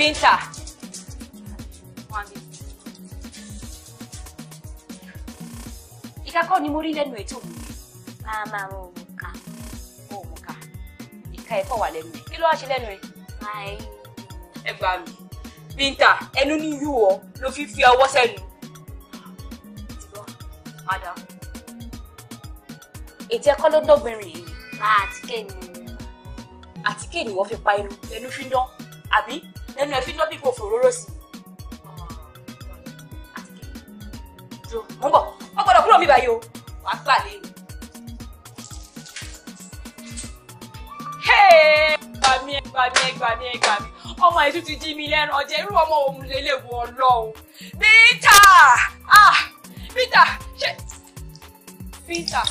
Binta. Ìkakọ́ e? ni muri rí lẹ́nu ètò mi. Máa máa mọ òun ká. Òun ká. Ìka ẹ̀kọ́ wà lẹ́nu ẹ̀. Kí ló wá ṣe lẹ́nu ẹ̀? Máa ẹyin. Ẹ Binta, ẹnu ní yú ọ ló fi fi ọwọ́ sẹ́nu. Tìbọ̀, madam. Ètí ẹ̀kọ́ lo dọ́gbìnrin yìí. Máa àtíkè ni. Àtíkè ni wọ́n fi pa inú. Ẹnu fi dán, àbí? ẹnu ẹ fi lọ́bì kò fòróró sí i. mo ń bọ̀ wọ́n gbọ́dọ̀ kúrò mi báyìí o wàá gbà lé mi. gbà mí ẹ gbà mí ẹ gbà mí ẹ gbà mí ọmọ yìí ti jí mi lẹ́nu ọjẹ́ irú ọmọ òun lélẹ̀ wọ ọlọ́run. Peter ah Peter ṣe Peter.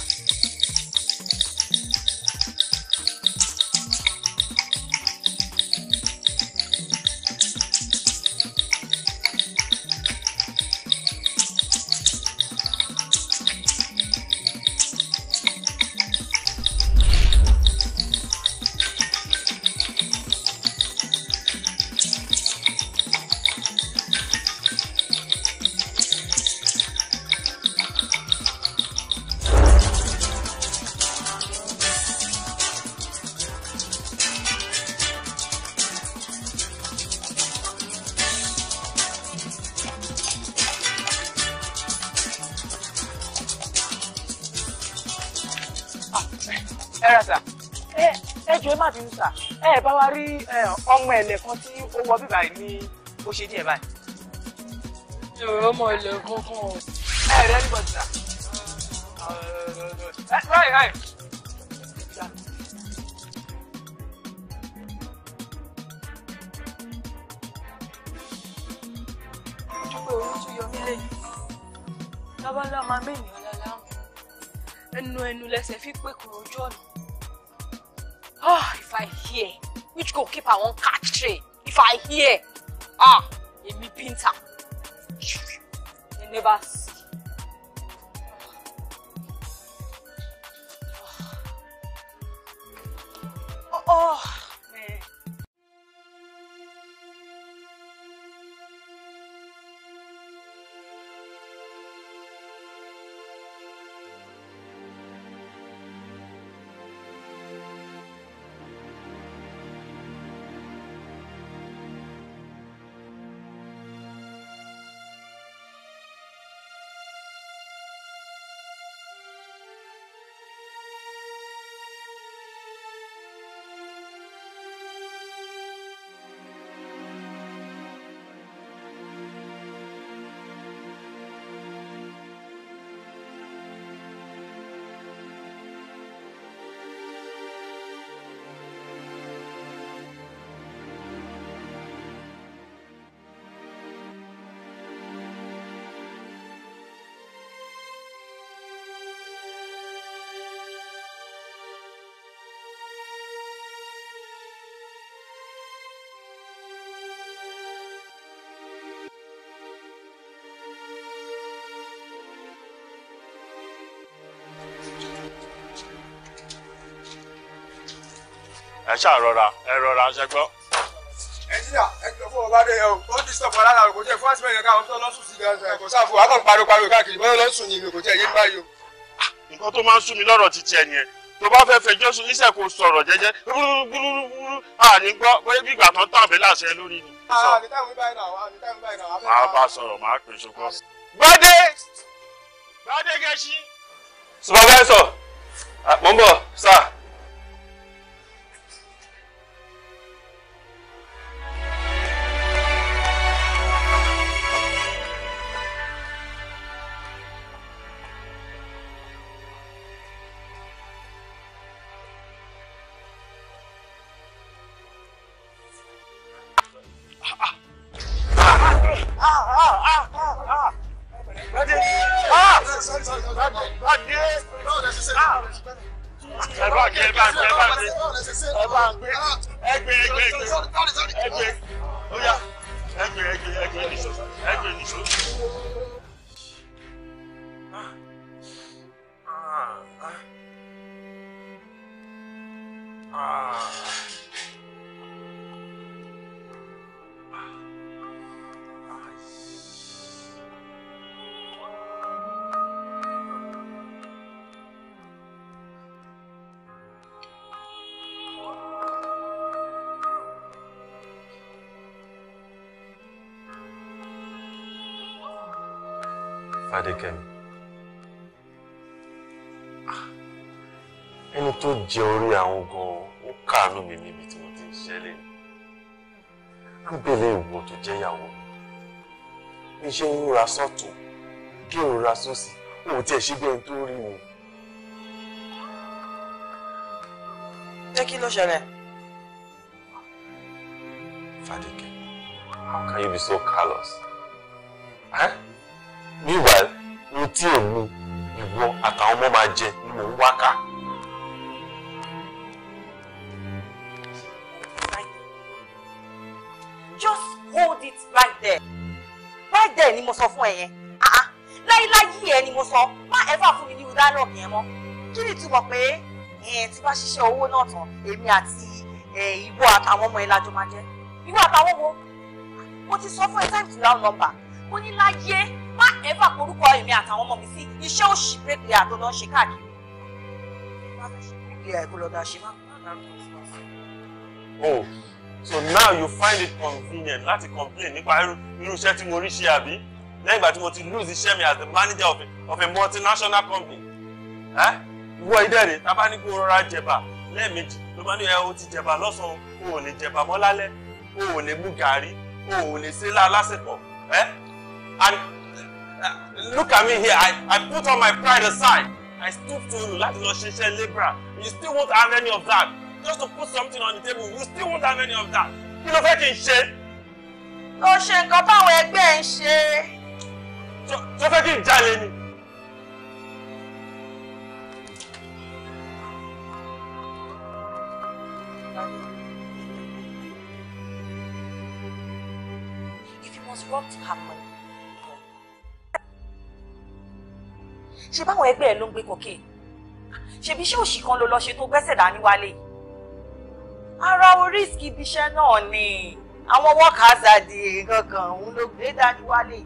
a rí ọmọ ẹ̀lẹ̀ tí ó wọ bíbá yìí ní ó díẹ̀ báyìí. ọmọ ẹ̀lẹ̀ kankan. ẹ rẹ ní bọ́dìlà. ẹ ṣáà rọra ẹ rọra ṣe gbọ́. ẹnjìnà ẹ kìlọ̀ fún ọba dé o ó ti sọ̀fọ̀ lára kò jẹ́ fún àtìmẹ́yìn káwọn tó lọ́sùn sí i kò sáfù wà á kàn pariwo pariwo káàkiri bọ́ọ̀ lọ́sùn ni kò jẹ́ yé báyìí o. nǹkan tó máa ń sún mi lọ́rọ̀ ti tiẹ̀ yẹn tó bá fẹ́ fẹjọ́ sùn kò sọ̀rọ̀ jẹ́jẹ́ gbúrúgbúrú gẹ̀ẹ́sì. supervisor mo ń bọ̀ sáà. sọ́tún kí o rọra sósì o ò tiẹ̀ ṣe bí ẹni tó rí mi. ṣé kí ló ṣẹlẹ̀? Fadike, how can you be so callous? Huh? meanwhile mo tí èmi ìwọ àtàwọn ọmọ máa jẹ ni mò ń wá ká. bẹ́ẹ̀ ni mo sọ fún ẹ yẹn ah, ah. láyéláyé ẹ ni mo sọ má ẹ̀fà fún mi ní ìwúdá náà yẹn mọ́ kí ni ìtumọ̀ pé tí bá ṣiṣẹ́ owó náà tán èmi àti ìwọ àtàwọn ọmọ ẹ lájọ máa jẹ ìwọ àtàwọn wo mo ti sọ fún ẹ time to round number mo ní láyé má ẹ̀fà porúkọ èmi àtàwọn ọmọ mi sí iṣẹ́ òṣì pépè àtọ́ lọ́ọ́ ṣe káàkiri má fẹ́ ṣe pépè àìkú lọ́dà ṣe má dárúkọ sí wa sí. Oh so now you find it convenient láti complain nípa irú iṣẹ́ tí mo rí ṣe àbí lẹ́yìn ìgbà tí mo ti lose iṣẹ́ mi as the manager of a, of a multinational company wọ ìdẹ́rẹ̀ tá a bá ní kó rọra jẹ̀bà lẹ́ẹ̀mejì ló bá ní ẹ o ti jẹ̀bà lọ́sàn-án o ò lè jẹ̀bà mọ́ lálẹ́ o ò lè mú gàrí o ò lè ṣe lásìkò and uh, look at me here I, I put all my pride aside I stoop to you láti lọ ṣiṣẹ́ labourer you still won't have any of that just to put something on the table you still won't have any of that You know fẹ́ kí n ṣe. ó ṣe nǹkan táwọn ẹgbẹ́ ń ṣe. tó fẹ́ kí n if you must rob to have money. ṣe báwọn ẹgbẹ́ ẹ ló ń she cocaine she ṣé òṣì kan ló lọ ṣe tó gbẹ́sẹ̀ dání wálé yìí ara oríṣìí ibi iṣẹ́ náà ni àwọn workers àdì gangan òun ló gbé dání wálé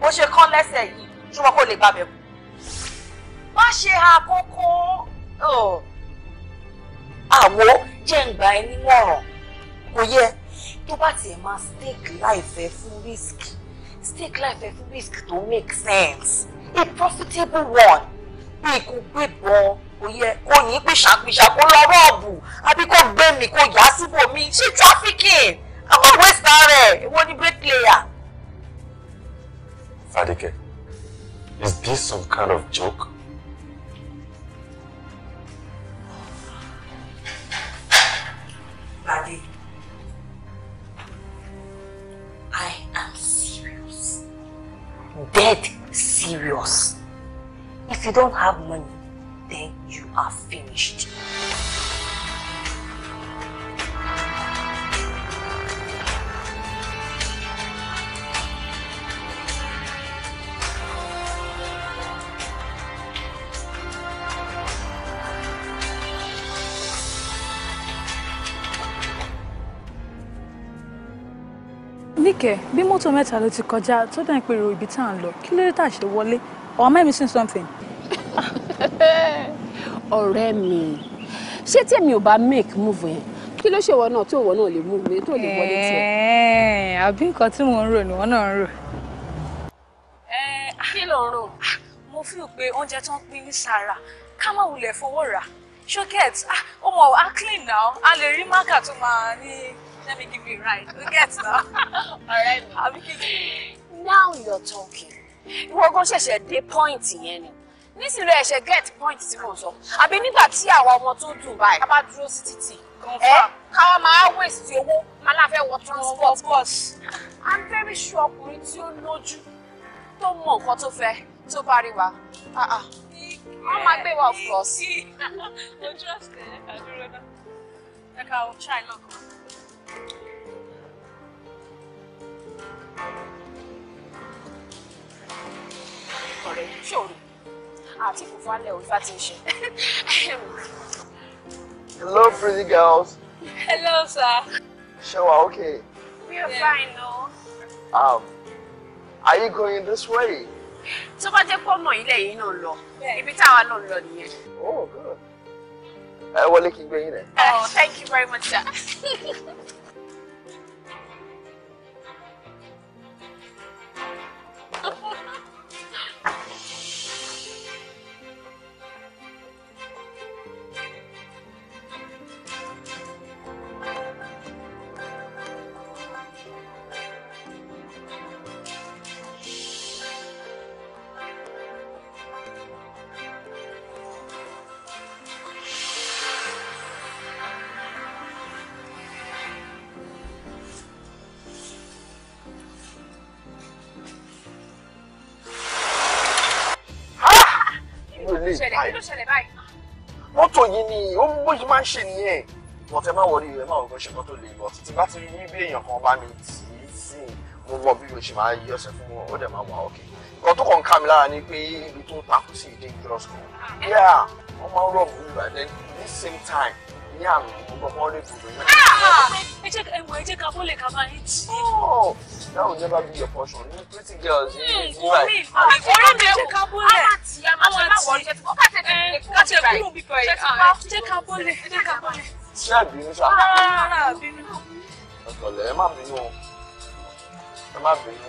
bó ṣe kán lẹ́sẹ̀ yìí ṣùgbọ́n kò lè gbàbẹ̀ kú má ṣe àkókò àwo jẹ́ ń gba ẹ nímọ̀ràn kò yẹ tó bá tiẹ̀ máa stake life ẹ fún risk stake life ẹ fún risk tó make sense a profitable one bí ikú gbébọn kò yẹ kó yín pìṣàpìṣà kó lọ rọ́ọ̀bù àbí kó gbé mi kó yá síbò mi ṣé trafficking àwọn wẹ́sítà rẹ̀ èwo ni bricklayer. Fadike, is this some kind of joke? Fadike. I am serious. Dead serious. If you don't have money, then you are finished. níkẹ́ bí mọ́tò mẹ́ta ló ti kọjá tó dẹ̀ ń pèrò ibi tá à ń lọ kí ló dé tà ṣe wọlé or am I missing something? ọ̀rẹ́ mi ṣé tèmi ò bá make move yẹn kí ló ṣèwọ náà tí òwò náà lè move yẹn tó lè wọlé tiẹ̀. àbí nǹkan tí mò ń rò ni wọ́n náà ń rò. kí ló ń rò. mo fi pé oúnjẹ tó ń pín ní sàrà ká má wulẹ̀ fowó rà ṣókẹ́t ah, ó mọ̀ á clean now a lè rí mákà tó máa ní let me give you a ride. ṣókẹ́t náà. ọ̀rẹ́ mi. now you're talking. ìwọ gan ṣẹ̀ṣẹ̀ dé point yẹn ni nísìnyí ló ẹ̀ṣẹ̀ get point tí mo sọ àbí nígbà tí àwọn ọmọ tó ń dùn báyìí ká bá dúró sí títì ẹ káwa máa waste owó máa láfẹ́ wọ transport bus i'm very sure ọkùnrin tí ó lójú tó mọ nǹkan tó fẹ́ tó bá rí wa ah, ah. wọ́n máa gbé wa of course. ojú ọ̀sẹ̀ ẹ̀ka dúró náà ẹ̀ka ò ṣáì lọ́kàn. ọ̀rẹ́ ṣòro àti ìfúnfálẹ̀ òfin àti ìṣe. Hello, pretty girls. Hello, sir. Sure, okay. We are yeah. fine, no? Um, are you going this way? Tó bá jẹ́ pọ́ mọ̀ ilé yìí náà lọ, ibi táwa náà lọ nìyẹn. Oh, good. Ẹ wọlé kí n gbé yín rẹ̀. Oh, thank you very much, sir. wọrí mọ́tò yìí ni ó bó ṣe máa ń ṣe nìyẹn wọ́n tẹ máa wọrí rẹ̀ máa wọ́n ṣe mọ́tò lè lọ títí bá ti rí bí èèyàn kan bá mi tì í sí mo mọ bí mo ṣe máa yí ọ̀sẹ̀ fún wọn ó dẹ̀ máa wà ókè nǹkan tó kàn ká mi lára ni pé ibi tó ń takú sí ìdí dangerous kan yíyá wọ́n máa ń rọ̀ bú ìgbà then ní same time ní àmì gbogbo ọmọ rẹ̀ bù mí. ẹ ẹ jẹ́ ká bọ́ọ̀lù ká máa ń tì. that will never be your portion you pretty girls. ọ̀rẹ́ mi ọ̀rẹ́ àti ah, àti káṣẹ kúrò bíbọ yìí jẹ́ ká bọ́lẹ̀ jẹ́ ká bọ́lẹ̀. ṣé àbínú ṣá. rárá àbínú. ọ̀tọ̀lẹ̀ ẹ má bínú o ẹ má bínú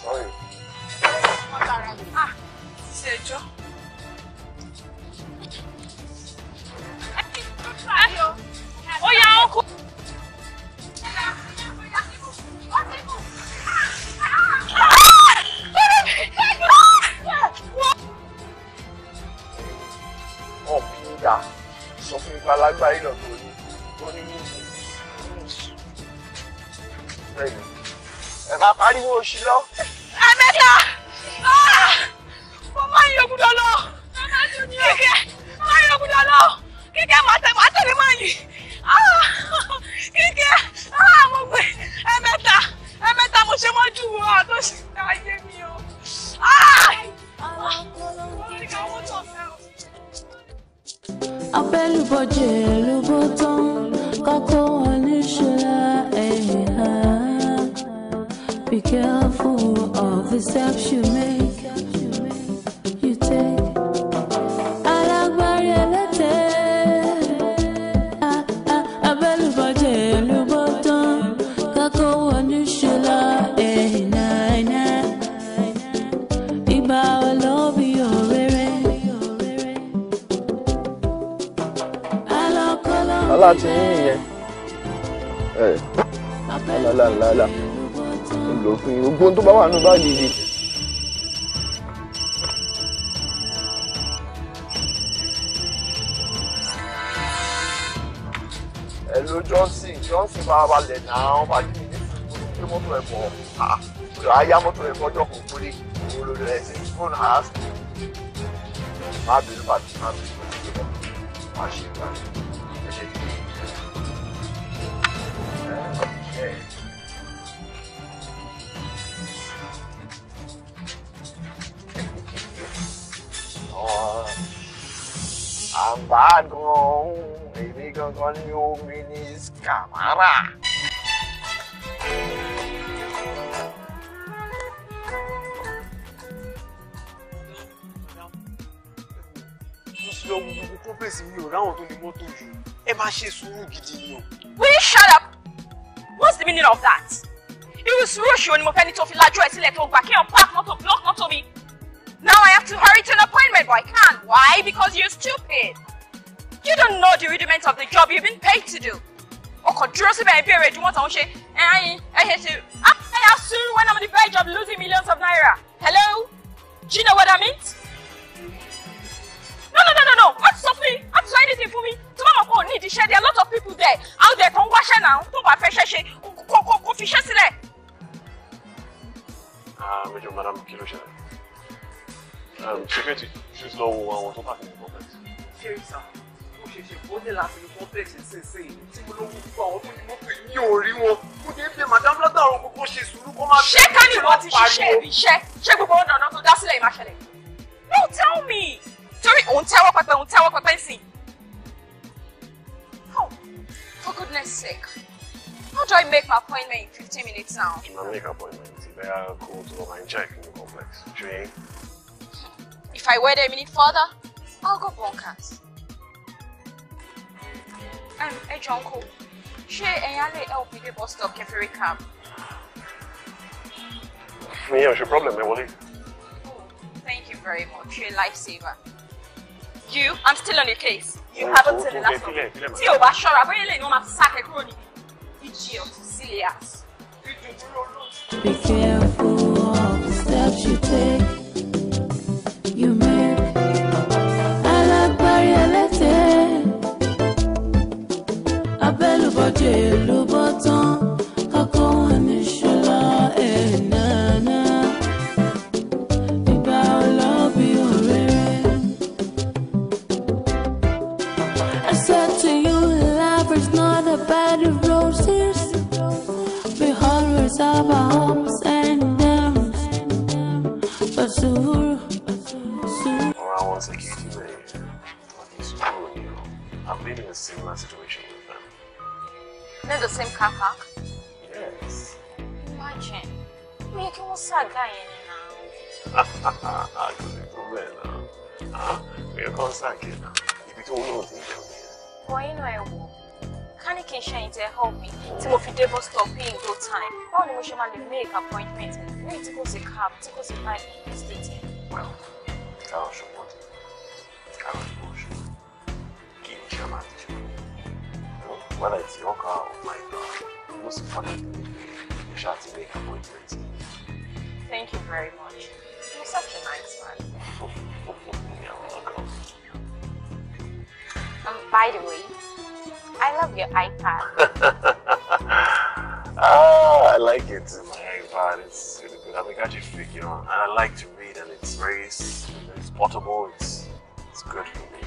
sọ́ọ̀rì. ṣèjọ́. pariwo oṣù lọ máa ṣe gidi ni o. will shut up what's the meaning of that irú sùúrù ṣòro ni mo fẹ́ ní tó fi lajú ẹ̀ sílẹ̀ tó gbà kéèyàn park mọ́tò block mọ́tò mi now I have to hurry to an appointment but I can't why because you're stupid you don't know the rudiments of the job you've been paid to do ọkọ̀ dúró síbẹ̀ ẹ̀ béèrè ìdúnwọ̀n tó ń ṣe ẹ̀ ẹ̀yìn ẹ̀ ṣe I have sùúrù when I'm on the very job losing millions of naira hello do you know what that means no no no no no What's ti sọ fún mi má anything for me. Tomorrow wọ́n mọ̀ pé ò ní there are a lot of people there out there tó ń wáṣẹ́ náà tó bá fẹ́ ṣẹ́ ṣe kó kó kó fi ṣẹ́ sílẹ̀. Ah, major madam kí ló ṣẹlẹ̀ um, security she's lọ wo àwọn tó pàṣẹ ní complex. ṣé ìsà ó ṣe ṣe kó ní láti ní complex ṣinṣin tí mo lówó gbọ́ àwọn tó ní mọ́tò yìí ní orí wọn kò ní bẹ madam lọ́dọ̀ àwọn gbogbo ṣe sùúrù kó má bẹ̀rẹ̀ ṣé ká ní wọ́n ti ṣiṣẹ́ ìbí iṣẹ́ ṣé gbogbo ọ̀dọ̀ náà tó dá sílẹ̀ ìmáṣẹ̀lẹ̀. no tell me torí òun tẹ́wọ́ pẹpẹ òun tẹ́wọ́ pẹpẹ sí i. Oh, for goodness sake, how do I make my appointment in fifteen minutes now? Na make appointment, ìbẹ̀rẹ̀ kó tó to máa ń check ní complex, ṣé? If I wait a minute further, I'll go bonkers. Um, ẹ jọ She and ṣé ẹ̀yin á lè help me dé bus stop kẹfìrí cab? Mi ò ṣe problem ẹ wọlé. Thank you very much. You're a lifesaver you i'm still on your case you oh, haven't oh, seen the last of it tí o bá ṣọ́ra bóyá lè ní wọn máa fi sáàkẹ́ kúrò níbi silly ass. Be careful of the steps you take. You make A alágbárí ẹlẹ́tẹ̀ abẹ́lúbọ̀jẹ̀ ló bọ́ tán. in a similar situation with them. Not the same car park? Yes. Imagine. You can also a ha ha ha! Ah, because it's problem now. Ah, we're going to get now. You become one of the Why you know I will? Can you can share it to help me? Tí mo fi dé bus in no time. Báwo ni mo ṣe máa lè make appointment? Me to go to see cab, to go to see bike, state. Well, I'll support you. I will support you. Whether it's your car or my car, the most important thing is you to make appointments. Thank you very much. You're such a nice man. You're welcome. Um, by the way, I love your iPad. ah, I like it. My iPad is really good. I make actually figure on. And I like to read, and it's very, it's portable. It's it's good for me.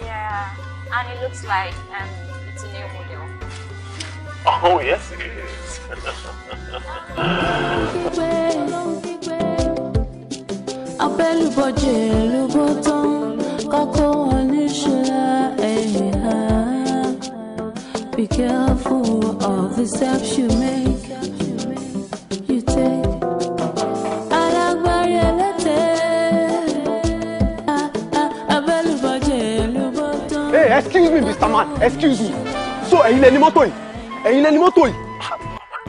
Yeah and it looks like um, it's a new model. Oh, yes, it tán Be careful of the steps you make, you take. hey excuse me mr man excuse me so ẹ̀yin lẹni mọ́tò yìí ẹ̀yin lẹni mọ́tò yìí.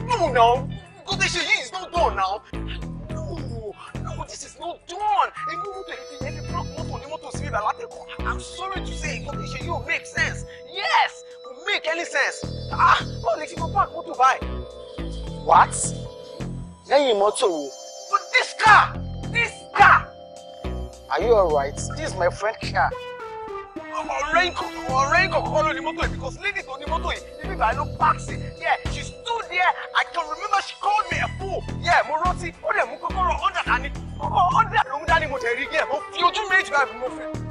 no now nǹkan this ṣe is not done now no no this is not done èmi mú lè fi ẹni block mọ́tò ní mọ́tò síbí ìbàlátẹ̀kọ̀ i'm sorry to say nǹkan this ṣe yìí make sense yes kò make any sense ah báwo lè ṣe kó What to buy? what lẹ́yìn mọ́tò wo. but this car this car. are you alright this is my friend's car ọ̀rẹ́ ọ̀rẹ́ kọ̀ọ̀kan ló ní mọ́tò yìí because lady tó ní mọ́tò yìí ibi ìbàdàn ló yeah she stood there I can remember she called me a fool yeah mo rántí ó dẹ̀ mú kọ́kọ́rọ́ ọ̀dà dání kọ́kọ́ ọ̀dà ló ń dání mo tẹ̀ rí yeah mo fi ojú méjì báyìí mo fẹ́.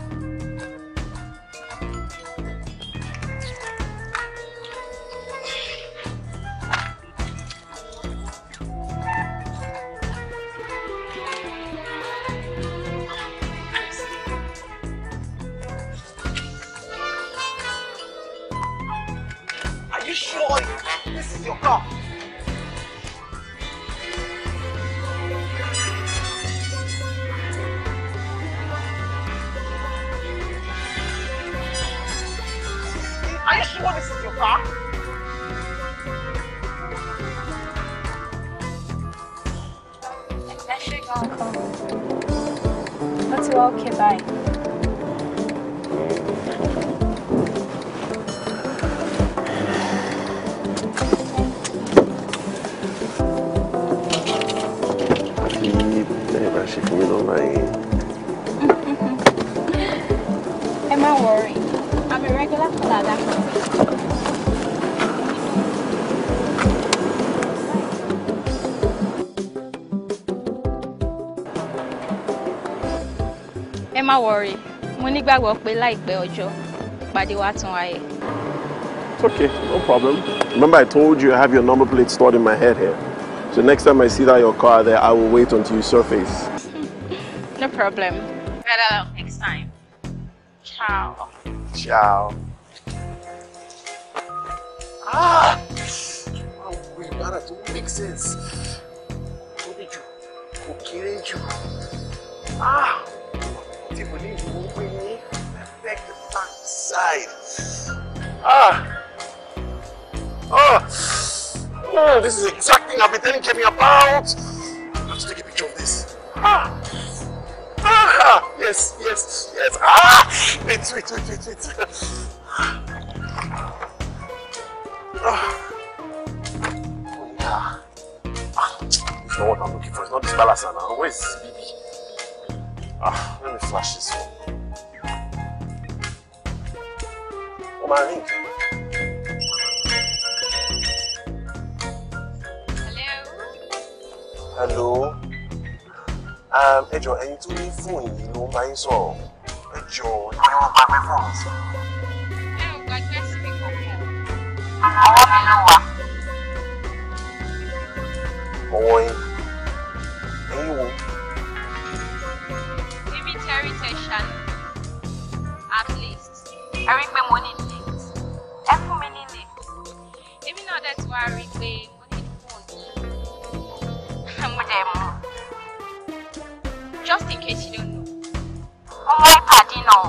clock. Let's go, okay, bye. She for me not Am I worried? I'm a regular for that. má wọrí mo nígbàgbọ́ pé láìpẹ́ ọjọ́ ìpàdé wa tún wáyé. It's okay, no problem. Remember I told you I have your number plate stored in my head here. So next time I see that your car there, I will wait until you surface. no problem. Better next time. Ciao. Ciao. Ah! Oh, we gotta do make sense. What did you? Who killed you? Ah! inside. Ah. Oh. Oh, this is the exact thing I've been telling Kemi about. I have to take a picture of this. Ah. Ah. Yes, yes, yes. Ah. Wait, wait, wait, wait, wait. Oh, yeah. Ah. ah. It's not what I'm looking for. It's not this balancer now. Where is this baby? Ah, let me flash this one. ó máa rí nǹkan. hello um, ẹ jọ̀ọ́ ẹni ẹ rí i pé mo ní date ẹ fún mi ní date èmi náà dẹ̀ tún wá rí i pé mo ní fóònù mo dẹ̀ mọ̀ just in case you don't know ọmọ ìpàdé náà.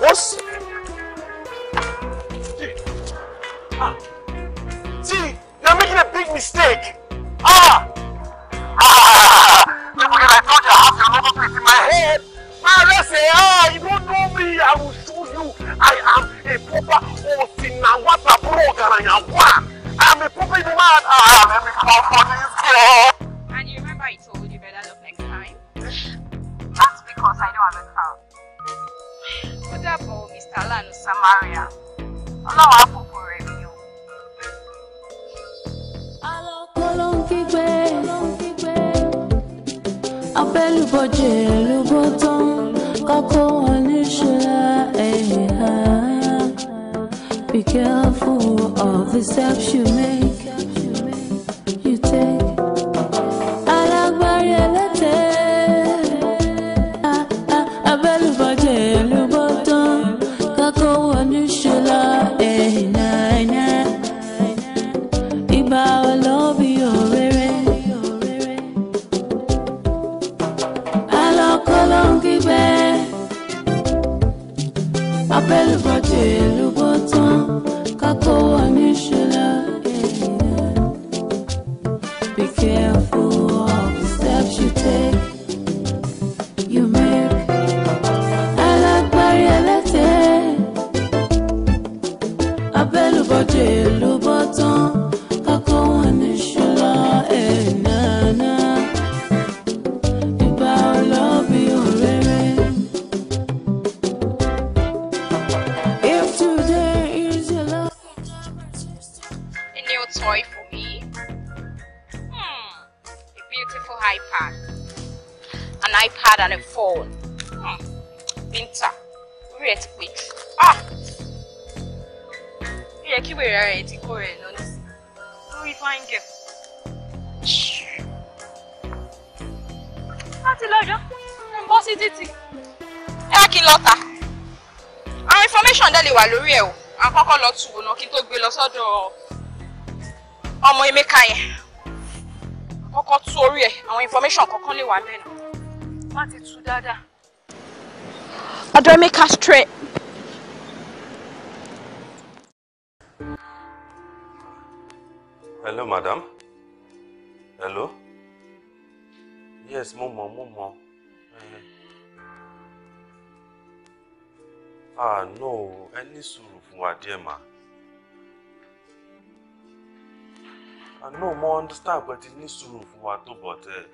What's ah! See, you're making a big mistake. my head. Father say, ah, you don't know me. I will show you. I am a proper Osinawata Brogaranawa. I am a proper man. Ah, I am a proper God. wà ń má ti tú dáadáa. ọ̀dọ̀ mi kà straight. hello madam hello yes mo mọ̀ mo mọ̀. Eh. ah no ẹ ní sùúrù fún wa díẹ̀ mà. ah no mo understand but ti ní sùúrù fún wa tó bọ̀ tẹ́ eh,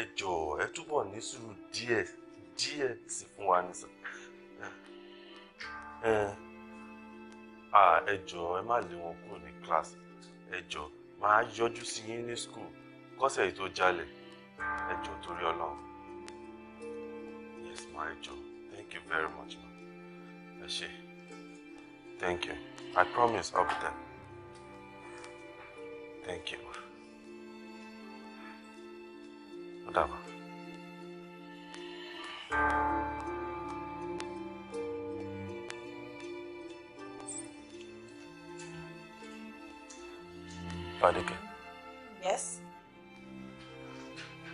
ẹ jọ̀ọ́ ẹ túbọ̀ ní sùúrù díẹ̀ díẹ̀ sí fún wa nìsà ẹ jọ̀ọ́ ẹ má lé wọn kúrò ní kíláàsì ẹ jọ̀ọ́ màá yọjú sí yín ní skul kọ́sẹ̀ yìí tó jalè ẹ jọ̀ọ́ torí ọlọ́run yes ma ẹ jọ̀ọ́ thank you very much ma ẹ ṣé thank you i promise i'll be there thank you. Dava. Padeke. Yes.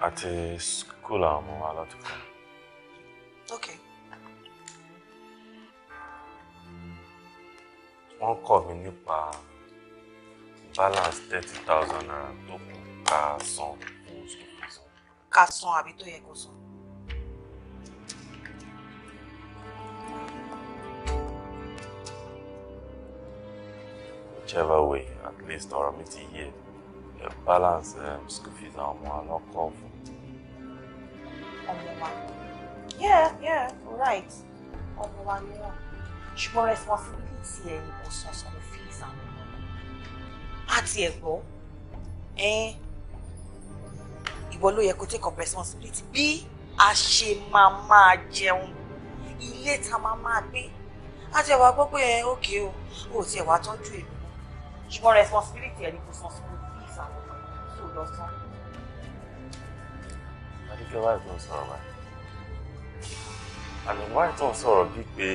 At the school àwọn ọmọ wa láti fún. Okay. Wọ́n kọ̀ mí nípa balance thirty thousand naira tó kù ká san ká san àbí tó yẹ kó san. whichever way at least ọ̀rọ̀ mi ti yé ẹ balance um, school fees àwọn ọmọ alọ́kọ̀ fún. ọmọ yeah yeah right ọmọ wa ni wọn ṣùgbọ́n responsibility ẹ̀ ni kò san school fees àwọn ọmọ wa á ti gbọ́ ẹ̀. Eh? ìwọ ló yẹ kó take up responsibility bí a ṣe máa máa jẹun ilé ta máa máa gbé a ti wá gbọ́ pé òkè eh, o ò tiẹ̀ wá tọ́jú èmi ṣùgbọ́n responsibility ẹni kò san school fees àwọn ọmọ tó lọ san. adékẹ́ wáyé tó sọ̀rọ̀ báyìí àmì wáyé tó sọ̀rọ̀ bíi pé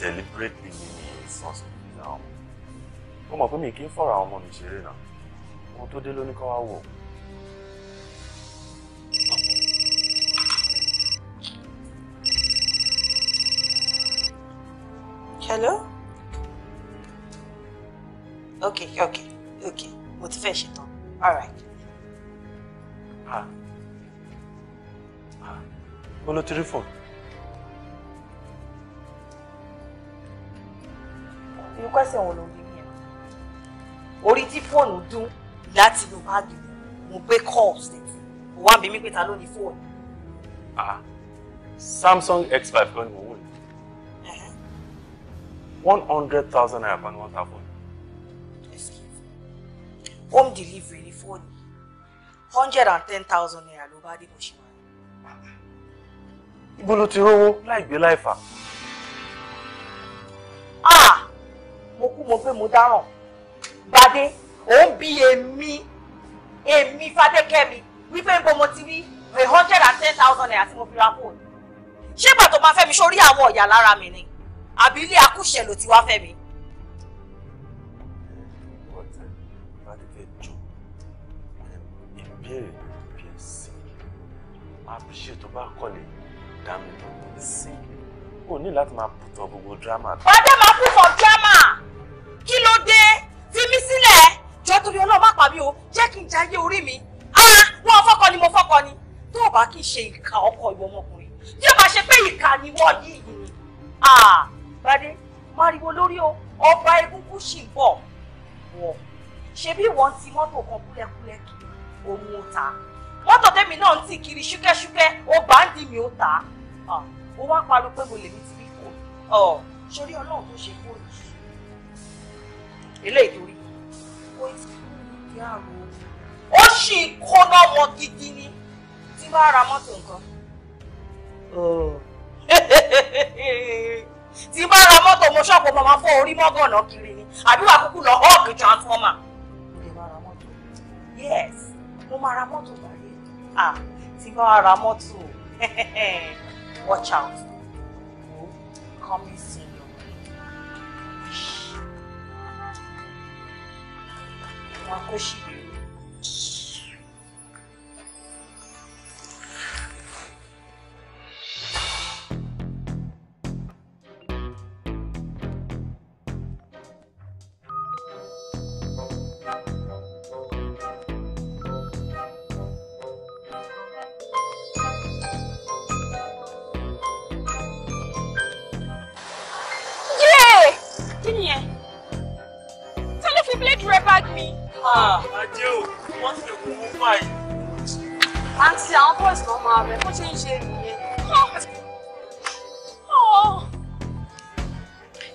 deliberately ni mi ì san school fees àwọn ọmọ mo mọ̀ pé mi kì í fọ̀rọ̀ àwọn ọmọ mi ṣeré náà ohun tó dé lóníkọ́ wá wò ó. hello Okay, okay, okay. mo ti fẹ́ ṣetán all right. ah ah olótìrí fọ́ọ̀nù. irú kẹsẹ̀ wọn ló ń bí yẹn orí phone fóònù dún láti inú báàgì mo gbé calls tẹ̀sí mo wá bí mi pé ta ló ní fóònù. ah samsung x5 kan one hundred thousand naira kan ni wọ́n ta fún home delivery ni fóònù hundred and ten thousand naira ló bá dé bó ṣe wà. ibo ló ti rówó láì gbé ah mo kú mo pé mo dáràn bàdé òun bí èmi èmi fadékẹ́mi wípé ń bọ́ mo ti rí a hundred and ten thousand naira tí mo fi ra fóònù ṣé ìgbà máa fẹ́ mi sórí àwọn ọ̀yà lára mi ni àbí ilé akúṣẹ̀ ló ti wá fẹ́ mi. ìbéèrè bí ẹ sìn àbíṣe tó bá kọlẹ̀ dá mi lóhùn sí i ó ní láti máa pùtọ̀ gbogbo dírámà. ọdẹ máa pùtọ̀ dírámà kí ló dé fi mí sílẹ̀ jọ̀ọ́ torí Ọlọ́run má pa mí o jẹ́ kí n jayé orí mi ah, wọn fọkọ ni mo fọkọ ni tó o bá kì í ṣe ìka ọkọ ìwọ ọmọkùnrin tí bá ṣe pé ìka ni wọ́n yí yìí ah. Bade, máriwo lórí o, ọba egúngún ṣì ń bọ̀. Wọ̀, ṣe bí ìwọ ń ti mọ́tò kan kúlẹ̀kúlẹ̀ kiri, òun ò ta. Mọ́tò tèmi náà ń tì kiri ṣúkẹ́ṣúkẹ́, ó bá ń dì mí ó ta. Ó wá pariwo pé mo lè mi ti rí fóònù. Sori Ọlọ́run tó ṣe fóònù yìí. Eléyìí torí, ó ti kú ìyá àrò. Ó ṣì ń kóná wọn gidi ni tí bá ra mọ́tò nǹkan. tí bá ra mọ́tò mo ṣọ́ọ̀pù màmá fọ́ orí mọ́gànnà kiri ni àbí wà kúkú lọ họ́ọ̀kì transformer. yes mo máa ra mọ́tò ah tí bá ra mọ́tò watch out o come see you. wọn kò ṣì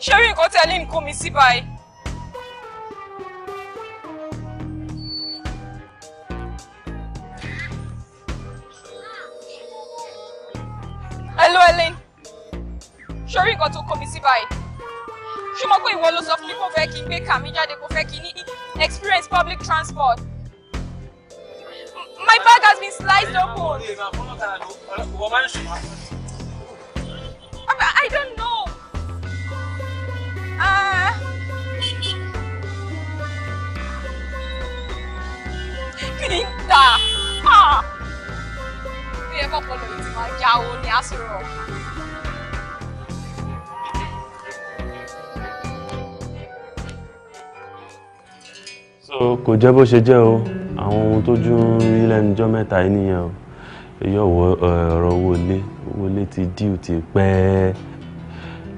ṣé rí nǹkan tí aline kó mi sí báyìí. hello Ellen. ṣé rí to tó kó mi sí báyìí. ṣé mo pé ìwọ ló sọ fún mi kó fẹ́ kí n experience public transport. My bag has been sliced open. dáa bí ẹ fọpọlọ yìí ti máa jáwó ní àsọ̀rọ̀. so kò jẹ́ bó ṣe jẹ́ o àwọn ohun tójú ń rí lẹ́nu ọjọ́ mẹ́ta yìí nìyẹn o èyí ọ̀wọ́ ọ̀rọ̀ owó ilé owó ilé ti díù ti pẹ́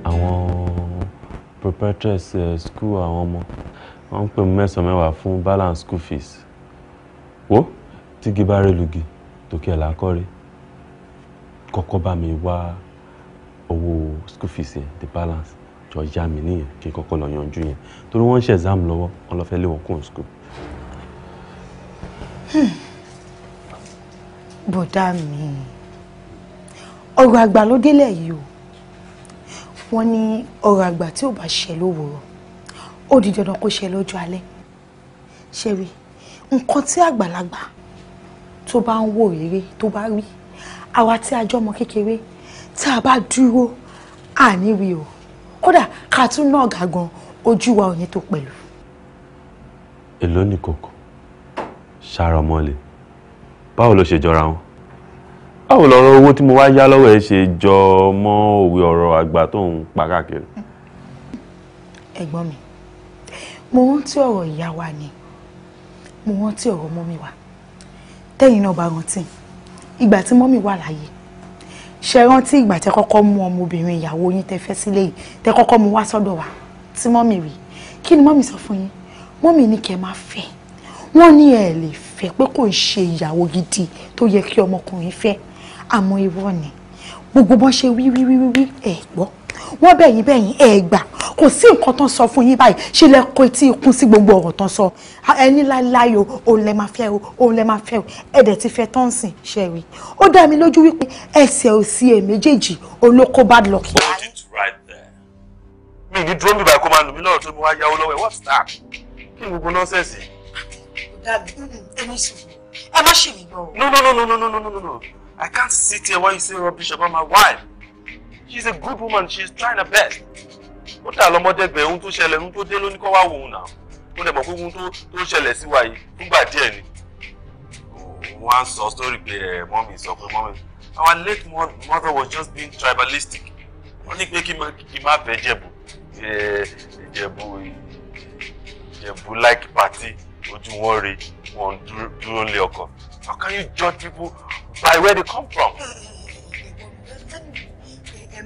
àwọn proprietors school àwọn ọmọ wọ́n ń pè mí mẹ́sàn-án mẹ́wàá fún balance school fees wo tígi bá rẹ̀ lùgì tòkè ẹ̀ là ń kọ́rí kọ́kọ́ bá mi wá owó school fees yẹn the balance jọ yá mi nìyẹn kí n kọ́kọ́ lọ yanjú yẹn torí wọ́n ń ṣe exam lọ́wọ́ wọn lọ fẹ́ lé wọn kún school. Hmm. bọ̀dá mi ọ̀rọ̀ àgbà ló délẹ̀ yìí o wọ́n ní ọ̀rọ̀ àgbà tí ò bá ṣẹ lówùúrọ̀ ó di dandan kó ṣẹ lójú alẹ́ ṣẹ́rí nǹkan tí àgbàlagbà tó bá ń wò rere tó bá rí àwa tí a jọmọ kékeré tá a bá dúró àníwì o kódà ká tún náà gàgan ojú wa ò ní tó pẹ̀lú. èló ní kòkò ṣàrọ̀ mọ́lẹ̀ báwo ló ṣe jọra wọn báwo lọ̀rọ̀ owó tí mo wá yá lọ́wọ́ ẹ̀ ṣe jọ mọ́ òwe ọ̀rọ̀ àgbà tó ń pa káàkiri. ẹ̀gbọ́n mi mo rántí ọ̀rọ̀ ìyá wa ni mo rántí ọ̀rọ̀ mọ́mí wa tẹ́yìn náà bá rántí ìgbà tí mọ́mì wà láyé ṣe rántí ìgbà tẹ́ kọ́kọ́ mú ọmọbìnrin ìyàwó yín tẹ́ fẹ́ sílé yìí tẹ́ kọ́kọ́ mú wá sọ́dọ̀ wa tí mọ́mì rí kí ni mọ́mì sọ fún yín mọ́mì ní kẹ́ máa fẹ́ wọ́n ní ẹ̀ lè fẹ́ pé kò ń ṣe ìyàwó gidi tó yẹ kí ọmọkùnrin fẹ́ àmọ́ irọ́ ni gbogbo bọ́n ṣe wí wí wí wí ẹ̀ gbọ́ wọ́n bẹ̀yìn bẹ̀yìn ẹ̀ kò sí nǹkan tó ń sọ fún yín báyìí ṣe lẹ kó etí ikún sí gbogbo ọ̀rọ̀ tó ń sọ ẹni láéláé o òun lẹ máa fẹ́ o òun lẹ máa fẹ́ o ẹ̀dẹ̀ ti fẹ́ tó sìn ṣe rí ó dá mi lójú wípé ẹsẹ̀ ò sí méjèèjì olóko bad luck. hold it right there mi ní dúró mi báyìí kó máa lù mí lọ́rọ̀ tó mi wá yáwó lọ́wọ́ ẹ̀ what's that kí n gbogbo nọ́ọ̀sẹ̀sì. dàbí ẹni sùn ẹ má ṣèlè gbọ́. no no no no no no no no no I can't sit here while you say rubbish about my wife she's a good woman she's trying her best ó dà lọ́mọdẹ́gbẹ̀ ohun tó ṣẹlẹ̀ ohun tó dé lóní kọ́ wá wò ó nà ó dẹ̀ mọ̀ pé ohun tó ṣẹlẹ̀ sí wa yìí fúngbà díẹ̀ ni wọ́n á sọ story pé ẹ̀ eh, mọ́mì sọ pé mọ́mì our late mother was just being tribalistic wọ́n ní pé kí n má fẹ́ jẹ̀bù eh, jẹ̀bù jẹ̀bù like party ojú wọn re wọn dúró lé ọkọ how can you judge people by where they come from.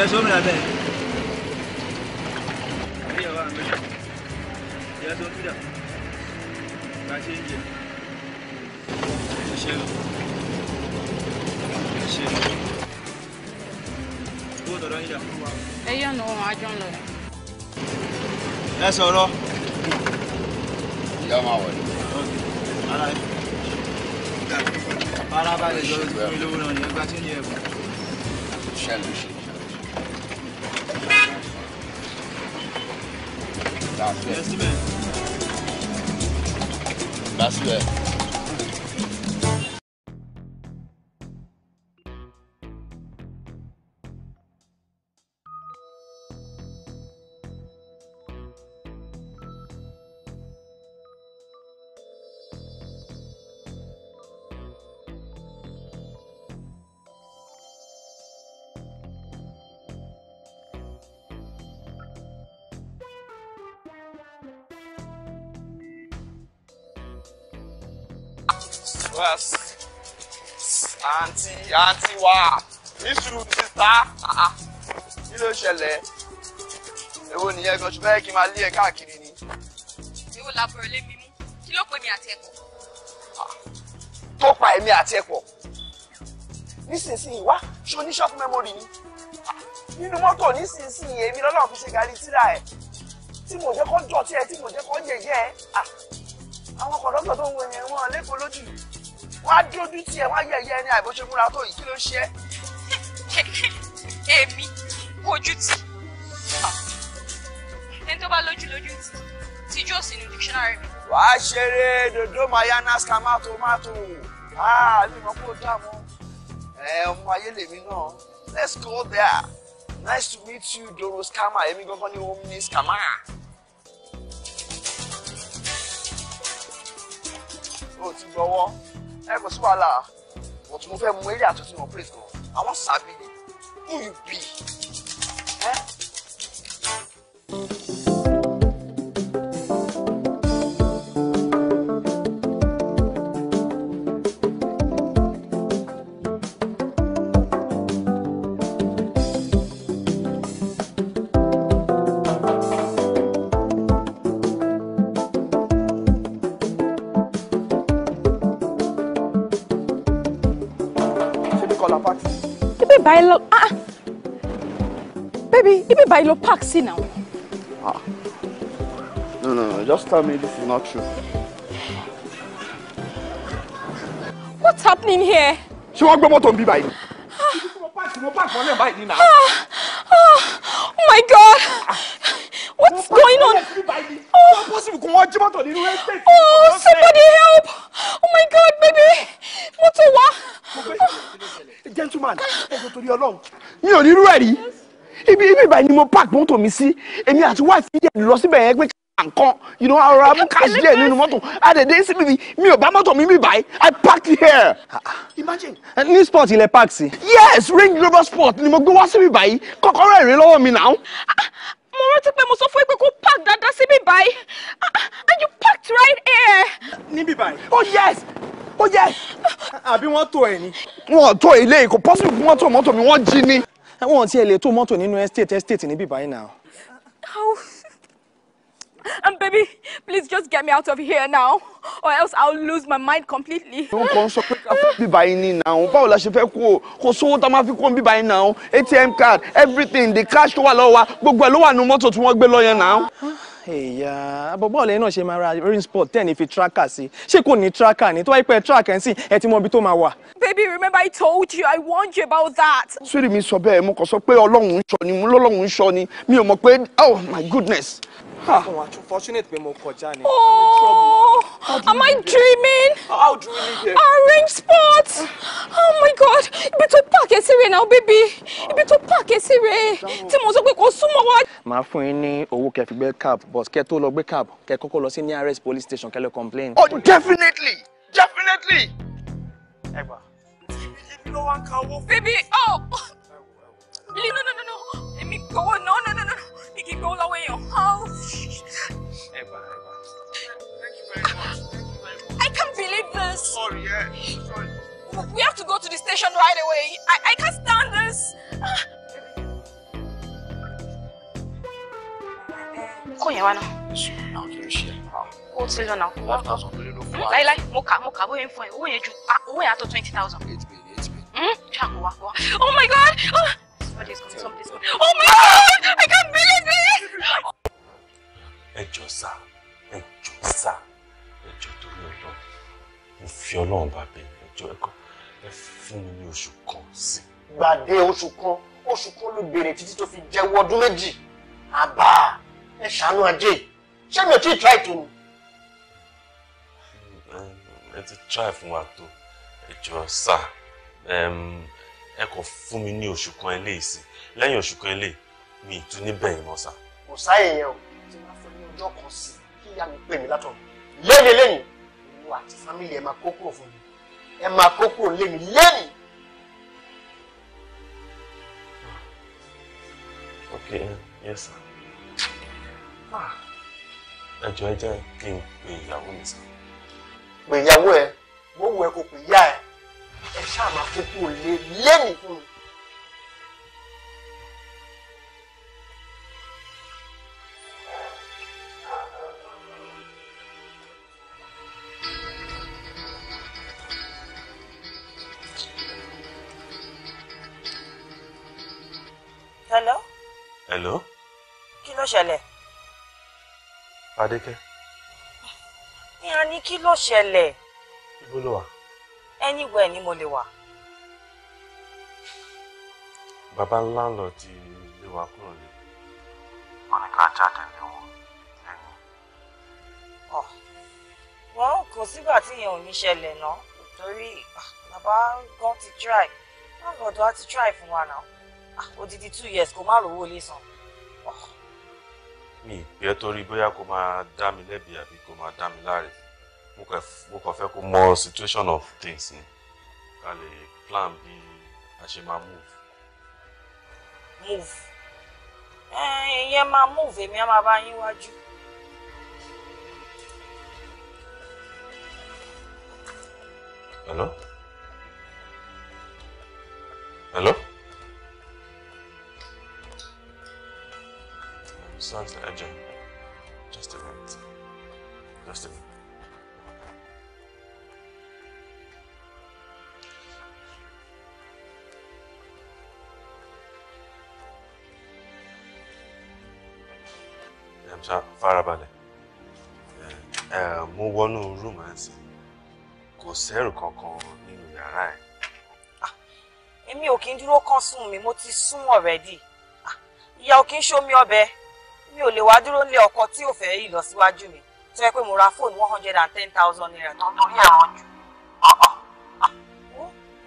Ya somi la bẹ́ẹ̀. Ayé ọ̀rọ̀ àmì. Ya somi dà. Bá a ṣe ń jẹ. Ẹ ṣe lọ. Ẹ ṣe lọ. Owó tọ̀dọ̀ yín dà. Ẹ yẹ̀ nù àjọ lọ. Ẹ sọ̀rọ̀. Just a minute. That's it. àǹtí wa níṣu sísá ah, ah. kí ló ṣẹlẹ̀ èwo nìyẹn gan ṣùgbọ́n ẹ kí n máa lé ẹ káàkiri ni. èwo làbọ̀rọ̀ lé mi mú kí ló pè mí àti ẹ̀kọ́. Ah, tó pa èmi àti ẹ̀kọ́ nísinsìnyí wá ṣe oníṣọ́ọ̀kù mẹ́mórì ni nínú mọ́tò nísinsìnyí èmi lọ́lọ́run fi ṣe gàrí tíra ẹ̀ tí mo jẹ́ kó dọ̀tí ẹ̀ tí mo jẹ́ kó yẹ̀yẹ́ ẹ̀ àwọn kọ̀dọ́tọ̀ tó ń wọ̀nyẹn wọn lẹ́kọ̀ọ́ lójú yìí wá dí ojú tí ẹ wá yẹ̀yẹ́ ní àìbó ṣe múra tó yìí kí ló ń ṣe ẹ́. èmi ojú tì ẹni tó bá lójú lójú tì tìjú ò sí ní dictionary mi. wàá ṣeré dòdò mayana scamato mato ah mi mọ kó dààmú ẹ ọmọ ayé lèmi náà let's go there nice to meet you doro scammer èmi gangan ni òun ní scammer. o ti gbọ́wọ́ ẹ kò sí wàhálà wọ́n tún mo fẹ́ mú eré àtúntò wọn pírẹ́sì kan àwọn sàbí ni who you be. Eh? báyìí lọ ah, ah baby ibi báyìí lọ park sí now. Ah. No, no, no, just tell me this is not true. What's happening here? She wọ́n gbé mọ́tò ń bí báyìí? Ah. Mo park mo park mọ́lẹ̀ ah. Oh my God! What's going on? Oh, oh somebody help! Oh my God, baby! man ẹjọ torí Ọlọ́run mi ò ní irú ẹ̀ rí ibi ibi ìbàyìí ni mo park mọ́tò mi sí èmi àti wáìfì yẹn lọ síbẹ̀ yẹn pé nǹkan you know ara mú cash díẹ̀ nínú mọ́tò àdèdè síbi mi mi ò bá mọ́tò mi mi báyìí i park here. imagine. ní sport ilẹ̀ park sí. yes Range Rover sport ni mo gbé wá síbi báyìí kọ́kọ́rọ́ ẹ̀rín lọ́wọ́ mi náà. Ah, mo rántí pé mo sọ fún ẹ pé kó park dáadáa síbí báyìí ah, ah, and you parked right here. níbí báyìí. oh yes ó oh, yẹ. àbí wọ́n tó ẹ̀ ni. wọ́n tó ilé kò possible fún wọn tó mọ́tò mi wọ́n jí ni. wọn ò tiẹ̀ lè tó mọ́tò nínú estate estate níbí báyìí náà. how And baby, please just get me out of here now, or else I'll lose my mind completely. Wọ́n kàn sọ pé ká fún bíbá yín ní náà. Báwo ATM card, everything, the cash tó wà lọ́wọ́ wa, gbogbo ẹ̀ ló wà nínú mọ́tò tí wọ́n gbé lọ yẹn náà. Ah, ẹ̀yà bọ́ọ̀lù lẹ́yìn náà ṣe máa ra rain sport ten fi tracker sí. Ṣé kò ní tracker ni? Tó wáyé pé tracker ń sìn ẹ ti mọ ibi tó Baby, remember I told you, I warned you about that. Sweetie mi sọ bẹ́ẹ̀, mo kàn sọ pé Ọlọ́run ń ṣọ́ ni, mo lọ́lọ́run ń mi ò oh my goodness. Àwọn unfortunate pé mo kọjá ni. Oh, oh am I dreaming? How do you live here? Arrange spots! Ah. Oh my God! It's tó pààkì sí rẹ̀ now, baby. It's tó pààkì sí rẹ̀ tí mo sọ pé kò súnmọ́ wá. Màá fún fi cab but kẹ́ tó lọ gbé cab kẹ́ kọ́kọ́ lọ sí nearest police station kẹ́ lọ complain. Oh definitely! Definitely! Ẹ no one can walk, baby. oh! No, oh. no, no, no, no. Èmi kò oh, no, no, no gbowó lọ́wọ́ èèyàn. ẹ gbà ẹ gbà. thank you very much. thank you very much. I can't believe this. sorry oh, yeah. sorry. we have to go to the station right away. I, I can't stand this. kò yẹn wá náà. sùn náà kì í ṣe ó ti mo kà mo kà bóyá ń fọ ẹ owó yẹn ah, twenty thousand. eight million eight hmm? oh my god. Oh. Somebody's coming, somebody's coming. Oh my God! I can't believe this. Ẹ jọ̀ọ́ sá, ẹ jọ̀ọ́ sá, ẹ jọ̀ọ́ torí ọlọ́run. Mo fi ọlọ́run bá bẹ̀ ẹ jọ̀ọ́ ẹ̀kọ́. Ẹ fún mi ní oṣù kan sí. Gbàdé oṣù kan, oṣù kan ló béèrè títí tó fi jẹ́wọ́ ọdún méjì. Àbá ẹ ṣàánú ajé. Ṣé mi ò tí ì tíráì tó ni? Ẹ ti tíráì fún wa ẹ kàn fún mi ní oṣù kan eléyìí sí lẹ́yìn oṣù kan eléyìí mi ì tún níbẹ̀ yìí mọ́ sá. kò sáyè yẹn o tí wọ́n fún ní ọjọ́ kan sí kí ìyá mi pè mí látọ̀ lẹ́yìn lẹ́yìn ìwọ àti fámìlì ẹ máa kó kúrò fún mi ẹ máa kó kúrò lé mi lẹ́yìn. ok yes sir. Ah ẹjọ ẹ jẹ́ kí n pe ìyàwó mi sá. pè ìyàwó ẹ mo wù ẹ kó pè ìyá ẹ ẹ ṣáà máa fokú lé lẹ́nu fún mi. Hello? Hello? Kí ló ṣẹlẹ̀? Adékẹ́. Ní a kí ló ṣẹlẹ̀? Ibo ló anywhere ni mo lè wà. bàbá landlord ti lé wa kúrò ní. wọ́n ní ká jáde ní wọn lẹ́yìn. ọ wọn kò sígbà tí yẹn ò ní ṣẹlẹ̀ náà torí ah, bàbá got to try landlord wa ti try fún wa náà ah, odidi two years kò má rówó lè san. Oh. mi ìpẹ́ torí bóyá kò máa dá mi lẹ́bi àbí kò máa dá mi láre mo kàn fẹ́ kó mọ situation of things ni ká lè plan bí a ṣe máa move. move eh, ìyẹn máa move èmi á máa bá yín wájú. hello hello. sẹ́rù kankan nínú yàrá ẹ̀. Ah, èmi ò kí ń dúró kán sùn mi mo ti sún already ah, ìyá ò kí ń ṣomi ọbẹ̀ mi ò lè wá dúró nílé ọkọ tí ò fẹ́ yìí lọ síwájú mi tó yẹ pé mo ra fóònù one hundred and ten thousand naira tó ń torí ẹ̀wọ̀n jù. Ah,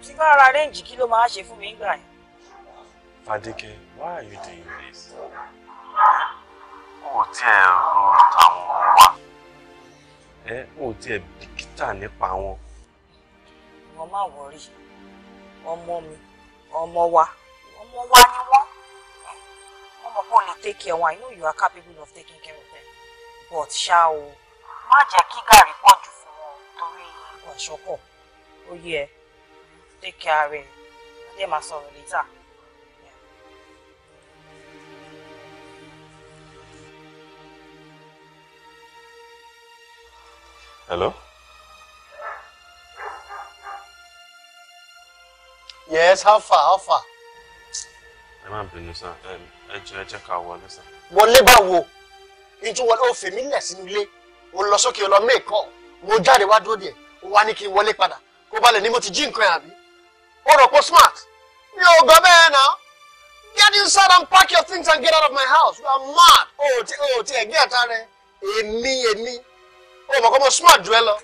tí bá ara rẹ́ǹjì kí ló máa ṣe fún mi nígbà yẹn. Fadeke, why are you doing this? Ó tiẹ̀ ro tàwọn wà. Ẹ ó tiẹ̀ bìkítà nípa wọn kan má wọrí ọmọ mi ọmọ wa ọmọ wa ni wọ́n wọ́n mọ̀ pé o take care wọn I know you are capable of taking care of them but ṣá o má jẹ́ kí gàrí pọ̀ jù fún wọn torí àṣọkọ̀ ó yẹ take care rẹ̀ adé máa sọ̀rọ̀ létà. Hello? Yes, how far? How far? Ẹ má bínú sá, ẹ jẹ́ ẹ jẹ́ ká wọlé sá. Wọlé báwo? Ìtúwọlé ó fèmí lẹ̀ sínú ilé. Mo lọ sókè lọ mẹ́ẹ̀kọ́. Mo jáde wá dúró díẹ̀. Ó wá ní kí n wọlé padà. Kó balẹ̀ ni mo ti jí nǹkan àbí. Ó rò pé smart. Mi ò gbọ́ bẹ́ẹ̀ náà. Get inside and pack your things and get out of my house. You are mad. O ò tí ẹ̀ gé ẹ̀ta rẹ̀. Èmi èmi. O mọ̀ kọ́ mo smart jù ẹ lọ.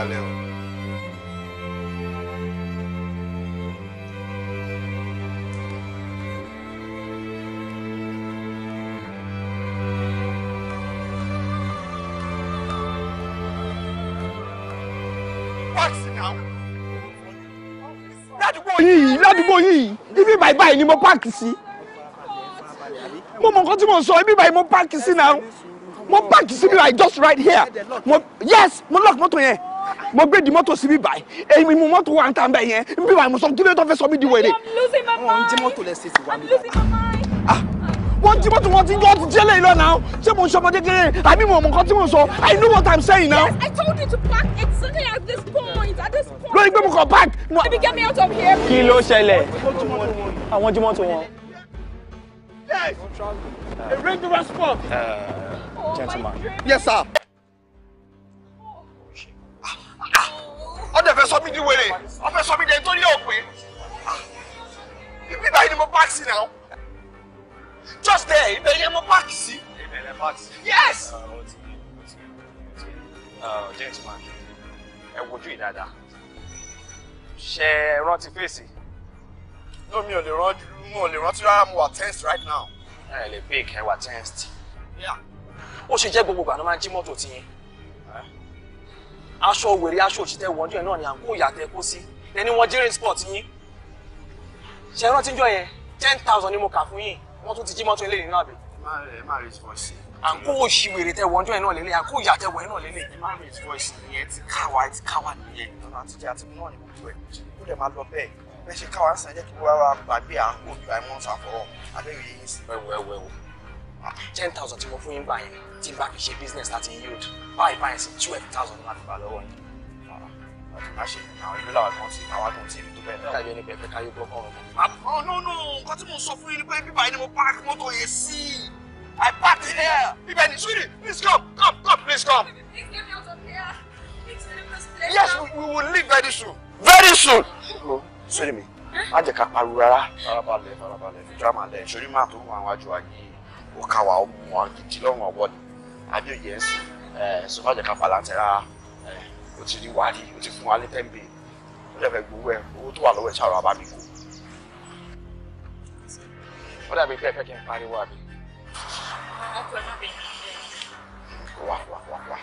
kalẹ̀ o. ládùúgbò yìí ládùúgbò yìí ibi báyìí báyìí ni mo páàkì sí mo mọ nǹkan tí mo sọ ibi báyìí mo páàkì sí náà mo páàkì sí ibi báyìí just right here mo yes mo lock mọ́tò yẹn mo gbé di mọ́tò síbí báyìí èmi mu mọ́tò wa ń ta bẹ́ẹ̀ yẹn n bí wàá mọ̀sán kí ló tó fẹ́ sọ mí di wèrè. Ah, wọ́n jí mọ́tò lẹ́sẹ̀ ti wá mi bá. wọ́n jí mọ́tò wọn ti yọ ti jẹ́lẹ̀ yìí lọ́nà ṣé mo ń sọmọ kékeré àbí mo mọ̀ tí mo sọ I know what I'm saying now. Yes, I told you to park exactly at this point at this point. lórí pé mo kàn park. baby get me out of here. kí ló ṣẹlẹ̀ àwọn jí mọ́tò wọn. yes a Range Rover Sport. Uh, gentleman. yes sir. ṣe rántí fèsì. no mi ò lè rántí mo lè rántí rárá mo wà tensed right now. ẹ lè pè kẹ wà tensed. ó ṣe jẹ́ gbogbo àná máa ń jí mọ́tò ti yẹn. aṣọ wèrè aṣọ òṣìṣẹ́ wọ́njú ẹ̀ náà ni à ń kó ìyàtẹ̀ kó sí ẹni wọ́n jẹ́rìn sport yín. ṣe rántí jọ yẹn ten thousand ni mo kà fún yín wọ́n tún ti jí mọ́tò eléyìí náà bẹ̀. ẹ má rí voice. à ń kó òṣì wèrè tẹ wọ́njú ẹ̀ náà lélẹ̀ à ń kó ìyàtẹ̀ wọ̀ ẹ̀ náà lélẹ̀. ẹ má rí voice nìyẹn ti káwa ti káwa nìyẹn. ọ̀nà àtijọ́ àti mú náà ni mo tó ẹ̀ ó dẹ̀ máa lọ bẹ́ẹ̀ bẹ́ẹ̀ ṣe káwa ń sàn jẹ́ kí wọ́n wá gbàgbé à ń kó ju àìmọ́ ṣàfọwọ́ abẹ́rẹ́ yìí sí. ẹwẹ ẹwẹ o ten thousand tí mo fún yín gbà yẹn tí n bá fi ṣe business láti yield báyìí báyìí sí twelve thousand láti gbà lọ́wọ́ yín. àṣẹ ah, àwọn ìlú làwọn kan sí àwọn àtúntì ìlú tó bẹ́ẹ̀ náà. káyọ̀ ní pẹ̀pẹ́ káyọ̀ gbọ́ kọ́rọ̀ mọ́. àbọ̀ ah, no no nǹkan tí mo sọ fún yín ni pé bíbá yìí ni mo park mọ́tò yẹn sí i park the bíbá yìí ni please come come come please come. please get me out of here. yes we, we will leave by this very soon. sórí me. má jẹ́ ká pariwo rárá. farabalẹ̀ farabalẹ̀ fi drama lẹ̀ sórí máa tó wọn àwọn àjò àyè òkàwà ọmọ àgìdì lọ́rùn ọwọ́ ni abíòye ń sìn so má jẹ́ ká palantẹ̀ rárá o ti rí wàhálì o ti fún wa létẹ́ ń bè ó dẹ̀ fẹ́ gbowó ẹ̀ owó tó wà lọ́wọ́ ẹ̀ ṣàrọ̀ abámi kò. ó dàbí pé ẹ fẹ́ kí n pariwo àbí. ọkọ ẹ má bẹ̀rẹ̀ wá wá wá wá.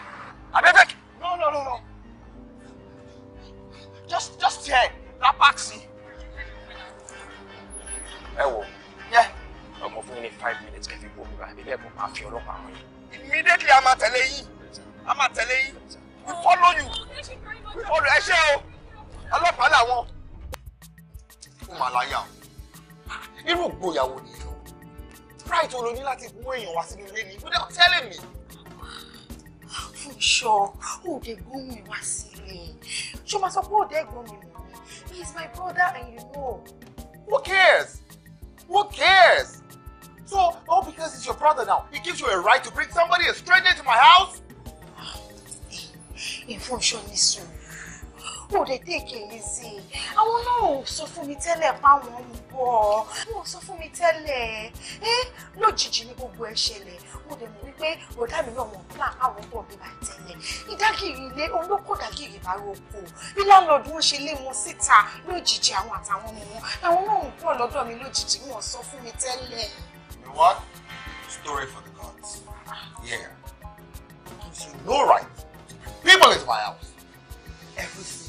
abẹ́fẹ́. no no no no just just here rapaxi. ẹ wo ọmọ fún yín five minutes kẹfì kú òmìnira àbí bẹ́ẹ̀ máa fi ọlọ́pàá wọn yìí. immediately a máa tẹ̀lé yín a máa tẹ̀lé yín we follow you we follow ẹ ṣe o ọlọ́pàá làwọn. ó mà láyà o irú ìgboyàwó nìyẹn o pride olóní láti mú èèyàn wá sínú ilé ni without telling me fún ṣọ ó dé gbóhùn ìwá sílé ṣó máa sọ pé ó dé he is my brother and you know. who cares who cares so all because he is your brother now he gives you a right to bring somebody a stranger to my house. ìfún ní sùúrù kò lè take easy àwọn náà ò sọ fún mi tẹ́lẹ̀ páwọn ń bọ̀ wọn sọ fún mi tẹ́lẹ̀ ẹ lójijì ní gbogbo ẹ mo dẹ̀ mọ̀ wípé ọ̀dà mi náà wọ̀n plan àwọn bọ̀ mi bá tẹ́lẹ̀ ìdágìrì ilé olóko dàgìrì bá roko ìlànàdún ó ṣe lé wọn síta lójijì àwọn àtàwọn ọmọ wọn àwọn náà ń bọ̀ lọ́dọ̀ mi lójijì wọn sọ fún mi tẹ́lẹ̀. You know what? Story for the gods. Yeah. no right people into my house. Everything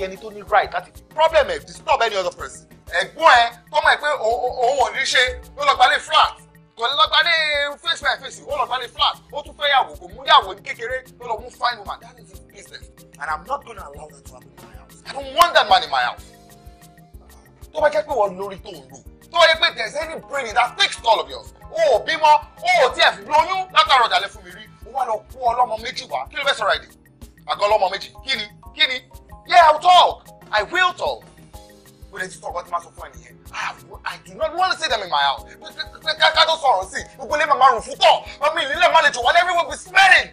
sí ẹni tó ní right láti fi problem ẹ̀ disturb any other person. ẹ̀gbọ́n ẹ tó mọ̀ pé òun ò ní ṣe ló lọ gbalẹ̀ flat kò lọ gbalẹ̀ face by face ó lọ gbalẹ̀ flat ó tún fẹ́ yàwó kò mú yàwó ní kékeré ló lọ mú fine woman that is his business and i'm not gonna allow that to happen in my house i don't want that man in my house. tó bá jẹ́ pé wọ́n lórí tó ń lò tó yẹ pé there is any brain that takes all of yours o ò bímọ o ò tiẹ̀ fi lóyún látàrọ̀ ọ̀dàlẹ̀ fún mi rí o wà lọ kó ọlọ́mọ méjì wá kí ló fẹ́ sọ̀rọ̀ èdè àgọ́ ọlọ́mọ méjì kí ni kí ni Yeah, I'll talk. I will talk. But let's talk about the master plan here. I, I do not want to see them in my house. I don't sorrow. See, we go leave my room for talk. I mean, little manager, while everyone be smelling.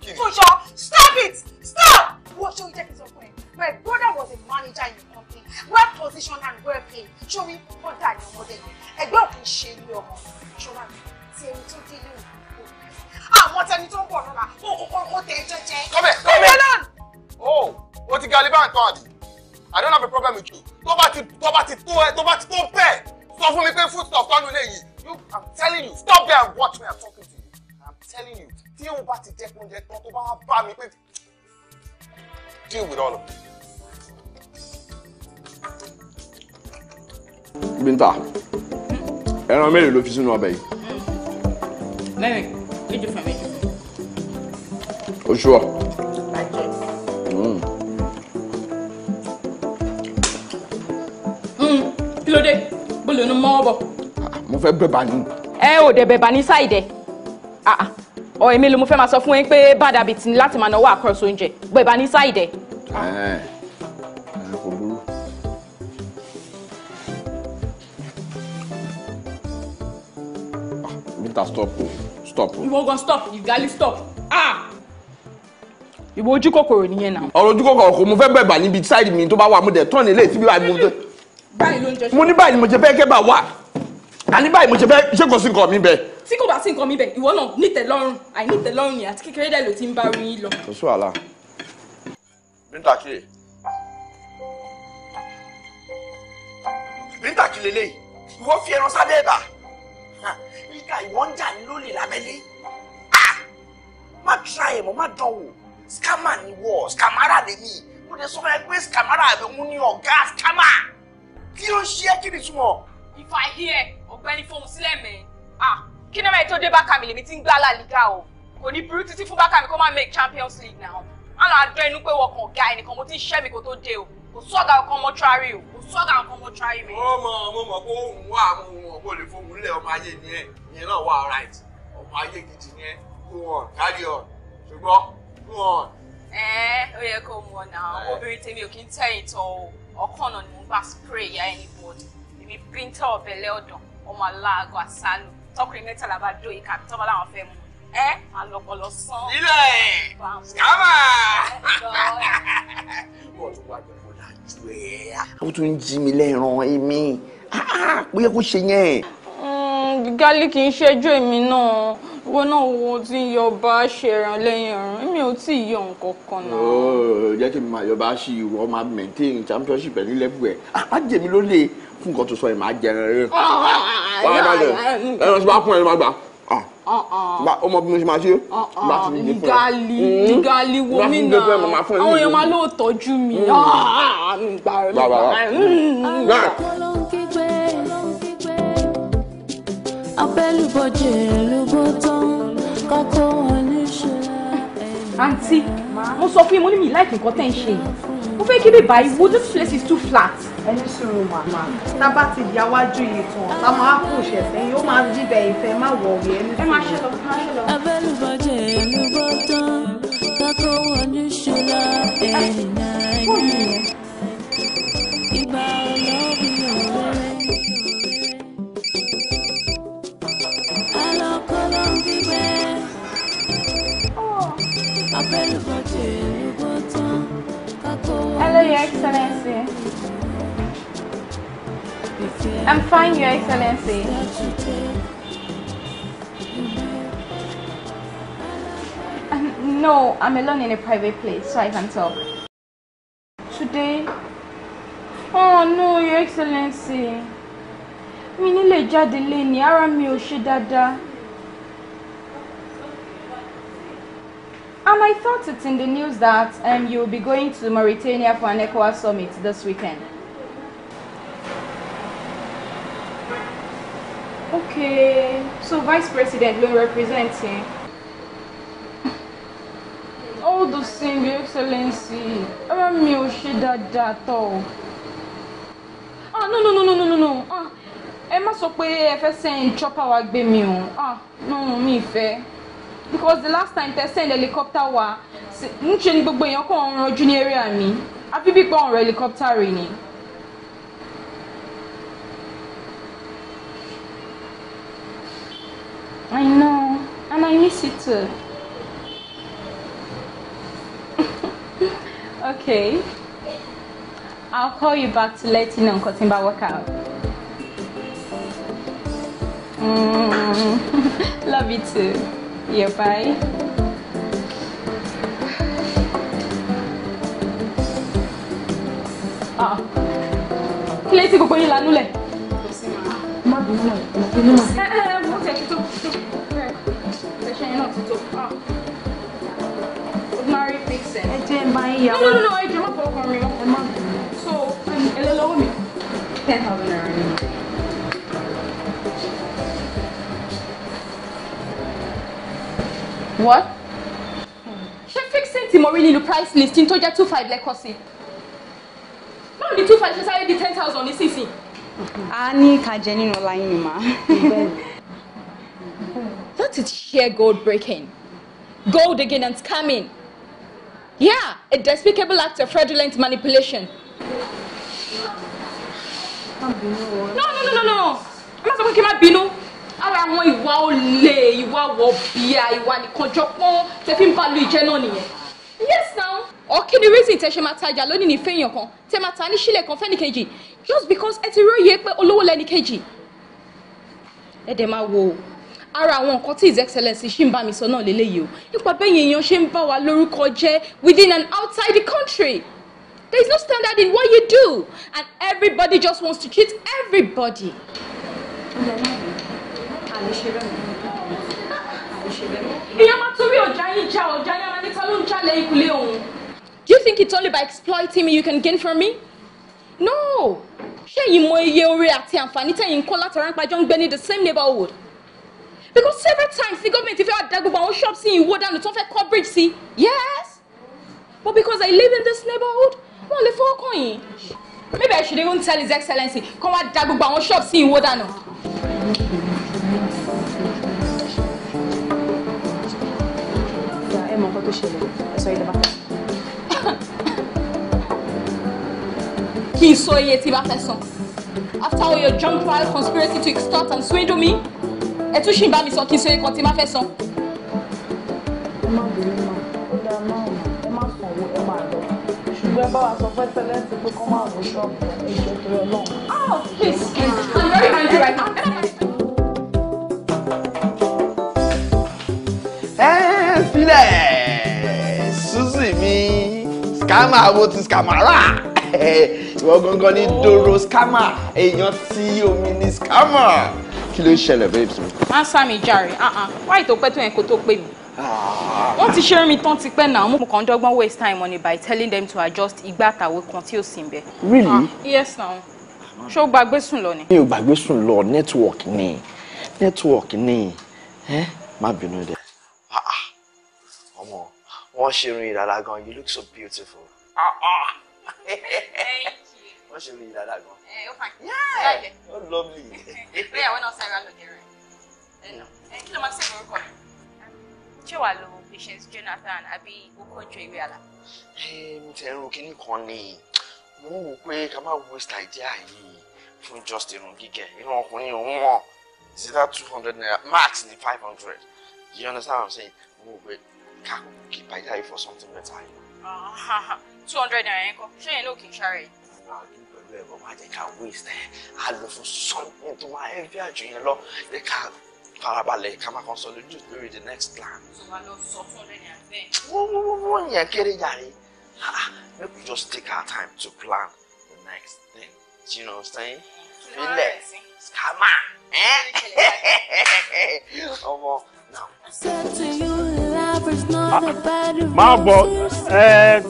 Fusha, stop it! Stop! What should we take this up My brother was a manager in the company, well positioned and well paid. Show me what that your mother? I don't appreciate ní ọmọ. Ṣọ́ra mi, ti ẹni tó dé àwọn tẹni tó ń bọ̀ lọ́la kó kókó kó tẹ jẹjẹ. kọ́mẹ̀ kọ́mẹ̀ o o ti galiba nǹkan àbí i don't have a problem with you tó bá ti tó bá ti tó ẹ tó bá ti tó bẹ́ẹ̀ sọ fún mi pé food stop kọ́nu lè yìí you i'm telling you stop there and watch me i'm talking to you i'm telling you tí o bá ti jẹ́ oúnjẹ tán tó bá wá bá mi pé deal with all of it. Binta, ẹran mélòó ló fi sínú ọbẹ̀ yìí? Lẹ́yìn méjì fún méjì. oṣù wa. bàjẹ́. Hmm. Hmm, kí ló dé bó lè nu mọ́wọ́ bọ̀. Ah, mo fẹ́ bẹ̀bà ni. O ò dẹ̀ bẹ̀bà ní sáìdẹ̀ ah, ah. ọ èmi ló mo fẹ́ máa sọ fún yín pé bad habit ni láti máa náwó àkọ́sọ oúnjẹ bẹ̀bà ní sáìdẹ̀. Eh, eh, tá stop stop. ìwọ gan stop ìgálí stop ah ìwọ ojú kòkòrò nìyẹn náà. ọ̀rọ̀ ojú kòkòrò kò mo fẹ́ bẹ̀bà níbi sáìdì mi tó bá wà mo dẹ̀ tán nílé tí bí wàá mo tẹ. báyìí ló ń jẹ ṣe. mo ní báyìí mo ṣe fẹ́ kẹ́ bá wà àní báyìí mo ṣe fẹ́ ṣé kò sí nǹkan mi bẹ́ẹ̀. tí kò bá sí nǹkan mi bẹ́ẹ̀ ìwọ náà nítẹ̀lọ́rùn àìnítẹ̀lọ́rùn ni àti kékeré dẹ̀ ló ti ń bá orin yín lọ. kò sí wàhálà. bíntàkì bíntàkì ìwọ fi ẹran sábẹ́ ẹ̀bà kà ìwọ́n ń jà ní má tra ẹ̀ má dán wò scammer ni wọ́ scamara lèmi mo lè sọ fún pé scamara rẹ̀ mú ní ọ̀gá scammer kí ló ṣe é kí ni túmọ̀. if i hear ọ̀gbẹ́ni fohùn sílẹ̀ mẹ́ ah kí náà mẹ́rin tó dé bákà mi lèmi ti ń gbá làlígà o kò ní burú títí fún bákà mi kó má make champions league now á lọ àdán inú pé wọ́n kàn ọ̀gá ẹnìkan mo ti ń ṣẹ́ mi kó tó dé o kò sọ́ọ̀gá ọkàn mọ́túárì o sọ́gà nǹkan mo try mi. ó mọ mo mọ pé òun wà mo mọ pé o lè fohùn lẹ ọmọ ayé ni ẹ ìyẹn náà wà right ọmọ ayé gidi ni ẹ go on carry on ṣùgbọ́n go on. ẹ ó yẹ kó mọ náà obìnrin tèmi ò kí ń tẹ ìtàn ọkàn náà ni mo bá spray ya anybody èmi píntà ọ̀bẹ̀lẹ̀ ọ̀dàn ọmọ aláàgọ́ àsálù tọkùnrin mẹ́tàlá bá dó ìka tọ́ba láwọn fẹ́ mu ẹ àlọ́pọ̀ lọ sán. nílẹ̀ kámà wà ní mo lajú ẹ̀. ó tún jí mi lẹ́ran èmi ah, ó yẹ kó ṣe yẹn. Mm, gálí kì í ṣẹ́jú èmi náà wo náà wo tí yọba ṣẹran lẹ́yìn ọ̀run èmi ò tí ì yọ nǹkan kan náà. Oh, jẹ́ kí n máa yọba ṣe ìwọ máa maintain championship ẹ̀ ní level ẹ̀ àpájẹ́mi ah, ló lè fún nǹkan tó sọ ẹ̀ máa jẹran rẹ̀. ẹran tí wàá fún ẹ ló máa gbà ọmọ uh-uh. bí mo ṣe máa ṣe uh-uh. láti lè fún ẹ. ìgàlì hmm? ìgàlì wo mí náà àwọn èèyàn máa lóò tọ́jú mi. bàbá náà. abẹ́lúbọ̀jẹ̀ ló bọ́ tán kákó wọn ní ṣe. àǹtí mo sọ fún mo ní mi láìpẹ́ nǹkan tẹ́ ń ṣe yìí fẹ́ kí bíbá ìwò this place is too flat. ẹni sùúrù màmá tá a bá ti di awájú yìí tán tá a máa kó ṣẹ̀ sẹ́yìn ó máa jíbẹ̀ ìfẹ́ má wọ̀ ọ̀rẹ́ ẹni sùúrù. ẹ máa ṣe lọ ẹ máa ṣe lọ. abẹ́lúbọ̀jẹ̀ ẹnu bọ́ tán kákó wọn ní ṣọlá ẹ̀yìn náà yẹn. ìgbà ọlọ́run ọ̀rẹ́ Hello, Your Excellency. I'm fine, Your Excellency. Um, no, I'm alone in a private place, so I can talk. Today? Oh no, Your Excellency. Mi nílé jáde lé ní ara mi ò ṣe And I thought it's in the news that um, you'll be going to Mauritania for an ECOWAS summit this weekend. Okay, so Vice President will represent him. All the same, Your Excellency. I'm Yoshida Dato. Ah, no, no, no, no, no, no, no. Ah, ẹ má sọ pé ẹ fẹ́ sẹ́yìn chopper wa Ah, no, me mi because the last time tẹ send helicopter wa ń ṣe ni gbogbo èèyàn kàn ń ranjú ní area mi àfi bí ọ̀rọ̀ helicopter rè ni. I know and I miss it too. okay. I'll call you back to let you know nǹkan tí work out. Mm. Love you too your bye. kí lè ti gbogbo yín lanú lẹ̀. má bínú mà má bínú mà. ẹ ẹ mo tẹ̀ títò títò ẹ ṣe yẹn náà títò ordinary fixing. ẹ jẹ́ ń bá yín yà wá. no no no ẹ jẹ́ má fọwọ́ kan mi. ẹ má bínú. so ẹ lọ lọ́wọ́ mi. ten thousand naira ni mo. What? She fixing tí mo rí nínú price list tó jẹ́ two five lẹ́kọ̀ọ́ sí? the ni two five ṣe sáré di ten thousand nísinsìnyí? A ní ká jẹ nínú ọlá ni màá. That is sheer gold breaking, gold digging and scamming. Yeah, a despicable act of fraudulent manipulation. No, no, no, no, no. I'm not talking about Bino ara àwọn ìwà olè ìwà wọ̀bìà ìwà nìkanjọpọ́n tẹ fi ń bá lu ìjẹ́ náà nìyẹn. yes now. ọ̀kí ni reason tẹ ṣe máa tajà lónìí ní fẹ́yàn kan tẹ máa ta ní sílẹ̀ kan fẹ́ni kejì just because ẹ ti róye pé olówó lẹ́ni kejì. ẹ dẹ̀ máa wo ara àwọn nǹkan tí his excellence ṣì ń bá mi sọ náà lélẹ́yìí o nípa bẹ́yìn èèyàn ṣe ń bá wa lórúkọ jẹ́ within and outside the country. There is no standard in what you do, and everybody just wants to treat everybody. Do you think it's only by exploiting me you can gain from me? No! Ṣé ẹ̀yin mọ iye oore àti àǹfààní tẹ̀yìn kọ́ látara ń pàjọ́ ń gbé ní the same neighborhood? Because several times the government fẹ́ àdá gbogbo àwọn shops yìí wó dànù tó fẹ́ kọ́ bridge sí. Yes! But because I live in this neighborhood, wọ́n lè fọwọ́ kàn yín. Maybe I should even tell His Excellency kọ́ wá dá gbogbo àwọn shops yìí wó dànù ẹ mọ nǹkan tó ṣẹlẹ̀ ẹ sọ yìí lọ́ba. kí n sọ iye tí bá fẹ́ san after all your junk trial conspiracy to extort and swindle me ẹ tún ṣì ń bá mi sọ kí n sọ iye kan tí oh please i'm very angry right now. sílẹ̀ Suzy mi scammer wo ti scamara ìwọ gangan ní doro scammer èèyàn tí omi ní scammer kí ló ń ṣẹlẹ̀ bẹ́ẹ̀ tó. má sàmì jàre wáyé tó pẹ́ tó yẹn kó tó pè mí ah. wọ́n ti ṣe rìn tán ti pẹ́ náà mo kàn dọ́gbọ́n waste time on it by telling them to adjust ìgbà àtàwé kan tí ò sí ń bẹ. really. Ah, yes na ṣé o gbàgbé sùn lọ ni. mi ò gbàgbé sùn lọ network ni network ni má bínú dẹ wọ́n ṣe irun ìdàdà gan you look so beautiful. Ah, ah. thank you. wọ́n ṣe irun ìdàdà gan. ẹ eh, ó fà kí Yeah. ó lovely. bẹ́ẹ̀ àwọn náà sára lòdì rẹ̀ ẹ kí ló máa ń sẹ́yìn orúkọ mi. ṣé wàá lo patience Jonathan àbí okojo ìwé àlà. Eh, mo ti ẹrù kínní kan ni mo ń wò pé ká má waste idea yìí fún just irun gígẹ̀ irun ọkùnrin òun wọn is two hundred naira max ni five hundred you understand what i'm saying mo wò pé kakú keep either eye for something better. two hundred naira yẹn kọ ṣé yẹn ló kì í ṣàrẹ yìí. wàá dùn pẹ̀lú ẹ̀ bọ́ má jẹ́ ká waste ẹ̀ á lọ fún something tó máa heavy àjò They can jẹ́ ká farabalẹ̀ ká máa consolidate lórí the next plan. So lọ sọ two hundred naira bẹ́ẹ̀. wo wo wo. yẹn kéré yàrá make we just take our time to plan the next thing. Do you know what I'm saying? Relax. Come on. Eh? Now. I said to you. Ah, máa bọ̀ ẹ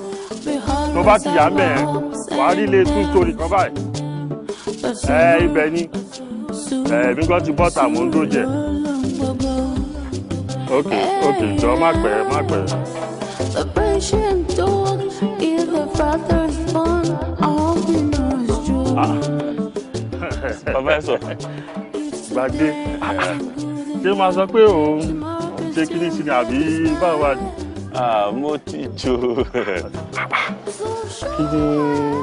tó bá ti yà mẹ́ ẹ wàá rí ilé two story kan báyìí ẹ ibẹ̀ ni ẹ mi kàn ti bọ́tà mò ń dojẹ ok ok jọ má pẹ́ má pẹ́. The patient dog is the ah. gbàgbé, ṣé máa sọ pé òun ṣe kíní sí ni àbí báwo wà ní. mo ti jò. kí ni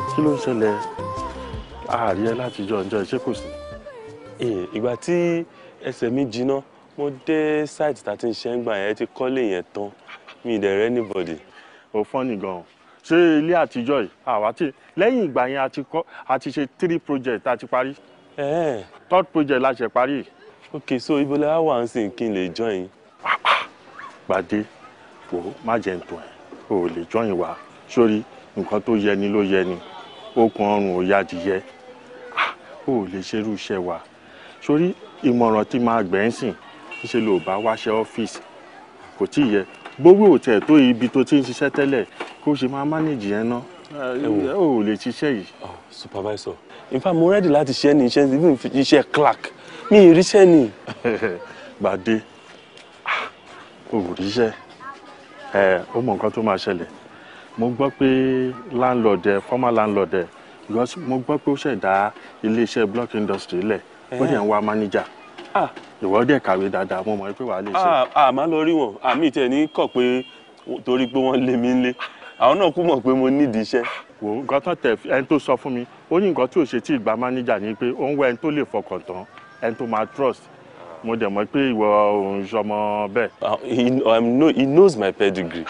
kí ló ń ṣẹlẹ̀ ààrẹ látijọ́ ọjọ́ ṣé kò sí. ìgbà tí ẹsẹ̀ mi jiná mo dé site tá a yẹn ti kọ́lé yẹn tán mi dẹ̀ rẹ́ anybody. ò fọ́nì gan-an ṣé ilé àtijọ́ yìí lẹ́yìn ìgbà yẹn a ti ṣe three project a ti parí. third project la ṣe parí. ok so ibo la wà ń sìn kí n join gbadé wò má jẹ́ ntọ́ ẹ̀ o ò lè jọyìn wá sórí nǹkan tó yẹ ni ló yẹ ni okùn ọrùn ò yá adìyẹ ah, o ò lè ṣerú iṣẹ́ wa sórí ìmọ̀ràn tí máa gbẹ̀ ń sìn ṣe ló bá wáṣẹ́ ọ́fíìsì kò tí ì yẹ gbówó òtẹ̀ tó ibi tó ti ń ṣiṣẹ́ tẹ́lẹ̀ kó ṣe máa mánéjì yẹn ná o lè ṣiṣẹ́ yìí. supervisor in fact mo ready láti ṣe ní iṣẹ́ iṣẹ́ clerk mi ì ríṣẹ́ ni. gbadé òrìṣẹ́ ẹ ó mọ nǹkan tó máa ṣẹlẹ̀ mo gbọ́ pé landlord ẹ former landlord ẹ because mo gbọ́ pé ó ṣẹ̀dá iléeṣẹ́ block industry lẹ̀ ó dẹ̀ ń wá manager ah, ìwọ dẹ̀ kàwé dáadáa mo mọ̀ pé wàá lè ṣe. Ah, ah, àmọ́ lọ rí wọn àmì tẹ̀ ní kọ̀ pé torí pé wọ́n lé mi ń lé àwọn náà kú mọ̀ pé mo nídìí iṣẹ́. wò ó nǹkan tán tẹ ẹni tó sọ fún mi ó ní nǹkan tí ò ṣe tí ìgbà manager ni pé ó ń wá ẹni tó lè fọkàn tán ẹni tó máa trust mo dẹ̀ mọ̀ pé ìwọ òun ṣọmọ bẹ́ẹ̀. Uh, um, he knows my pedigree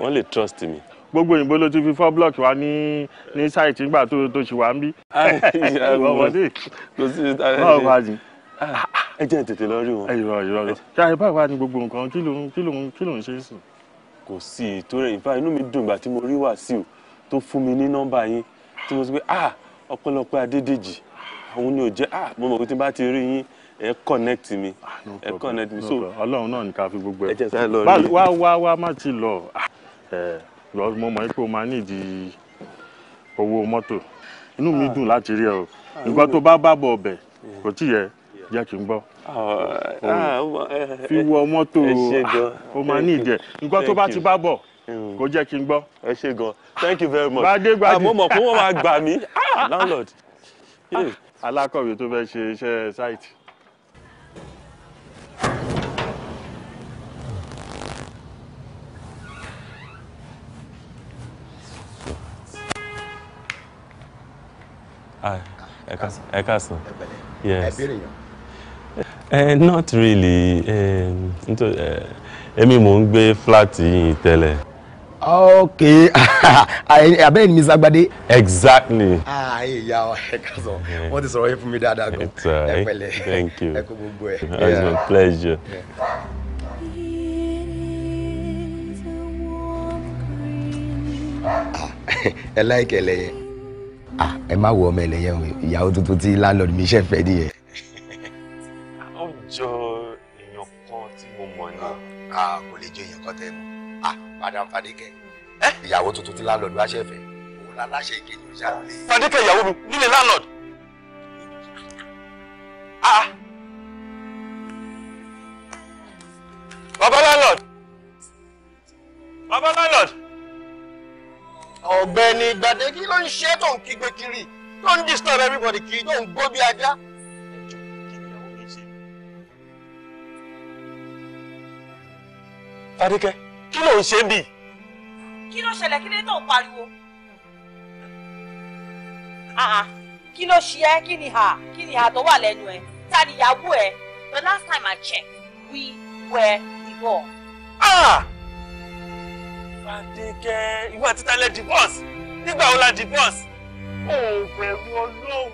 wọ́n lè trust me. gbogbo òyìnbó ló ti fi four block wa ní ní site nígbà tó tó ṣì wá ń bí. Ah, báwo wá jì. Ah, ah, ẹ jẹ́ tètè lọ rí wọn. ìrọ̀ ìrọ̀ lọ ṣáà báwo wá ní gbogbo nǹkan kí ló kí ló kí ló ṣe é sùn. kò sí ìtòrè ìfà inú mi dùn ìgbà tí mo rí Wàsíù tó fún mi ní nọ́mbà yín tí mo sọ pé ah Adédèjì òun ni ò jẹ́ mo mọ̀ pé tí n bá ti rí yín ẹ connect mi ah, ẹ connect mi so Ọlọ́run náà ni ká fi gbogbo ẹ wá wá wá má ti lọ ah, ẹ mo mọ̀ pé o máa nídìí owó mọ́tò inú mi ah. dùn láti rí ẹ o nǹkan tó bá bá bọ̀ ọbẹ̀ kò tí yẹ jẹ́ kí n gbọ́ eh, eh, fi wọ mọ́tò o máa ní ìdí ẹ nǹkan tó bá ti bá bọ̀ mm. kò jẹ́ kí n gbọ́. ẹ ṣe gan thank you very much àmọ́ mọ̀ pé wọ́n máa gbà mí landlord. alákọ̀wé tó fẹ́ ṣe iṣẹ́ site. Ah, ẹ káàsán yes ẹ not really èmi mò ń gbé flat yìí tẹ́lẹ̀. ok abẹ́rẹ́ ni mr agbade. exactly. Ah, ìyá ẹ káàsán wọ́n ti sọ̀rọ̀ yín fún mi dáadáa gan ẹ pẹ̀lẹ́ ẹ kó gbogbo ẹ. it's my pleasure. Yeah. Ah, ẹ láìkẹ Ah, ẹ má wo ọmọ ẹlẹ́yẹ o ìyàwó tuntun tí landlord mi ṣe fẹ́ nìyẹn. ó jọ èèyàn kan tí mo mọ̀ ni. Ah, kò lè jọ èèyàn kan tẹ́ mọ̀ ah, madam fadeke eh? ìyàwó tuntun tí landlord wá ṣẹ̀fẹ̀ òun aláṣẹ ìkejì ìṣàlùlẹ. fadeke ìyàwó mi nílé landlord. baba landlord baba landlord ọ̀gbẹ́ni gbàdé kí ló ń ṣe tó ń kígbe kiri tó ń disturb everybody kiri tó ń gbó bí ajá. Fadékẹ́ kí ló ń ṣe bì? Kí ló ṣẹlẹ̀ kí ló tó ń pariwo? Ah, kí ló ṣe ẹ́? Kí ni hà? Kí ni hà tó wà lẹ́nu ẹ̀? Ta ni ìyàwó ẹ̀? The last time I checked, we were divorced. Ah! Adékẹ́, ìwọ àti Tálẹ́ divorce. Nígbà wo la divorce? Ò bẹ̀rù Ọlọ́run.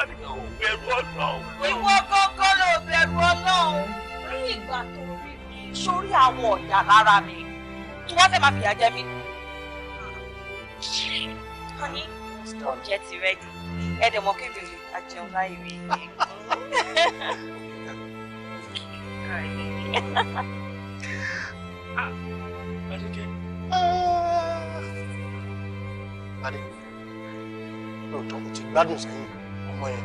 Adékẹ́ ò bẹ̀rù Ọlọ́run. Ìwọ gángan ló bẹ̀rù Ọlọ́run. Rí ìgbà tó rí mi sórí àwọn ọ̀dà lára mi. Kí wọ́n fẹ́ máa fìyà jẹ mí? Honey, oúnjẹ ti rẹ́dì. Ẹ̀dẹ̀ mọ́ kébìrì àjẹun láì rí. Adékẹ́. Adé, lóòótọ́ o ti gbádùn sẹ́yìn ọmọ yẹn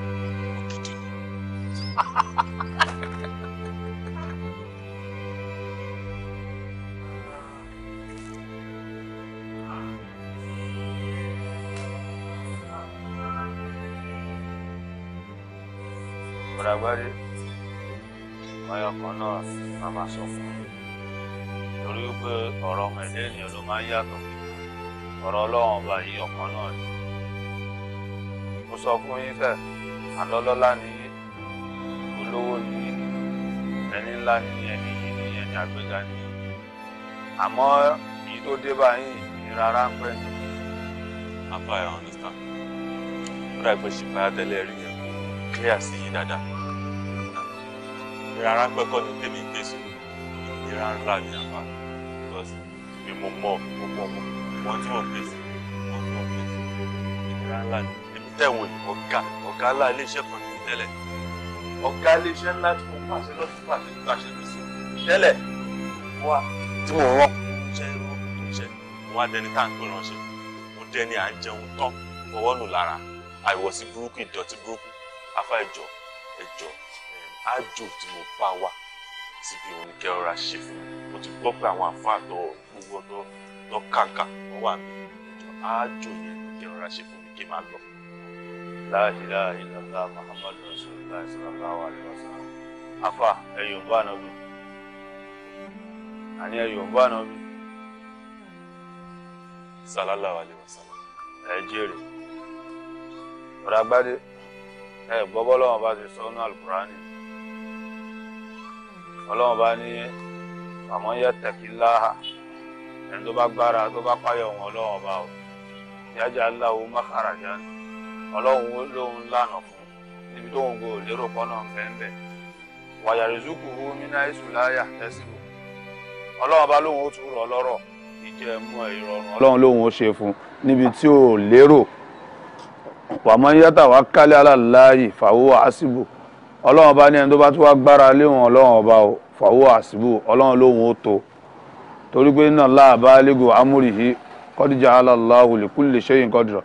òkìtì ni. Bọ̀dàgbárí, ọyọ̀ kan náà máa ma sọ fún un pé ọ̀rọ̀ ọmọ ẹ̀dẹ́ ènìyàn ló máa ń yàtọ̀ ọ̀rọ̀ ọlọ́run ọba yìí ọ̀kan náà ni mo sọ fún yín fẹ́ àlọ́lọ́lá ni olówó ni ẹni ńlá ni ẹni yìí ni yín ẹni àgbéga ni yín àmọ́ èyí tó dé báyìí ìnira ráńpẹ́ ni. apá ẹ̀ understand ó dà pé ṣìpáyà tẹ́lẹ̀ rí yẹn kó clear sí yín dáadáa ìnira ráńpẹ́ kọ́ ni tèmi ń gbèsè ìnira ńlá ni àwọn pé mo mọ gbogbo ọmọ wọn tí wọn fèsì wọn tí wọn fèsì ìnira ńlá ni èmi tẹ̀wọ̀n ọ̀gá ọ̀gá ńlá iléeṣẹ́ kan ní tẹ́lẹ̀ ọ̀gá iléeṣẹ́ ńlá tí mo pàṣẹ lọ́sí pàṣẹ tó àṣẹ mi sí tẹ́lẹ̀ wá tí mo rán iṣẹ́ irun tó ṣe wọn á dẹni táǹkì ránṣẹ́ mo dẹni à ń jẹun tán fọwọ́ nù lára àìwọ̀sí burúkú ìdọ̀tí burúkú afá ẹ̀jọ̀ ẹ̀jọ̀ ájò tí mo bá wà síbi òun kẹ́ ọ̀rá ṣe fún mi mo ti gbọ́ pé àwọn àfáà tọ̀ ọ̀run gbogbo ọ̀dọ́ lọ kàǹkà wọ́n wà mí àjò yẹn kí n ṣe fún mi kí n máa lọ. la ilaha illallah muhammadu rasulullah sallallahu alaihi wasallam afa ẹ̀yọ̀ ń bá náà bí àní ẹ̀yọ̀ ń bá náà bí. sallallahu alaihi wasallam ẹ jèrè ọ̀rọ̀ agbádé ẹ gbọ́bọ́ lọ́wọ́ bá ti sọ́nù alukurani ọlọ́wọ́ bá ní àmọ́ yẹ tẹ̀kí láhà ẹni tó bá gbára tó bá páyọ̀ wọn ọlọ́run ọba o ìyájà ńlá òun mákàràjà ọlọ́run lóun lànà fún níbi tóun gbò lérò pọ́nà ńbẹ́ńbẹ́ wàyàrìzúkù hu mina ìsúláyà tẹ́síbù ọlọ́run ọba lóun ó tún rọ ọlọ́rọ̀ ìjẹ́ mú ẹ̀ ìrọ̀rùn ọlọ́run lóun ó ṣe fún níbi tí ò lérò wàmọ́ yàtà wá kálí aláàláyì fàwọ́ àṣìbù ọlọ́run ọba ní ẹni tó bá tún wá gbára léwọn ọlọ́run ọba o fàwọ́ àṣìbù ọlọ́run lóun ó tó torí pé inna Allaha balighu amrihi qad ja'ala Allahu li kulli shay'in qadra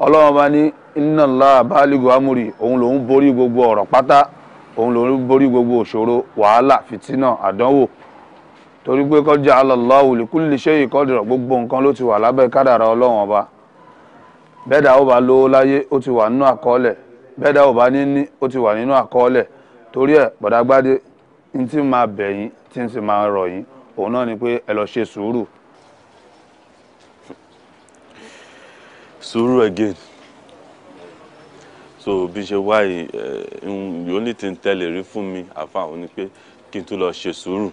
ọlọ́run bá ní inna Allaha balighu amrihi òun lòún borí gbogbo ọ̀rọ̀ pátá òun lòún borí gbogbo òṣòro wàhálà fìtínà àdánwò torí pé qad ja'ala Allahu li kulli shay'in qadra gbogbo nǹkan ló ti wà lábẹ́ kádàrà ọlọ́run ọba bẹ́ẹ̀dá ó bá lówó láyé ó ti wà nínú àkọọ́lẹ̀ bẹ́ẹ̀dá ó bá níní ó ti wà nínú àkọọ́lẹ̀ torí ẹ̀ bọ̀dágbádé n tí máa bẹ̀ yín tí n sì máa rọ̀ yín òun náà ni pé ẹ lọ ṣe sùúrù sùúrù again so bí ṣe wáyé eh, the only thing tẹ́lẹ̀ rí fún mi àfàwọn ni pé kí n tún lọ ṣe sùúrù.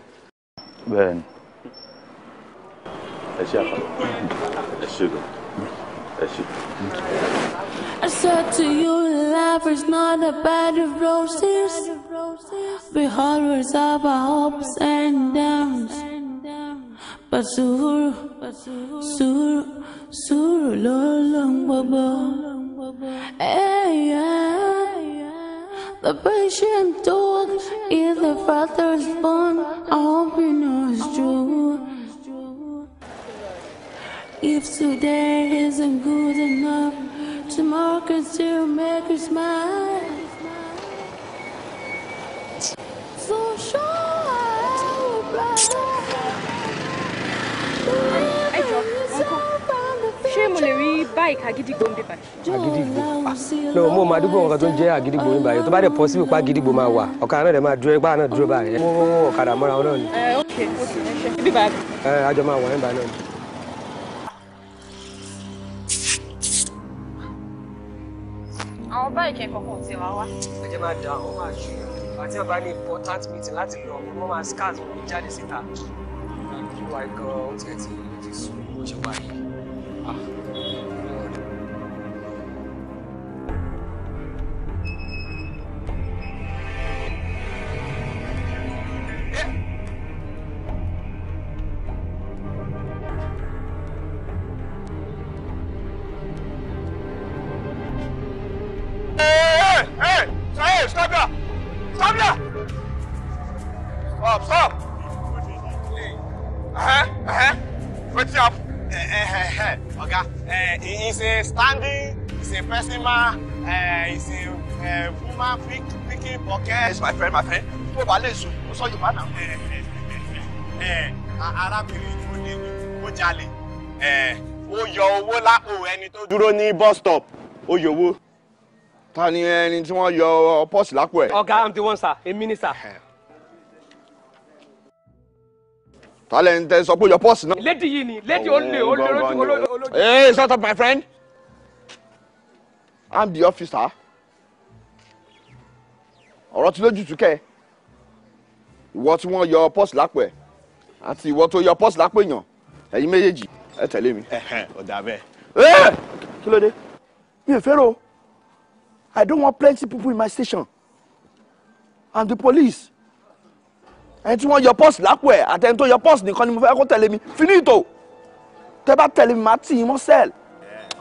bẹ́ẹ̀ni. ẹ ṣe àfàwọn ẹ ṣe gan ẹ ṣe. I said to you, life is not a bed of roses. We always have our hopes and downs. But soon, sur, soon, lo long bubble. Hey, yeah. The patient dog is the father's bone. I hope you know it's true. If today isn't good enough. some markers to make her smile. So sure, ṣé mo lè rí báyìí àgídìgbò ń bí báyìí. àgídìgbò no mo máa dúpọ̀ nǹkan tó ń jẹ́ àgídìgbò ń báyìí tó bá dẹ̀ pọ̀ síbi pa àgídìgbò máa wà ọ̀kadà náà dẹ̀ máa dúró ẹgbẹ́ náà ba báyìí. mo ọ̀kadà mọ́ra wọn náà ni. ẹ eh, ok ok ẹ ṣe bíbá. ẹ àjọ máa wọ̀ ẹ́ báyìí náà ni. bàbá ìkẹ́ kankan ti wá wá. ẹ jẹ́ máa dà ó máa ju àti ọba ní important meeting láti lọ wọ́n máa scarce wọ́n jáde síta. ìwà ìgan oúnjẹ ti ti sùn bó ṣe wáyé. customer uh, is a uh, woman pick, picking pocket. Yes, my friend, my friend. Tó o bá lè sùn, ó sọ Yorùbá náà. Eh, eh, arábìnrin tó ní ó jalè. Ó yọ owó lápò ẹni tó dúró bus stop. Ó yọ owó. Ta ni ẹni tí wọ́n yọ pọ́ọ̀sì lápò I'm the one sir, èmi ni sir. Ta lẹ́ni tẹ́ sọ pé yọ pọ́ọ̀sì náà? Lady yìí ni, lady olè oh, olè olójú olójú. Hey, shut up my friend i'm the officer ọ̀rọ̀ tí lójú tú kẹ́ ìwọ tí wọ́n yọ pọ́ọ̀sì lápò ẹ̀ àti ìwọ tó yọ pọ́ọ̀sì lápò èèyàn ẹ̀yin méjèèjì ẹ tẹ̀lé mi. ò dà bẹ́ẹ̀. Eh! kí ló dé mi ò fẹ́ràn o i don't want plenty people in my station i'm the police ẹni tí wọ́n yọ pọ́ọ̀sì lápò ẹ̀ àtẹni tó yọ pọ́ọ̀sì nìkan ni mo fẹ́ kó tẹ̀lé mi finito tẹ́ bá tẹ̀lé mi máa tì í mọ́ sẹ́ẹ̀lì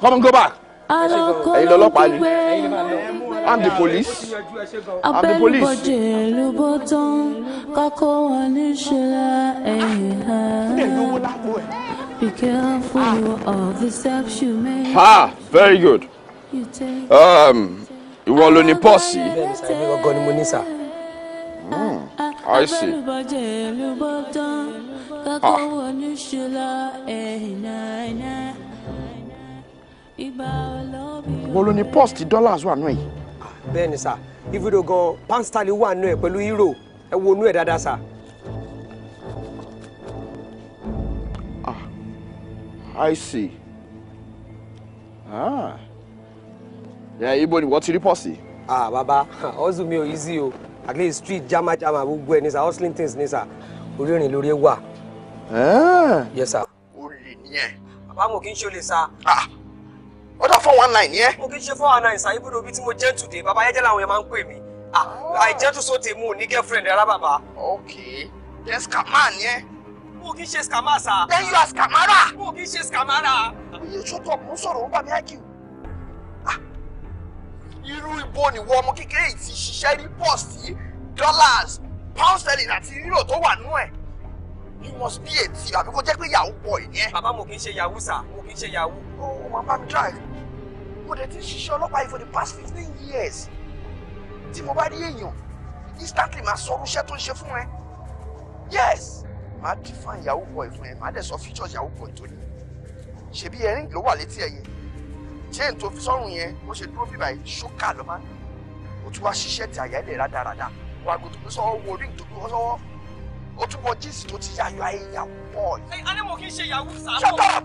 come and go back ẹ̀yin lọ́lọ́pàá ni i'm the police i'm the police. abẹ́nubọ̀dé ló bó tán kákó ha. be careful of ah. the steps you make. ha very good. Um, ìwọ ló ní pọ́ọ̀sì. Hmm, I see. Ah wọ́n ló ní post dollars wà nù ẹ̀. bẹ́ẹ̀ ni sà ibùdó gan pound sterling wà nù ẹ̀ pẹ̀lú euro ẹ wo inú ẹ̀ dáadáa sà. ah i see ah yeah, ibo ni wọ́n ti rí pọ́ọ̀sì. ah bàbá ọ̀sùn mi ò yí sí o at least street jama jama gbogbo ẹ ní sà hustling things ní sà orírin lórí wà. Eh. yes sir. o lè ní ẹ. bàbá mo kì í ṣe olè sá ó dá four one nine yẹn. o kì í ṣe four one nine sáyé bóde obi tí mo jẹ́ tùdé bàbá ayẹ́jẹ́ làwọn yẹn máa ń pè mí àìjẹ́ tù sóde mú ní girlfriend rárá bàbá. ok jẹ́ scammer yẹn. o kì í ṣe scammer sá. then you are scamara. Ah? o kì í ṣe scamara. oye sọtọ mo sọ̀rọ̀ ó bá mi ágì. Ah. irú ibo ni wọ ọmọ kékeré yìí ti ṣiṣẹ́ rí pọ̀ sí dollars pound sterling àti euro tó wà nú ẹ̀ you must be a thief àbí kó jẹ́ pé yahoo boy ni ẹ́. bàbá mo kì í ṣe yahoo sir mo kì í ṣe yahoo. o oh, o máa bá mi drive mo dẹ̀ ti ń ṣiṣẹ́ ọlọ́pàá yìí for the past fifteen years tí mo bá rí èèyàn instantly máa sọ irúṣẹ́ tó ń ṣe fún ẹ yes máa define yahoo boy fún ẹ máa dẹ̀ sọ features yahoo boy tó ní ṣebí ẹ̀rín ló wà létí ẹ̀yẹ chain tó fi sọ́rùn yẹn bó ṣe dúró bíbá yìí ṣókà ló máa ń lò ó tún wá ṣiṣẹ́ tí àyà ẹ̀ lè rádaràda wàá gòtò pé sọ́wọ́ wo ring tó gbé sọ́wọ́ o tún wọ jíìsì tó ti yá ayọ ayéyàwó boy. ẹ alẹ́ mo kì í ṣe yahoo sáà. shut up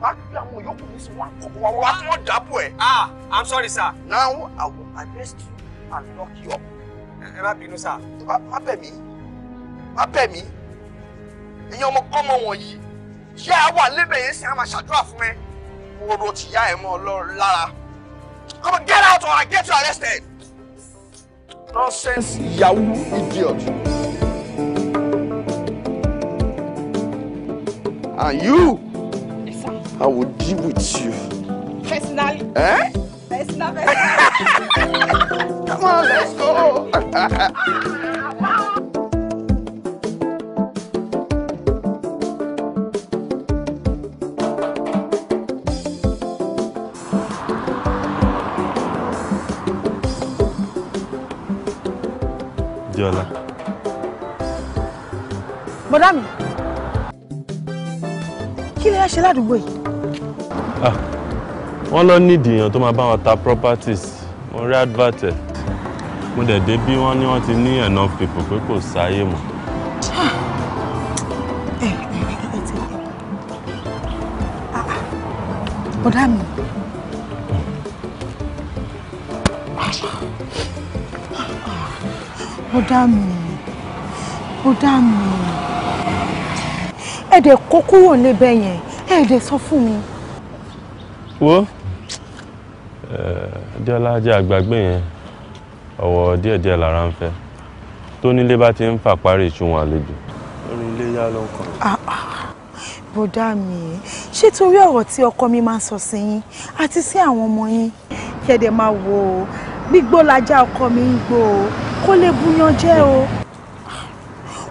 wàá pe àwọn yòókù mi sí wọn kọ̀ọ̀kan wá wá tí wọ́n dàbò ẹ̀. ah i'm sorry sir. now i will arrest you and lock you up. ẹ eh, eh, má bínú sir. má bẹ̀ mí má bẹ̀ mí ìyẹn ọmọ kọ́mọ wọ̀nyí ṣé a wà lébẹ̀ yẹn sì á máa ṣàdúrà fún ẹ mo ro tìyá ẹ mọ́ ọ lára come on get out or i get you arrested. nonsense yahoo idiot. And you? Yes, sir. I will deal with you. Personally? Eh? Personal, personal. Come on, let's go. Jọlá. Bọ́dá kí lè ṣe ládùúgbò yìí. Ah, wọ́n lọ ní ìdìyàn tó máa bá wọn ta properties mo rí advert ẹ̀ mo dẹ̀ dé bí wọ́n ní wọ́n ti ní enough people pé kò sáyé mọ́. bọ̀dá mi. bọ̀dá mi. bọ̀dá mi ẹ̀ẹ́dẹ̀ kó kúrò níbẹ̀ yẹn ẹ̀ẹ́dẹ̀ sọ fún mi. wo eh, Adéọlá jẹ́ àgbàgbé yẹn ọ̀wọ̀ díẹ̀díẹ̀ lára ń fẹ́ tó nílé bá ti ń fà parí ìṣùwọ̀n àlejò. orí ilé yá ló ń kọ́. bọ́dà mi ṣé torí ọ̀rọ̀ tí ọkọ mi máa ń sọ sí yín àti sí àwọn ọmọ yín kẹ̀dẹ̀ máa wò ó gbígbó lajá ọkọ mi ń gbó o kó lè búyan jẹ́ o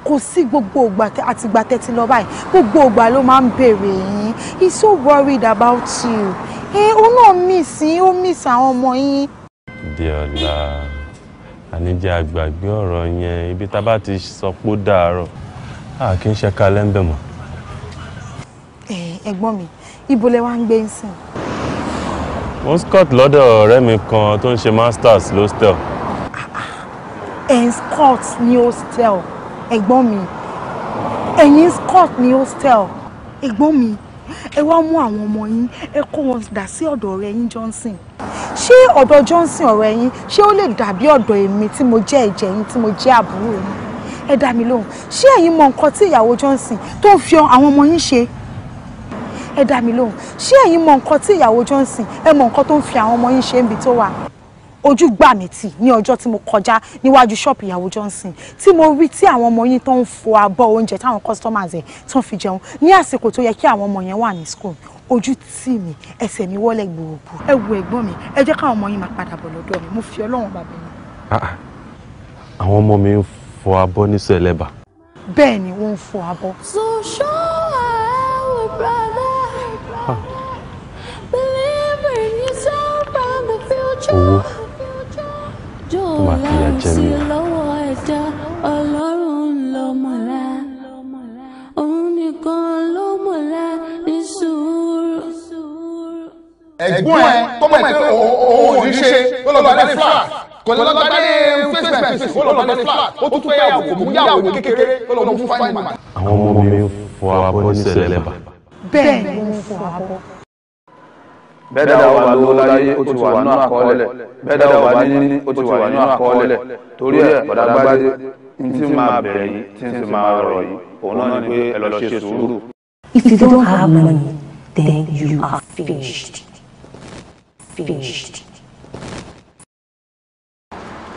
kò sí gbogbo ògbà àtìgbà tẹ́tí lọ báyìí gbogbo ògbà ló máa ń béèrè yín he's so worried about you ẹ ó náà miss yín ó miss àwọn ọmọ yín. diola àníjẹ́ àgbàgbé ọ̀rọ̀ yẹn ibi tá a bá ti sọ pé ó dàárọ̀ a kì í ṣe kalẹ́ńbẹ̀ mọ́. ẹ̀gbọ́n mi ibo lẹ wá ń gbé ń mo ń scott lọ́dọ̀ ọ̀rẹ́ mi kan tó ń ṣe masters lostel. Ah, ah. ẹ̀ ń scott ní hostel ẹ̀gbọ́n mi ẹ̀yin scott ní hostel ẹ̀gbọ́n mi ẹ wá mú àwọn ọmọ yín ẹ kó wọn dà sí ọ̀dọ̀ ọ̀rẹ́ yín johnson ṣé ọ̀dọ̀ johnson ọ̀rẹ́ yín ṣé ó lè dàbí ọ̀dọ̀ èmi tí mo jẹ́ ẹ̀jẹ̀ yín tí mo jẹ́ àbúrò yín ẹ dá mi lóhùn ṣé ẹ̀yin mọ nǹkan tí ìyàwó johnson tó ń fi àwọn ọmọ yín ṣe ẹ dá mi lóhùn ṣé ẹ̀yin mọ nǹkan tí ìyàwó johnson ẹ mọ nǹkan tó ń fi àwọn ọmọ yín ṣe níbi tó wà ojú gbà mí tì ní ọjọ́ tí mo kọjá níwájú ṣọ́ọ̀pù ìyàwó Johnson tí mo rí tí àwọn ọmọ yín tó ń fọ abọ́ oúnjẹ táwọn customers ẹ̀ tó ń fi jẹun ní àsìkò tó yẹ kí àwọn ọmọ yẹn wà ní school ojú tì mí ẹsẹ̀ mi wọ́lẹ̀ gbòògbò ẹ wo ẹ̀gbọ́n mi ẹ jẹ́ káwọn ọmọ yín máa padà bọ̀ lọ́dọ̀ mi mo fi Ọlọ́run bàbá mi. Ah, ah. àwọn ọmọ mi ń fọ abọ́ ní sẹ̀lẹ́bà. bẹ́ẹ̀ ni wọ́n ń fọ abọ́. so jẹ mí. Ọlọ́run lọ́mọ rẹ̀, òun nìkan lọ́mọ rẹ̀ ní sùúrù. Ẹ̀gbọ́n ẹ tó mọ̀ pé òun ò ní ṣe ó lọ gbàdé flat kò lọ gbàdé face by face ó lọ gbàdé flat ó tún fẹ́ yàwó kò mú yàwó kékeré ó lọ mú fáìmà. Àwọn ọmọ mi ń fọ abọ́ ní sẹ̀lẹ̀ bá. Bẹ́ẹ̀ ni mo ń fọ abọ́ bẹ́ẹ̀dá wà ló láyé ó ti wà nínú àkọọ́lẹ̀ bẹ́ẹ̀dá wà níní ó ti wà nínú àkọọ́lẹ̀ torí ẹ̀ ọ̀dàgbájé ní tí máa bẹ̀rẹ̀ yìí tí tí máa rọ̀ yìí òun náà ni pé ẹ lọ ṣe sùúrù. If you don't have money, then you are finished. Finished.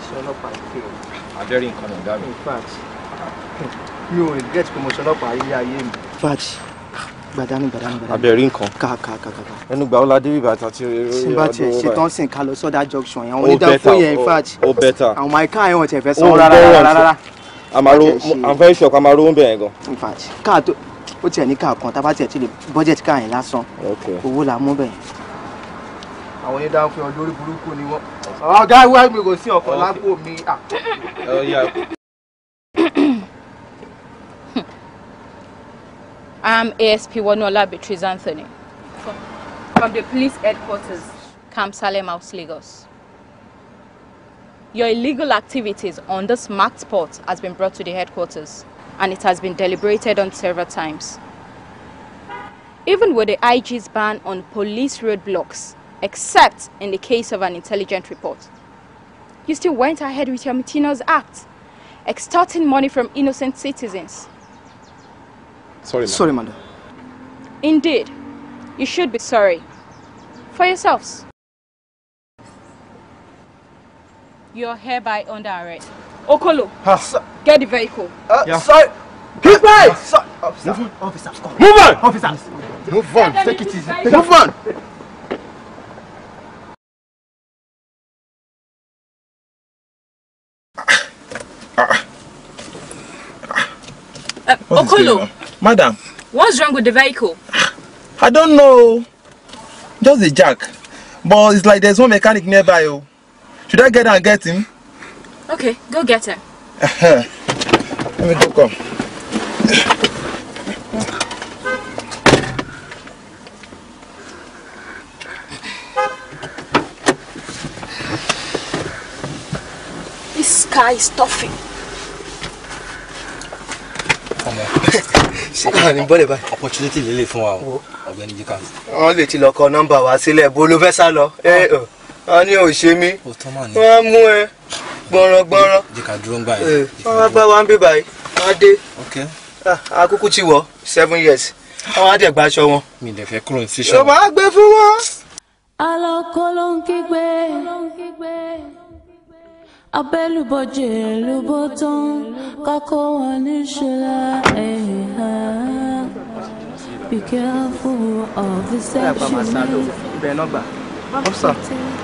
ṣé ọlọ́pàá ọ̀gá mi. mi ò regret pé mo ṣe ọlọ́pàá ayé mi gbàdánù gbàdánù gbàdánù. abẹ́rẹ́ nǹkan. kàkà kàkà. ẹnu gbà ó la débi bàtà tí. sinba tiẹ̀ ṣetán sìn ká lọ sọ́dà junction yẹn àwọn oh, onídàáfó yẹn in o oh, oh, bẹ́tà. àwọn máa ká ẹ̀wọ̀n tẹ̀ fẹ́ sanwó rárá rárá. àmàrò àǹfẹ́ ìṣọ̀kan àmàrò ń bẹ̀rẹ̀ gan. in fact káà tó ó tiẹ̀ ní káà kan tábà tiẹ̀ ti lè bọ́jẹ̀tì káà yẹn lásán. owó la mú bẹ́ẹ̀. àwọn onídàáfó olórí burúkú ni wọ́n. ọ̀gá ìwé mi kò sí ọkọ̀ lágbo mi. I'm um, ASP Wanola Beatrice Anthony. From, the police headquarters? Camp Salem House, Lagos. Your illegal activities on this marked spot has been brought to the headquarters and it has been deliberated on several times. Even with the IG's ban on police roadblocks, except in the case of an intelligent report, you still went ahead with your mutinous Act, extorting money from innocent citizens. Sorry, madam. Sorry, madam. Indeed, you should be sorry. For yourselves. You're hereby under arrest. Okolo, ah, get the vehicle. Uh, yeah. Sorry. Keep quiet! So officer, move on. Officer, move on. Officer, move on. Take it easy. Move on. Okolo, Madam. What's wrong with the vehicle? I don't know. Just the jack. But it's like there's one mechanic nearby. Oh. Should I get and get him? Okay, go get him. Let me go come. This sky is toughing. Come on bọ́lẹ̀ báyìí. opportunity lè lè fún wa o ọ̀gbẹ́ni jíkà. wọ́n lè ti lọ kọ nọ́mbà wa sílẹ̀ bó ló fẹ́ sá lọ ẹ ah. ọ wọ́n ní òṣè mi wọ́n mú ẹ gbọ̀nràn gbọ̀nràn. jíkà dúró ń gbà yìí. wọ́n wá bá wa ń bí báyìí wọ́n á dé. akúkú ah, ti wọ̀ seven years àwọn á dẹ̀ gbaṣọ wọn. mi lè fẹ́ kúrò ní sísọ. yóò máa gbé fún wọn. alọ́ kọ́ ló ń kígbe abẹ́lúbọ̀jẹ̀ ló bó tán kákó wọn níṣọ́lá ẹ̀yà. Be careful of the sexual. Officer,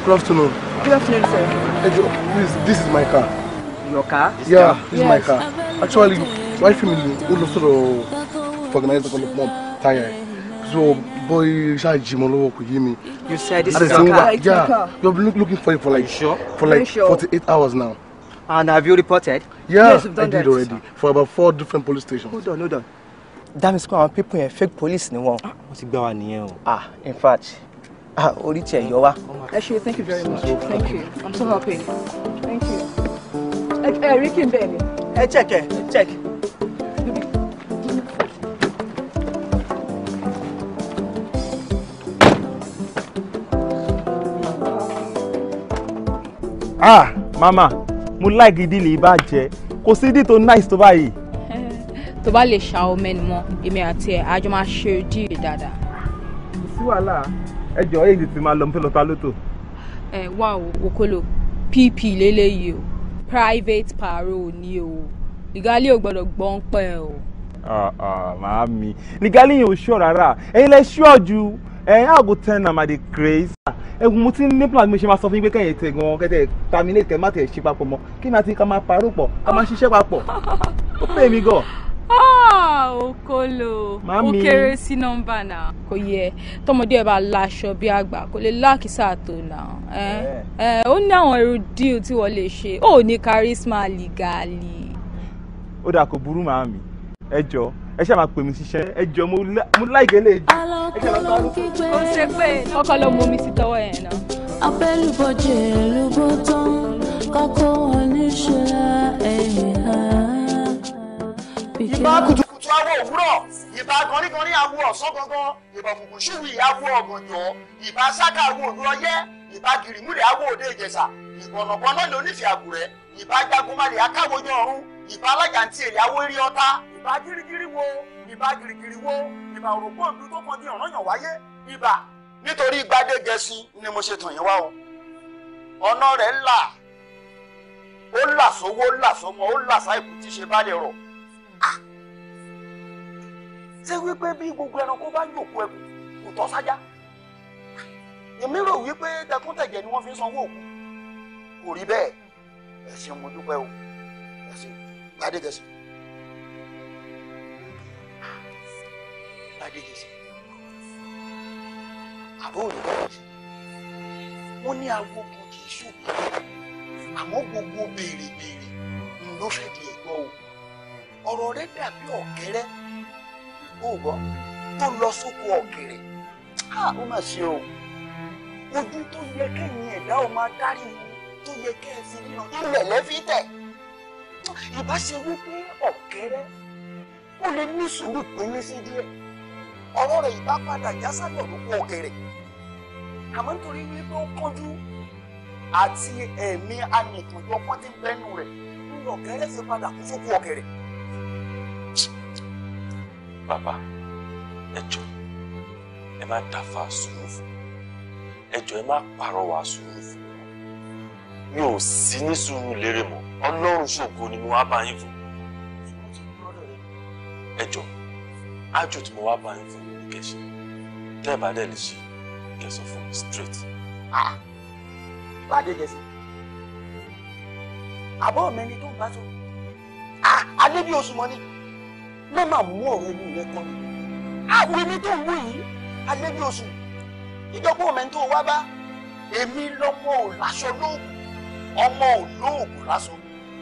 good afternoon. Good afternoon, sir. Hey, please, this is my car. Your car? This yeah, car? this yes. is my car. Actually, my family ló sọ̀rọ̀ organize the kind of tire. So, boy, ṣáà jí to lọ́wọ́ kò yé mi. You said this is your car. Yeah, you've been looking for it for like sure? for like sure? 48 hours now. And have you reported? Yeah, yes, I did that. already for about four different police stations. Hold on, hold on. That means àwọn people in fake police ni wọ́n. Ah. Wọ́n ti gbá wa nìyẹn o. Ah, in fact, ah, orí tiẹ̀ yọ wá. Ẹ thank you very much. Thank you. I'm so happy. Thank you. Ẹ rí and Benny. Hey, check eh? check. ah mama mo like ìdí lè bá jẹ kò sí ìdí tó nice tó báyìí. tó bá lè ṣa ọmọ ẹni mọ èmi àti ẹ àjọ máa ṣe díì dáadáa. kò sí wàhálà ẹ jọ èyí ti máa lọ mo ta lóto. ẹ wá o okolo pp lélẹ́yìí o private parole ni o ìgálí ò gbọ́dọ̀ gbọ́n pẹ́ o. Ah, ah, màámi nìgálí yẹn ò ṣọ́ rárá ẹ̀yin lẹ ṣọ́ ju ẹ̀yin àgùntàn nàmàdì craze ẹ̀wù mo ti ń ní plan mi ṣe máa sọ fún yín pé kẹ́yìn tẹ̀ gan kẹ́tẹ̀ terminate kẹ́ má tẹ̀ ṣe papọ̀ mọ́ kí ni àti ká máa parọ́ pọ̀ ká máa ṣiṣẹ́ papọ̀ ó pè mí gan. Ah, Okolo ó kéré sí nọ́mbà náà kò yẹ tọmọdé ẹ bá láṣọ bí àgbà kò lè lákìsà tó náà ó ní àwọn irú díò tí wọ́n lè ṣe ó ní charisma legally. ó dà kó burú màámi ẹ jọ ẹ ṣáà máa pè mí ṣiṣẹ́ ẹ jọ mo láìgé lè jù. ó ṣe pé kọ́kọ́ ló mú mi sí tọwọ́ yẹn náà. abẹ́lúbọ̀jẹ̀ ló bó tán kọ́kọ́ wọn ní ṣọlá ẹ̀yìn ha. ìbá kùtùkùtù awọ òwúrọ̀ ìbá gọrígọrí awọ ọ̀sán gangan ìbá fùkùṣùwì awọ ọ̀gànjọ́ ìbá sáká awọ òru ìbá gìrìmúrẹ̀ awọ òde ìjẹsà ìbọ̀nàbọ̀nà lónífẹ̀ẹ́ àgùrẹ́ ìbá ìbà girigiri wo ìbà girigiri wo ìbà òrògbò ìlú tó kan bí ọ̀ràn yàn wáyé ìbà nítorí gbadégẹṣin ni mo ṣe tàn yín wá o ọ̀nà rẹ̀ là ó là sówó ó là sọmọ ó là sáìkú tí ṣe bá lè rọ̀ ṣé wípé bí gbogbo ẹranko bá jòkó ẹkùn kò tọ́ sájà èmi rò wípé tẹkúntẹ̀jẹ̀ ni wọ́n fi ń sanwó òkú kò rí bẹ́ẹ̀ ẹ ṣé mo dúpẹ́ o ẹ ṣé gbadégẹṣin. gbàgede sí àbó òní bọ́ọ̀ sí wọ́n ní agogo kì í ṣòkè àmọ́ gbogbo béèrè béèrè ni ló fẹ́ di ẹ̀gbọ́ o ọ̀rọ̀ rẹ dàbí ọ̀kẹ́rẹ́ ògbọ́ tó lọ sóko ọ̀gẹ̀rẹ̀ á ó mà ṣe o ojú tó yẹ kẹ́yìn ẹ̀dá ò máa dárí tó yẹ kẹ́ ẹ fi ríran nílẹ̀ lẹ́fí tẹ̀ ìbá ṣe wípé ọ̀kẹ́rẹ́ ó lè ní sùúrù pé ní sí díẹ̀ ọ̀rọ̀ rẹ̀ ìbá padà já sálẹ̀ òkú òkèrè àmọ́ nítorí wípé ó kánjú àti ẹ̀mí anìkànjú ọpọ́n tí ń bẹ́nu rẹ̀ nínú ọ̀kẹ́rẹ́ fi padà kú fún òkèrè. bàbá ẹ jọ ẹ má dàfà sùúrù fún ẹ jọ ẹ má pàrọwà sùúrù fún mi ò sí ní sùúrù lérè mọ́ ọlọ́run ṣògo ni mo wá bá yín fún ẹ jọ ájò tí mo wá bá yín fún kẹ́ ṣe tẹ́ ẹ̀ bá dẹ̀ lè ṣe kẹ́ sọ fún mi straight. báàdé ah, jẹ sí àbọ̀ mẹ́ni tó ń bá sọ ah, alẹ́ bí oṣù mọ́ ni má máa mú ọ̀rọ̀ ẹnu rẹ kọ́ ah, mi àwọn èmi tó ń wú yìí alẹ́ bí oṣù ìjọpọ̀ mẹ́ni tó wá bá èmi lọ́mọ ò láṣọ lóògùn ọmọ ò lóògùn láṣọ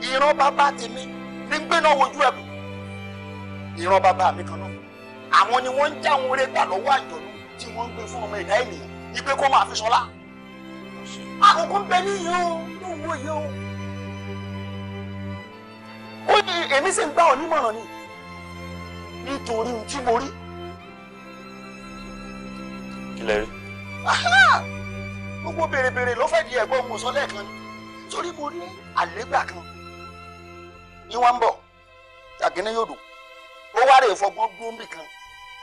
ìran bàbá tèmi ní gbéná wojú ẹ̀kú ìran bàbá mi kan náà àwọn ni wọ́n ń já àwọn eré gbà lọ́wọ́ àjọ̀dún tí wọ́n ń gbé fún ọmọ ìdá ènìyàn ní pé kó máa fi sọlá. àkókò ń bẹ níyì o ló ń wòye o. ó ní èmi sì ń gbà ọ́ nímọ̀ràn ni nítorí ohun tí mo rí. kí lẹ rí. gbogbo bèrèbèrè ló fẹ́ di ẹ̀gbọ́n mo sọ lẹ́ẹ̀kan ni torí mo rí àlégbà kan ní wọ́n ń bọ̀ jàgínní yòdò ó wá rè fọgbọ́n gbóǹbì kan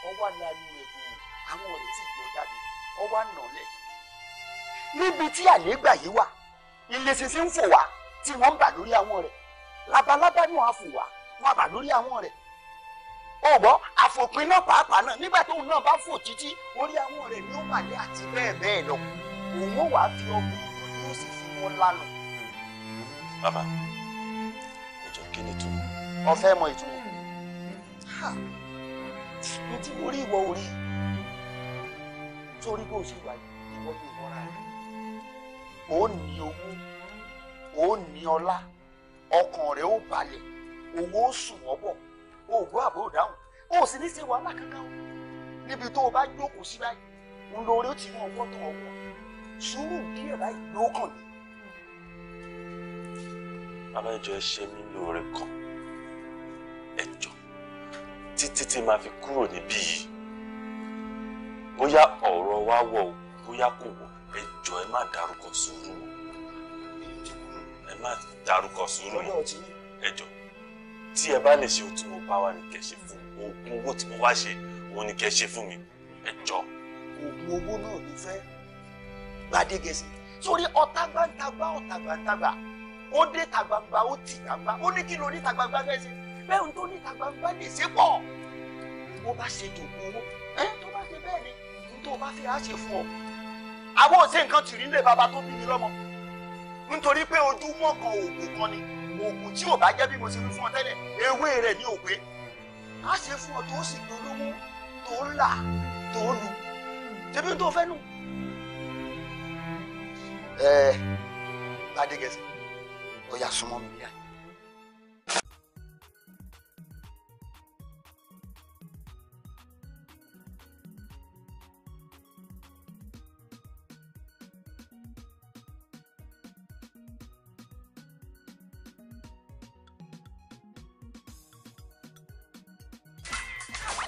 ọwọ́ àná ayé rẹ̀ gbòòrò àwọn ọ̀rẹ́ sì yọ jáde ọwọ́ àná níbi tí àlégbà yìí wà ilé ṣinṣin ń fò wá tí wọ́n ń bà lórí àwọn rẹ̀ labalábá ni wọ́n á fò wá wọ́n á bà lórí àwọn rẹ̀. ó gbọ́ àfòpin náà pàápàá náà nígbà tóun náà bá fò títí orí àwọn rẹ̀ ni ó pàdé àti bẹ́ẹ̀ bẹ́ẹ̀ lọ òun ó wàá fi ọmọ yóò sì fi wọn lánàá. bàbá ẹ kí ni ìtumọ̀. ọfẹ ní tí mo rí ìwọ orí sórí bó ṣe wà ìwọ tó wọra rẹ ó ní owó ó ní ọlá ọkàn rẹ ó balẹ̀ owó ó sùn ọbọ ó gbọ́ àbó dáhùn ó sì ní ṣe wàhálà kankan níbi tó o bá jókòó sí báyìí ń lórí ó ti mú ọwọ́ tó ọwọ́ sùúrù díẹ̀ báyìí ló kàn ní. alájọ ẹ ṣe mí lóore kan ẹ jọ títí tí máa fi kúrò níbí yìí bóyá ọ̀rọ̀ wa wọ̀ o bóyá kò wọ̀ ẹ jọ ẹ má dárúkọ sùúrù ẹ má dárúkọ sùúrù ẹ jọ tí ẹ bá lè ṣe ohun tí mo bá wà ní kẹ́ ṣe fún mi oògùn owó tí mo wá ṣe òun ni kẹ́ ṣe fún mi ẹ jọ. oògùn owó náà ló fẹ́ gbàdégẹsì sórí ọ̀tá gbàǹtagbà ọ̀tá gbàǹtagbà ó dé tàgbàǹgbà ó tì gbàǹgbà ó ní kí ló ní tàgbàǹgbà fẹ́ ṣe bẹ́ẹ̀ ohun tó níta gbangba lè ṣe pọ̀ bó bá ṣe jòkó owó ẹ tó bá ṣe bẹ́ẹ̀ ni ohun tó bá fi á ṣe fún ọ. àwọn ò ṣe nǹkan tìrí lè bàbá tó bí mi lọ́mọ nítorí pé ojú mọ́kàn oògùn kan ni oògùn tí ò bá jẹ́ bí mo ṣe wí fún ọ tẹ́lẹ̀ ewé rẹ̀ ní òpé á ṣe fún ọ tó sì dolówó tó là tó lu tẹbí tó fẹ́ nù. ẹ adégẹsẹ ọyà súnmọ́ mi bíyà.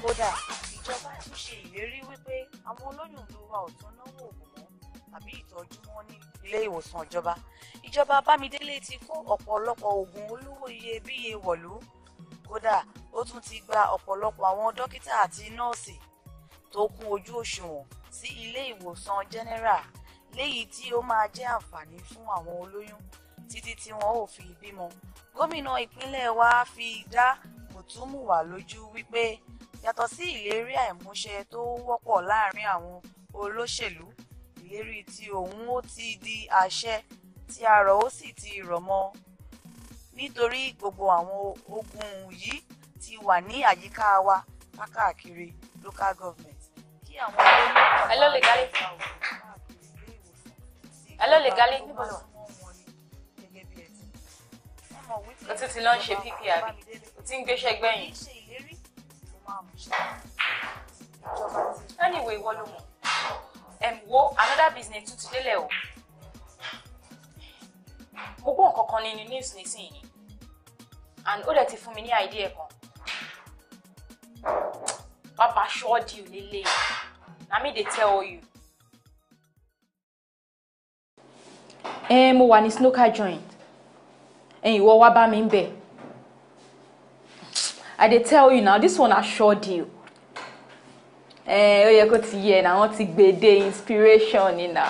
kódà ìjọba tún ṣe ìlérí wípé àwọn olóyún ló wa ọ̀tún náwó òògùn mọ́ tàbí ìtọ́jú wọn ní ilé ìwòsàn ìjọba ìjọba bámidélé ti kó ọ̀pọ̀lọpọ̀ oògùn olówó iyebíye wọ̀lú kódà ó tún ti gba ọ̀pọ̀lọpọ̀ àwọn dókítà àti nọ́ọ̀sì tó kún ojú òṣùwọ̀n sí ilé ìwòsàn jẹ́nẹ́rà léyìí tí ó máa jẹ́ àǹfààní fún àwọn olóyún títí tí wọn ò fi bímọ gómìnà ìpínlẹ̀ wa fi dá kòtùmù lójú wípé yàtọ̀ sí ìlérí àìmúṣẹ tó wọ́pọ̀ láàrin àwọn olóṣèlú ìlérí tí òun ó ti di àṣẹ tí arọ ó sì ti rọ̀ mọ́ nítorí gbogbo àwọn ogun yìí ti wà ní àyíká wa káàkiri local government kí àwọn olóyún. hello legally. hello legally níbo lọ. o ti lọ ń ṣe pp àbí o ti ń gbéṣẹ́ gbẹ̀yìn anyway ìwọ ló mọ wo another business to today, Leo. o mo gbọ́ nǹkan kan nínú news nísìnyí and ó dẹ̀ ti fún mi ní idea kan bàbá ṣọ́ọ́dì ò lélẹ̀ na me dey tell you. ẹ mo wà ní snooker joint and you wá bá mi Mbe. bẹ̀ i dey tell you now this one na sure deal eh, ẹ ó yẹ kó ti yẹ náà wọ́n ti gbèdé inspiration ni na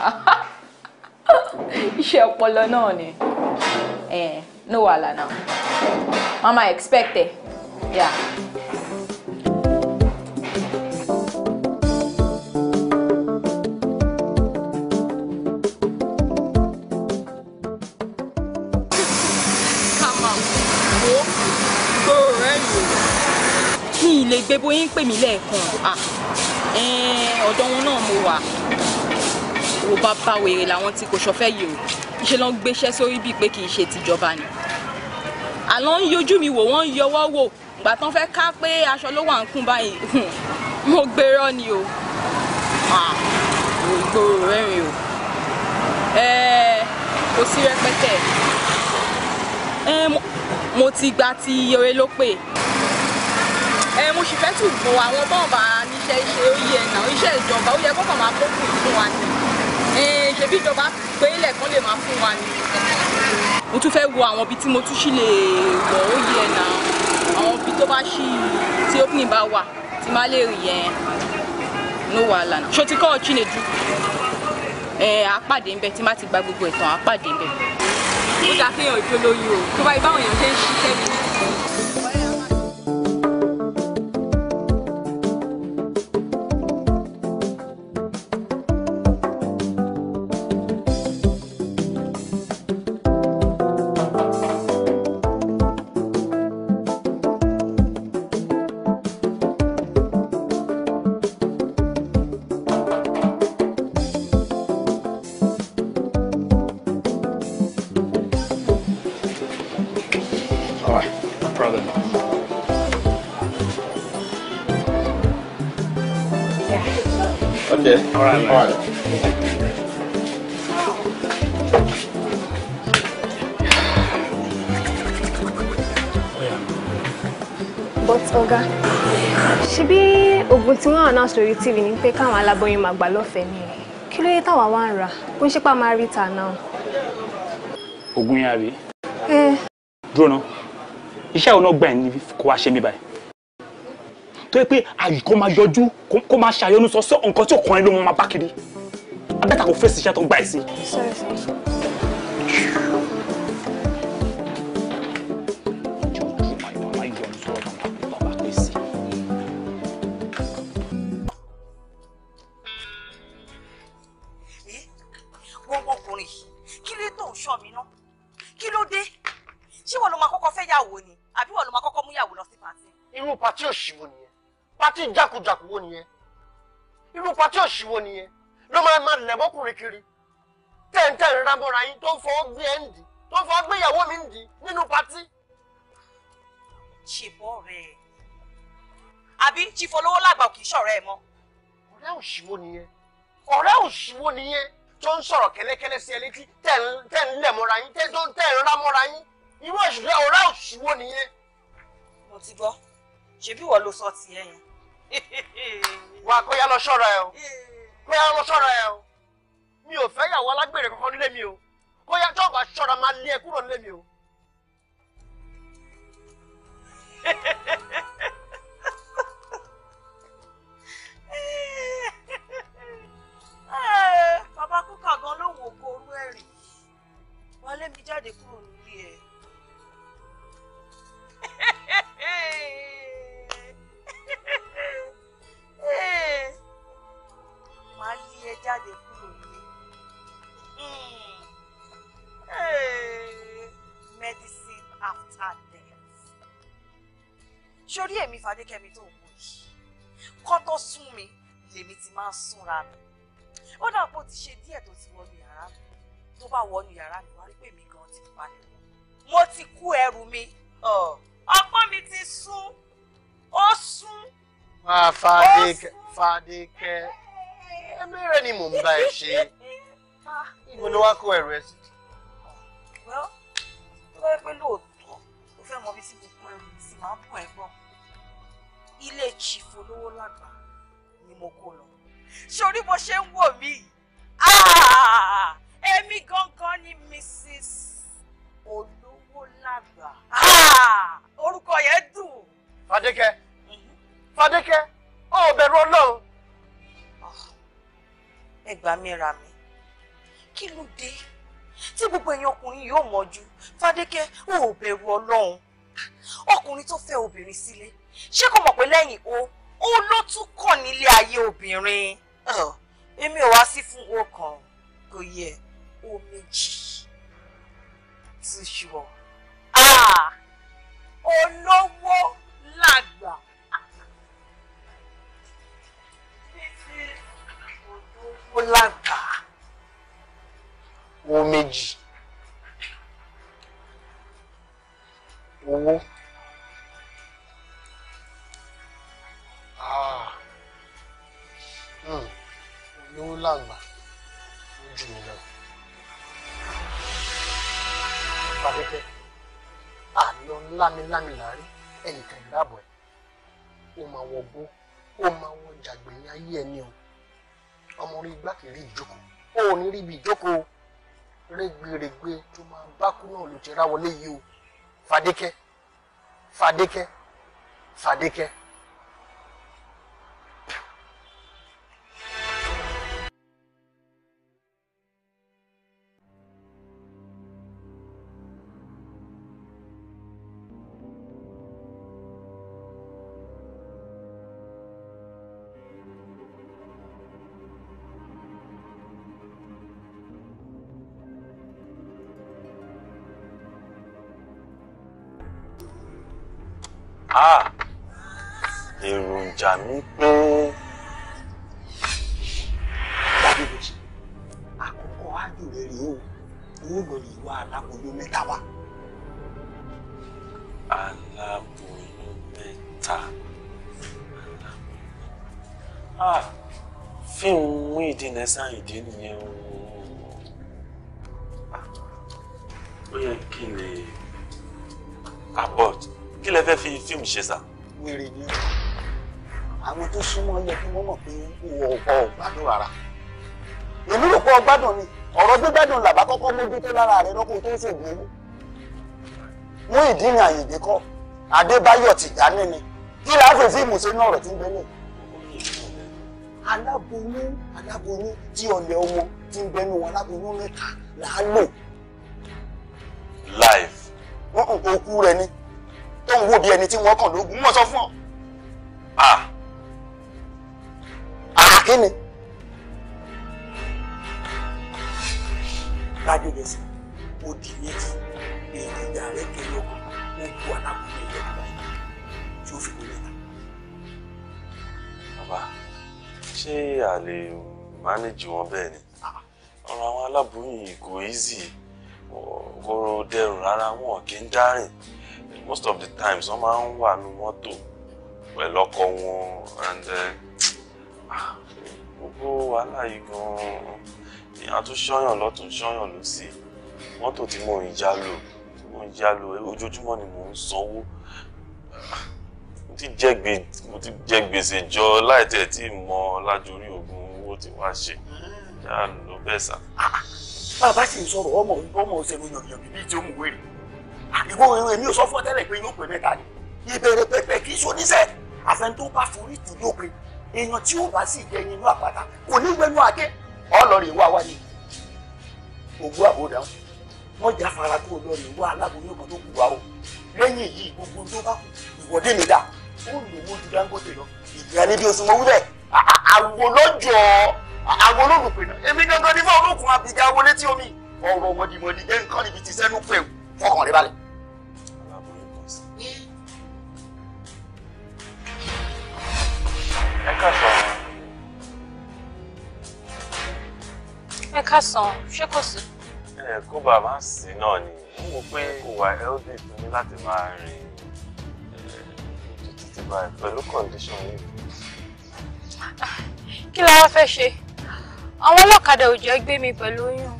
iṣẹ́ ọpọlọ náà ni ẹ eh, no wahala now mama expect ẹ yeah. ṣe bó yín pè mí lẹ́ẹ̀kan ọ̀dọ̀ wọn náà mo wà wo bá bá wèrè làwọn tí kò ṣọfẹ́ yìí o ṣe ló ń gbéṣẹ́ sórí bíi pé kì í ṣe tìjọba ni àlọ́ ń yọjú mi wò wọ́n ń yọwọ́ wò ìgbà tán fẹ́ ká pé aṣọ ló wà ń kún báyìí mo gbérọ́ ni o ìgboro rẹ́rìn o kò sí rẹpẹtẹ mo ti gba ti yọrẹ ló pè ẹ mo sì fẹ́ tún bo àwọn bọ́ọ̀bà níṣẹ́ iṣẹ́ ó yẹ náà iṣẹ́ ìjọba ó yẹ kó kàn máa kókùn fún wa ni ṣebí ìjọba pé ilẹ̀ kan lè máa fún wa ni. mo tún fẹ́ wo àwọn ibi tí mo tún ṣì lè wọ̀ ó yẹ náà àwọn ibi tó bá ṣì tí opening bá wà tí má lè rí yẹn ló wà lànà. ṣó ti kọ́ ọ Chinedu àpàdé ń bẹ tí má ti gba gbogbo ẹ̀tàn àpàdé ń ó dà kéèyàn ìjọ lóyún o tó bá ibà All right. but ọ̀gá ṣebí oògùn tí wọ́n announce lórí tv ni pé káwọn aláboyún máa gbà lọ́fẹ̀ẹ́ ni kí ló yẹ táwa wá ń rà bó ń ṣe pa máa rí ta náà. oògùn yẹn àbí. Eh. dúró ná iṣẹ́ àwọn náà gbà ẹ̀ ní kó wá ṣe mí báyìí tó yẹ pé àyè kó máa yọjú kó máa ṣàyọnu sọ sọ nǹkan tí òkùnrin ló máa bá kiri abẹ́ta kò fèsì iṣẹ́ tó ń gbà ẹ̀ sí. ṣé wọn ló máa kọ́kọ́ fẹ́ yàwó ni àbí wọn ló máa kọ́kọ́ mú yàwó lọ sí pàtì. irú pàtì òṣìwò ni pati jákujàku wo nìyẹn irú pati òṣì wo nìyẹn ló máa máa lẹ̀mọ́kùnrin kiri tẹ̀ǹtẹ̀ ń ramọ́ra yín tó ń fọwọ́ gbé ẹ̀ ń dì tó ń fọwọ́ gbé ìyàwó mi ń dì nínú pati. ṣèbọ rẹ àbí chifo lówó làgbà kì í ṣọ̀rẹ́ ẹ mọ́. ọ̀rẹ́ òṣì wo nìyẹn ọ̀rẹ́ òṣì wo nìyẹn tó ń sọ̀rọ̀ kẹ́lẹ́kẹ́lẹ́ sí ẹ létí tẹ̀ ń lẹ̀mọ́ra yín tẹ̀ ń ramọ́ra yín irú òṣìṣẹ́ ọ̀rẹ́ òṣì wo nìyẹn. mo ti gbọ́ ṣebí wọ́n ló sọ tiẹ̀ yẹn wà kó yá lọ ṣọ́ra ẹ o eh. kó yá lọ ṣọ́ra ẹ o mi ò fẹ́ yàwó alágbèrè kankan nílé mi o kó yá tó bá ṣọ́ra máa lé ẹ kúrò nílé mi o. Eh, bàbá kúkà gan ló wò kó orú ẹ̀rìn wọ́n lé mi jáde kúrò nílé ẹ. jáde kúrò nílé hmm. medicine after death sórí èmi fàdékẹ́mi tó wù yìí kọ́ tó sún mi lèmi ti máa ń súnra mi ó dà bó ti ṣe díẹ̀ tó ti wọnú yàrá mi tó bá wọnú yàrá mi wá rí pé mi gan ti palẹ̀ wọn mo ti kú ẹrù mi oh. ọpọ́n mi ti sún ó sún. máa fàdékẹ́ fàdékẹ́ ẹlẹ́rẹ̀ ni mò ń bá ẹ ṣe ìbò ah, ló wá kó ẹ̀rù ẹ sí. well tó bá yẹ pé lóòótọ́ o fẹ́ mọ bí sí gbogbo ẹrù sì máa ń bù ẹ́ gbọ́ ilé chief olówó lágbà ni mo kó lọ sórí bó ṣe ń wò mí ah, èmi gangan ni mrs olówó lágbà ah, orúkọ yẹn dùn. fadékẹ́ mhm. fadékẹ́ ó ọlọ́run ẹ gbà mí ra mi kí ló dé tí gbogbo ẹ̀yin ọkùnrin yóò mọ̀jú fàdékẹ́ ò bẹ̀rù ọlọ́run ọkùnrin tó fẹ́ obìnrin sílé ṣé kò mọ̀ pé lẹ́yìn o ó ló tún kàn nílé ayé obìnrin èmi ò wá sí fún o kan kò yẹ o méjì tùṣùọ̀ ah! olówó làgbà. ó láǹkà owó méjì owó ah, hmm, olówó làgbà ó jù mí lọ pàdépẹ àlọ lámilámi láàrin ẹnìkan ìdáàbò ẹ ó máa wọgbó ó máa wọ jàgbé ní ayé ẹni o ọmọ orí igbákejì ìjókòó ó ní rí ibi ìjókòó rẹ́gbẹ̀rẹ́gbẹ́ tó máa bá kú náà ló ti ráwọlé yìí o fàdékẹ́ fàdékẹ́ fàdékẹ́. ọ́fíìsì àyìndé nìyẹn o ó yẹ kí n abort kí lẹ fẹ́ fi fíìmù ṣe sá. wèrè ni àwọn tó súnmọ́ yẹ kí wọ́n mọ̀ pé wọ ọ̀pọ̀ ọ̀gbádùn rárá èmi rò pé ọgbádùn ni ọ̀rọ̀ gbígbádùn làbá kọ́kọ́ mójútó lára rẹ lọ́kùn tó ń ṣègbè mú mú ìdí ni àyègbè kọ́ Adébáyọ̀ Tìjání ni kí láàfin fíìmù ṣe náà rẹ̀ ti ń bẹ́lẹ̀ aláboyún aláboyún tí ọlẹ ọmọ ti ń bẹnu wọn aláboyún mẹ́ta là á lò. life. wọn kò kú rẹ ni tó ń wo bí ẹni tí wọn kàn lógún mọ sọ fún ọ. ah. ah kí ni. rájò lẹsẹ ó di méjì èyí ìjà rẹ kéré ọkọ ó kú aláboyún ẹgbẹ tó fi wọlé ta. bàbá ṣé a lè manage wọn bẹ́ẹ̀ ni ọ̀rọ̀ àwọn aláboyún kò easy kóró dẹrùn rárá wọn kì í dárìn most of the times wọ́n máa ń wà ní mọ́tò pẹ̀lú ọkọ wọn and eh, gbogbo wàhálà yìí gan-an èèyàn tó ṣọ́yàn lọ́tún ṣọ́yàn ló sì mọ́tò tí mò ń yá lò mò ń yá lò ojoojúmọ́ ni mò ń sanwó ti jẹ gbèsè jọ láì tẹ̀ tí mọ lájorí ogun owó tí wàá ṣe yá ló bẹ́ẹ̀ sà. bàbá sì ń sọ̀rọ̀ ọmọ ọmọ òṣèlú yọ̀bìyọ̀bì bíi tí ó mú wèrè ìwọ èmi ò sọ fún ọ tẹ́lẹ̀ pé yóò pè mẹ́ta ni ìbẹ̀rẹ̀ pẹ̀pẹ̀ kì í ṣoníṣẹ́ àfẹn tó bá forí tì lópin èèyàn tí ó bá sì jẹ inú àpáta kò ní wẹnu àdé ọlọrin wà wá ni ògùn àbòdà wọn jà fara kó lọrin wà aláboyún kan tó kù wá o lẹ́yìn yìí gbogbo tó bá kù ìwọ́dé mi dà ó lówó ju Dangote lọ ìyá níbi oṣù mo wí bẹ́ẹ̀ àwo lọ́jọ́ àwo olólùpẹ̀ náà èmi gangan ní fún olókùn abìgá wọlé tí omi ọ̀rọ̀ mọ̀dìmọ̀dì jẹ́ nǹkan níbi ti sẹ́nu pẹ̀ fọkàn rẹ balẹ̀. ẹ káàsán. ẹ ṣé kò sí. ẹ kó bàbá sí náà ni mo mọ̀ pé kò wá healthy fún mi láti máa rìn ti báyìí pẹ̀lú condition yìí. kí la wá fẹ́ ṣe àwọn ọlọ́kadà ò jẹ́ gbé mi pẹ̀lú oyún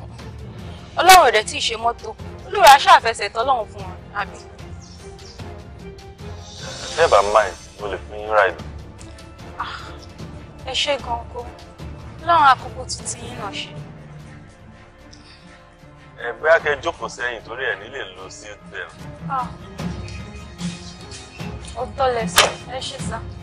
ọlọ́run ọ̀dẹ̀ tí ì ṣe mọ́tò olúwa aṣáfẹsẹ̀ tọ́lọ́run fún wọn àbí. never mind mo lè fún yín ráìdì. Ah, ẹ ṣe gan-an kó lọ́run àkókò tuntun yín náà ṣe ẹgbẹ́ akẹjókòó sẹ́yìn torí ẹ̀ nílè lo seatbelt. Ah ó tọ́ lẹ́sẹ̀ ẹ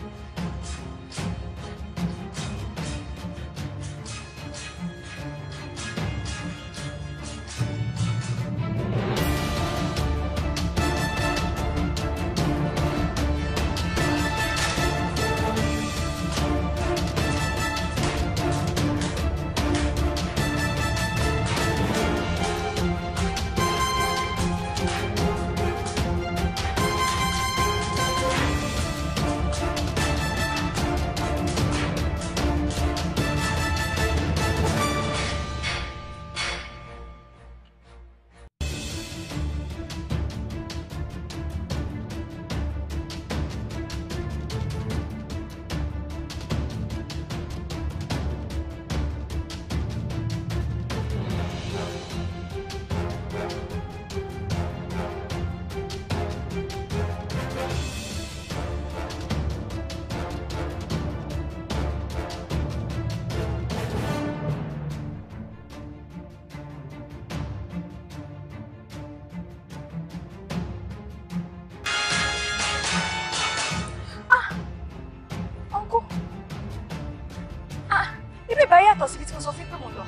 lọ síbi tí mo sọ fún pé mo lọ.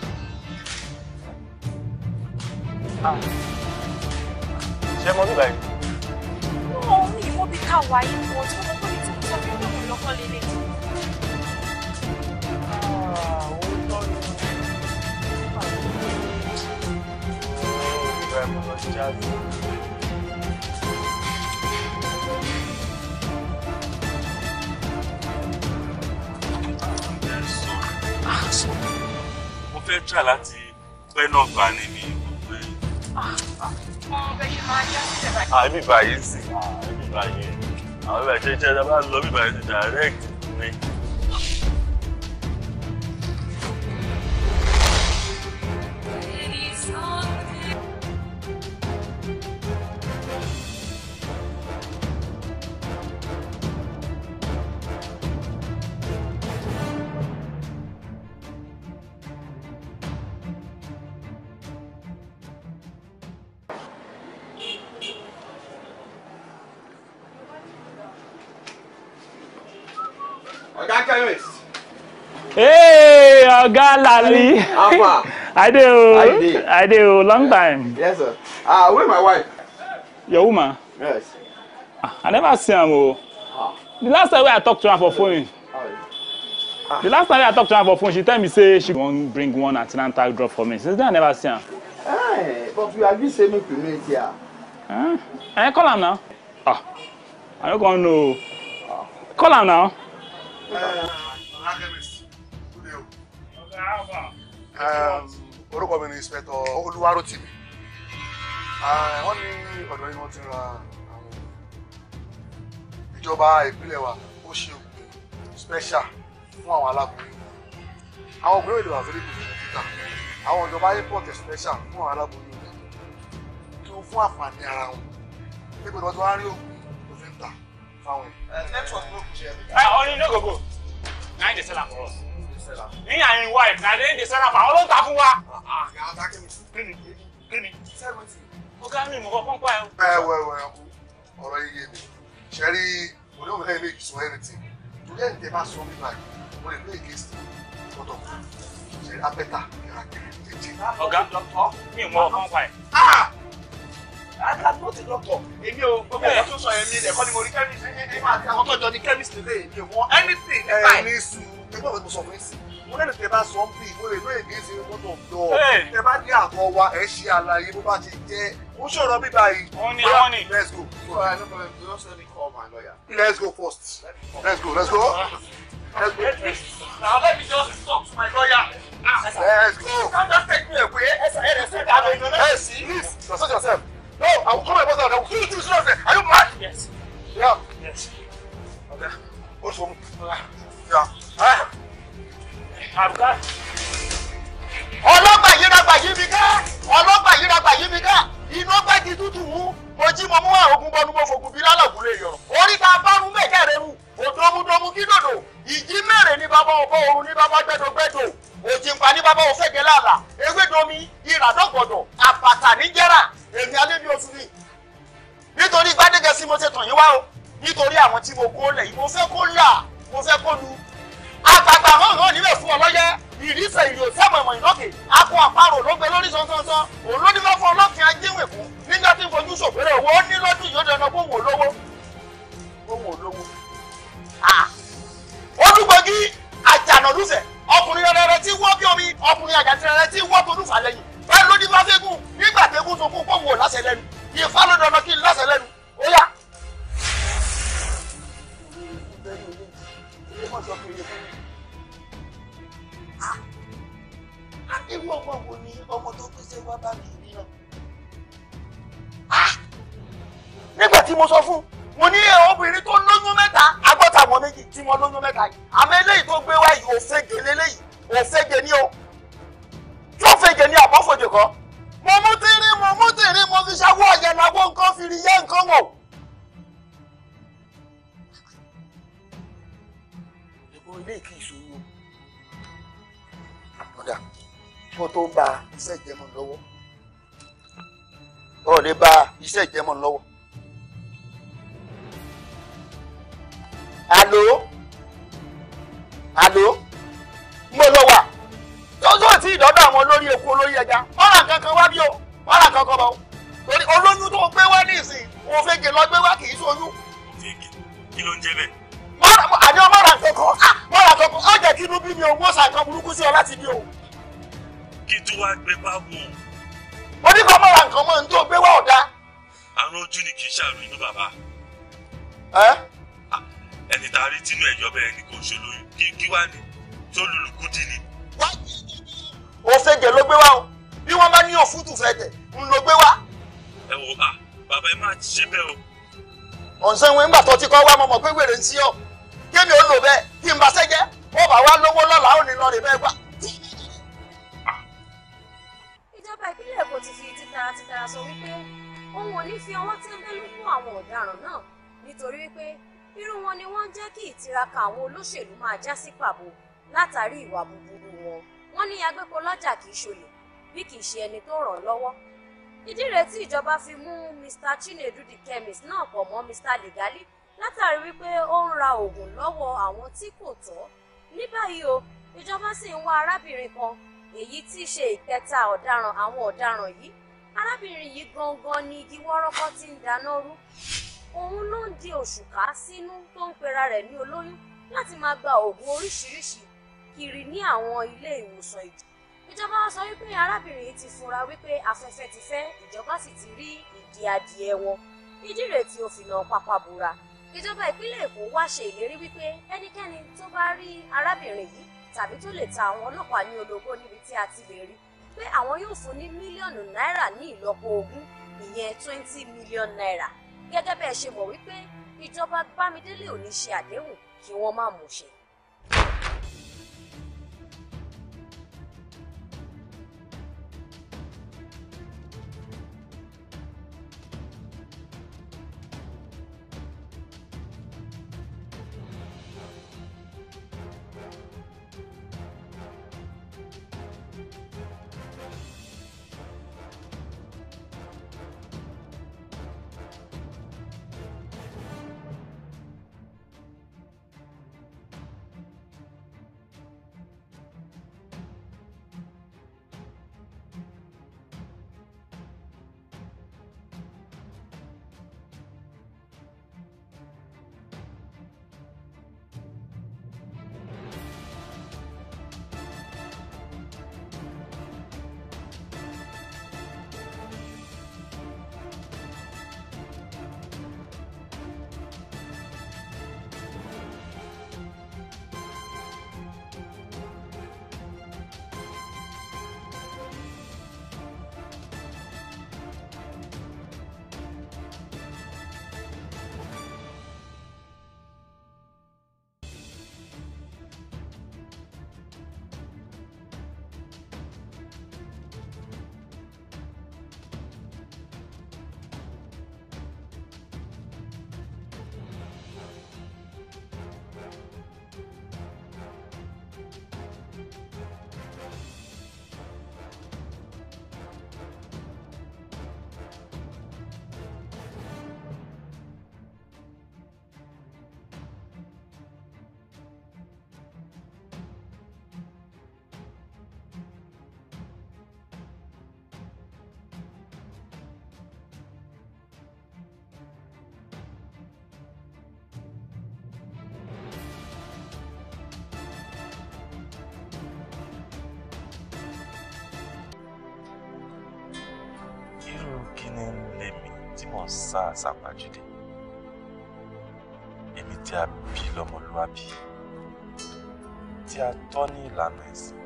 ṣé mo ní báyìí. mo ní ìmọ̀ bí ká wà yìí mọ̀ tí mo mọ̀ pé tí mo sọ fún pé mo lọ́kọ́ lélẹ̀. Gracias. fẹ́ try láti pẹ́ náà bá ní mi wípé. Ah, àbí báyìí sì àbí ah, báyìí àwọn ìbàjẹ́ iṣẹ́ ta bá lọ bí báyìí direct Lali. Alpha. I do. I do. I do. Long time. Yes, sir. Ah, uh, where my wife? Your woman? Yes. Ah, I never see her. Oh. The last time I talked to her for phone. The last time I talked to her for phone, she tell me say she wan bring one antenatal drop for me. Since then I never see her. Hey, but you have been make we meet here. Huh? Eh, call her now. Ah. I no go know. Ah. Call her now. Uh, Um, orúkọ mi ni inspector Olúwarótìmí uh, wọ́n ní ọ̀dọ̀ yìí wọ́n ti ra àwọn ìjọba ìpínlẹ̀ wa ó ṣe ògùn special fún àwọn aláboyún àwọn ògùn èdè wà fún ìlú títà àwọn ìjọba import special fún àwọn aláboyún rẹ̀ kí wọ́n fún àǹfààní ara wọn nígbà tí wọ́n ti wá rí ògùn tó fi ń tà fáwọn ẹ̀. Uh, network no go share. ọ̀nì no go go na im ní àyìn wa ìdí àdé ń de sẹ́ra fún àwọn ló ń ta fún wa. kíni kíni ọgá mi mọ̀ kọ́kọ́ pa ẹ. ẹ wẹ wẹ ọkọ ọ̀rọ̀ yìí yé mi ṣe rí òní òun lẹ́yìn méjì sọ ẹrìntì tó lẹ́yìn tẹ bá sọ mi báyìí mo lè lóye kéésì ọ̀tọ̀ ṣe abẹ́ta kẹrẹkẹrẹ jẹjẹ. ọgá dọ́tọ̀ mi mọ̀ kọ́kọ́ pa ẹ. Adá ló ti lọ́tọ̀. Èmi ò gbogbo ẹ̀yà tó sọ yẹn mi rẹ̀ kọ́ ni mo rí chemist. Èmi àti àwọn tọ́jọ́ ni chemist lè mi ò mọ anything. Ẹ ní sùúrù ó ṣòro bíbá yìí. wọ́n ní wọ́n ní. let's go. let's go first let's go let's go. Let's go. Now let me just talk to my lawyer. Ah. Let's go. You can't just take me away. Yes, please. Consult yourself. No, I will call my boss and I will kill you. Are you mad? Yes. Yeah. Yes. Okay. What's wrong? Okay. Ah ọlọ́gbà yíragba yí mi ká ọlọ́gbà yíragba yí mi ká inú ọgbà ti tútù mú ojí mọ́mú àrògùn bọ́nu mo fògùn bí lálàgùnlé yọ̀rọ̀ orí ta bárún mẹ́jẹ̀ rẹ̀ rù òdòmúdòmú kí dòdò ìjí mẹ́rin ní bàbá ọ̀bọ òru ní bàbá gbẹdọgbẹdọ òjìǹpa ní bàbá òfẹ́gẹ́ làlà ewédomi ìràdọ́gbọ̀dọ̀ àpàtà níjẹ́rà èmi alẹ́ bí oṣù ni nítorí gbádẹ́gẹ́sí mo ṣe tàn yín wá o nítorí àwọn tí mo kó lẹ̀ yìí mo fẹ́ kó là mo fẹ́ kó lu àgbààgbà hàn hàn nílẹ̀ fún ọlọ́yẹ ìrísẹ̀ ìlú sẹ́mọ̀mọ̀ ìlọ́kè akọ àparò ló gbé lórí sọ́sọ́sọ́ òun ló ní bá fún ọlọ́kìn ajéwèé fún nígbà tí fojú ṣòfẹ́rẹ́ owó ó ní lọ́dún yóò dáná kó wò lówó kó wò lówó. olùgbògi àjànàlúfẹ̀ ọkùnrin rẹ̀rẹ̀ tí wọ́ bí omi ọkùnrin àjàntìrẹ̀rẹ̀ tí wọ́ tolúfà lẹ́yìn bẹ́ẹ̀ ló ní bá fẹ́gùn nígbà tẹ́gùn tó kó kó wò láṣẹ lẹ́nu ìfá kí n láṣẹ lẹ́nu sọ pé iye fún mi. irú ọmọ wo ni ọmọ tó gbèsè wá bá mi rí náà. Ah! nígbà tí mo sọ fún mo ní obìnrin tó lóyún mẹ́ta agbọ́ta àwọn méjì tí mo lóyún mẹ́ta àmọ́ eléyìí tó gbé wá yìí òfegè léléyìí ní o tó fegè ní àbọ̀fòjò kan mo mú tèrè mo mú tèrè mo fi ṣàwọ̀ ọ̀yẹ̀ làwọn nǹkan fi rí yẹ nǹkan wò. ilé kì í ṣòro àbọ̀dà kí wọ́n tó ba iṣẹ́ ìjẹmọ́ lọ́wọ́ ọ̀rọ̀ lè ba iṣẹ́ ìjẹmọ́ lọ́wọ́. alo alo mo lọ wà tọ́jú àti ìdọ́dọ̀ àwọn olórí oko olórí ẹja ọ̀rà kankan wá bí o ọ̀rà kankan bá o torí olóyún tó gbé wá nísìnyí òfegè lọ gbé wá kì í ṣoyún. òfegè kí ló ń jẹ bẹ́ẹ̀ àní ọmọ ra kankan mọ ra kankan ó jẹ́ kí inú bí mi ò wọ́n ṣàkan burúkú sí ọ láti bí o. kí tó wá gbé bá wù ú. oníkan mọ ra nǹkan mọ ní tó gbé wá ọ̀dà. àrùn ojú ni kì í ṣàrùn inú bàbá. ẹni tá a rí tinú ẹ̀yọ́ bẹ́ẹ̀ ni kò ṣolóyún kí kí wá ní tó lùlùkù dì ní. òfegè ló gbé o bí wọ́n bá ní òfútù fẹ̀tẹ̀ ń ló gbé wá. ẹ wo bàbá o. ọ̀sẹ̀ wọn ń gbà tó ti kọ́ wá mọ̀ mọ̀ pé wèrè ń sí ọ̀ kémi ó lò bẹ́ẹ̀ kí n bá sẹ́jẹ́ ó bá wá lówó lọ́la ó ní lọ́ọ̀rì bẹ́ẹ̀ gbà. ìjọba ìpínlẹ̀ Èkó ti fi títara títara sọ wípé òun ò ní fi ọwọ́ tẹ́ńbẹ́lú mú àwọn ọ̀daràn náà nítorí wípé irú wọn ni wọ́n ń jẹ́ kí ìtiraka àwọn olóṣèlú máa já sí pàbó látàrí ìwà búburú wọn wọ́n ní agbẹ́kọ̀ọ́lájà kì í ṣolè bí kì í ṣe ẹni tó ràn lọ́wọ́ ìdí rẹ̀ tí ìjọba fi mú Mr Chinedu the chemist náà pọ̀ mọ́ Mr Legally látàrí wípé ó ń ra oògùn lọ́wọ́ àwọn tí kò tọ́ ní báyìí o ìjọba sì ń wá arábìnrin kan èyí tí í ṣe ìkẹta ọ̀daràn àwọn ọ̀daràn yìí arábìnrin yìí gangan ni igi wọ́rọ́kọ́ tí ń dáná rú òun ló ń di òṣùká sínú tó ń pera rẹ̀ ní olóyún láti máa gba oògùn oríṣiríṣi kiri ní àwọn ilé ìwòsàn ìjọ ìjọba sọ wípé arábìnrin yìí ti fura wípé afẹ́fẹ́ ti fẹ́ ìjọba sì ti rí ìdí adìẹ wọn ìdí rẹ̀ tí ó fi nà pápá bora ìjọba ìpínlẹ̀ èkó wá ṣe ìlérí wípé ẹnikẹ́ni tó bá rí arábìnrin yìí tàbí tó lè ta àwọn ọlọ́pàá ní ológo níbi tí a ti lè rí pé àwọn yóò fún ní mílíọ̀nù náírà ní ìlọ́po ogún ìyẹn twenty million naira gẹ́gẹ́ bẹ́ẹ̀ ṣe mọ̀ wípé ìjọba bámidélé ò ní ṣe àdéhùn kí wọ́n má mú ṣe. kí ni ń lé mi tí mò ń sá àsápajúdé èmi tí a bí lọ́mọlúwàbí tí a tọ́ ní ìlànà ẹ̀sìn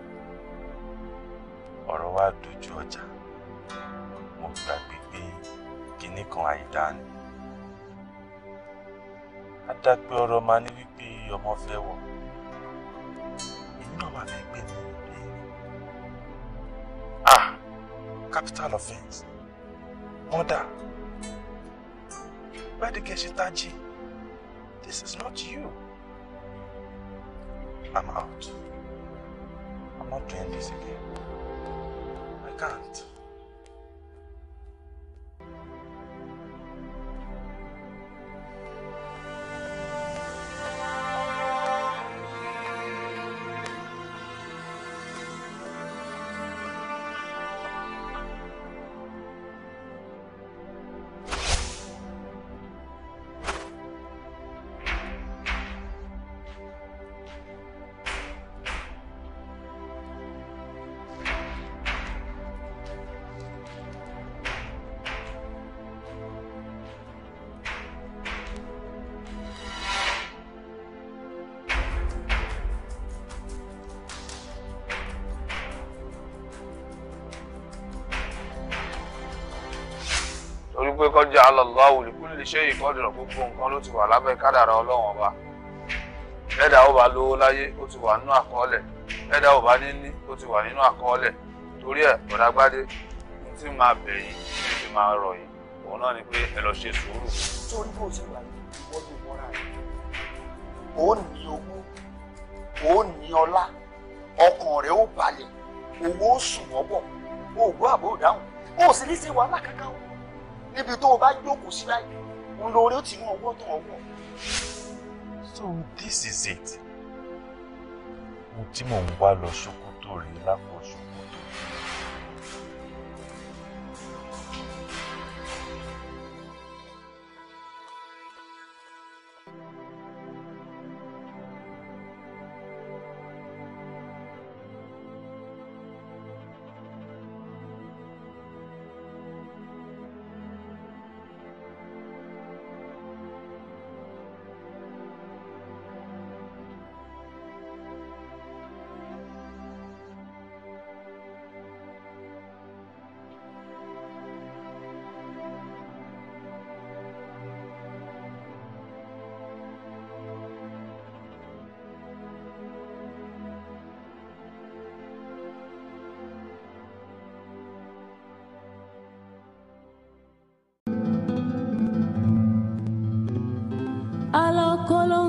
ọ̀rọ̀ wa dojú ọjà mo gbàgbé pé kinní kan àìdá ni adágbé ọ̀rọ̀ máa ní wípé ọmọ fẹ́ wọ̀ èmi náà fẹ́ gbé mi lẹ́yìn ah capital offence. Mother, Badekeshitaji, this is not you. I'm out. I'm not doing this again. I can't. alọ́lọ́ olùkúlù lè ṣe ìkọ́dùrọ̀ gbogbo nǹkan ló ti wà lábẹ́ kádàrá ọlọ́run ọba ẹ̀dá ò bá lówó láyé ó ti wà nínú àkọọ́lẹ̀ ẹ̀dá ò níní ó ti wà nínú àkọọ́lẹ̀ torí ẹ̀ ọ̀dàgbádé ní tí máa bẹ̀ yín ní tí máa rọ̀ yín òun náà ni pé ẹ lọ ṣe sùúrù. torí bó ti wà yìí wọ́n lè wọ́n ra rẹ̀ ó ní owó ó ní ọlá ọkàn rẹ̀ ó balẹ̀ owó sùn wọ́pọ̀ níbi tó o bá jókòó sí láì òun lóore ó ti mú ọwọ́ tó ọwọ́. so this is it mo tí mò ń wá lọ ṣòkòtò rèé lápò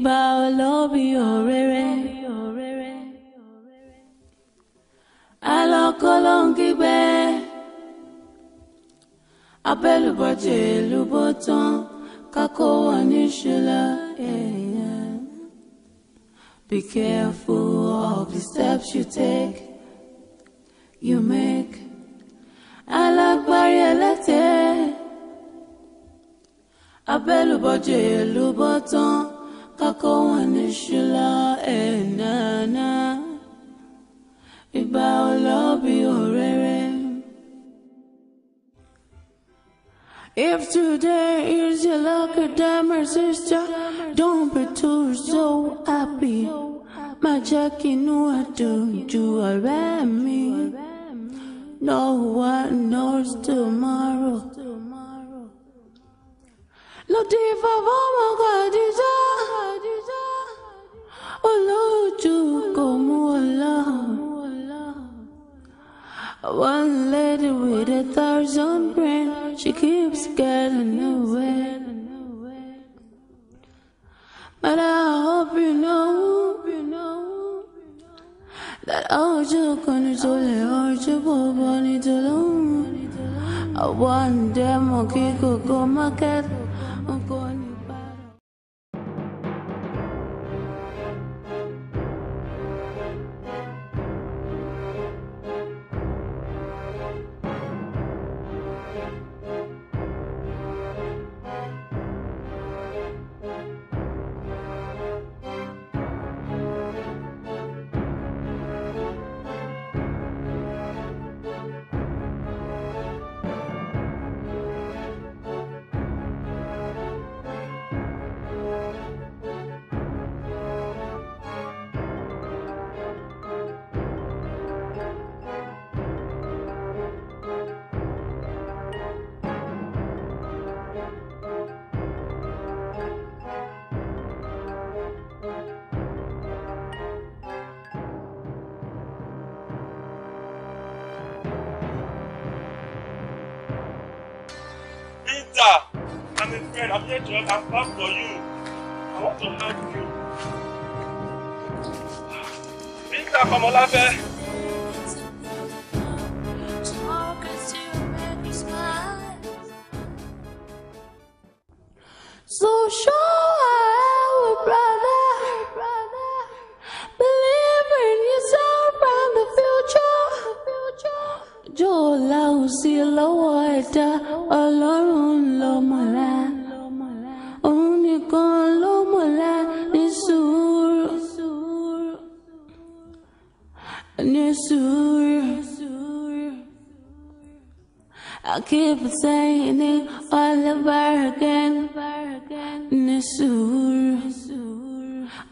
ìgbà olóbi òrèrè. alọ́kọ́ ló ń kígbe abẹ́lùbọ̀jẹ̀ lùbọ̀ kákó wọn Be careful of the steps you take, you make. Alágbárí ẹlẹ́tẹ̀ẹ́ abẹ́lùbọ̀jẹ̀ lùbọ̀ tán akọwọ̀nìṣìlá ẹ̀ nànà ìgbà ọlọ́bí ọ̀rẹ́rẹ́. If today is your lucky day, my sister, don't be too so happy. My Jackie knew i inú ẹ̀dùn ju ọ̀rẹ́ me. No one knows tomorrow lọ́tífà fọ́mọ kàdíjà olóòtú kò mú ọlọ́run. One lady with a thousand brains, she keeps getting away. But I hope you know that you can ní tó lè you, bọ̀bọ̀ ní tó lóhùn. I want them to a kí my cat I'm up for you. I want to help you. Mr. Komolafe. keep saying it all over again ní ojo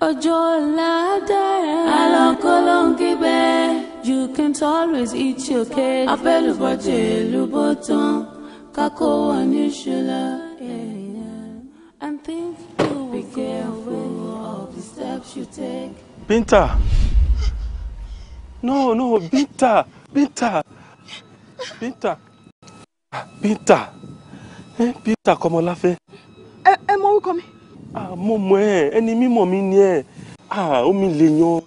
ọjọ́ ọ̀la dára. alọ́kọ́ you can't always eat your cake. Apelu bote, bó tán kákó wọn and think you be careful of the steps you take. Binta no no Binta Binta Binta. Ah, Peter eh, Peter Kọmọláfẹ́. ẹ ẹ mọ orúkọ mi. Ah, mo mọ ẹ ẹni mímọ̀ mi ni ẹ ah, omi lè yan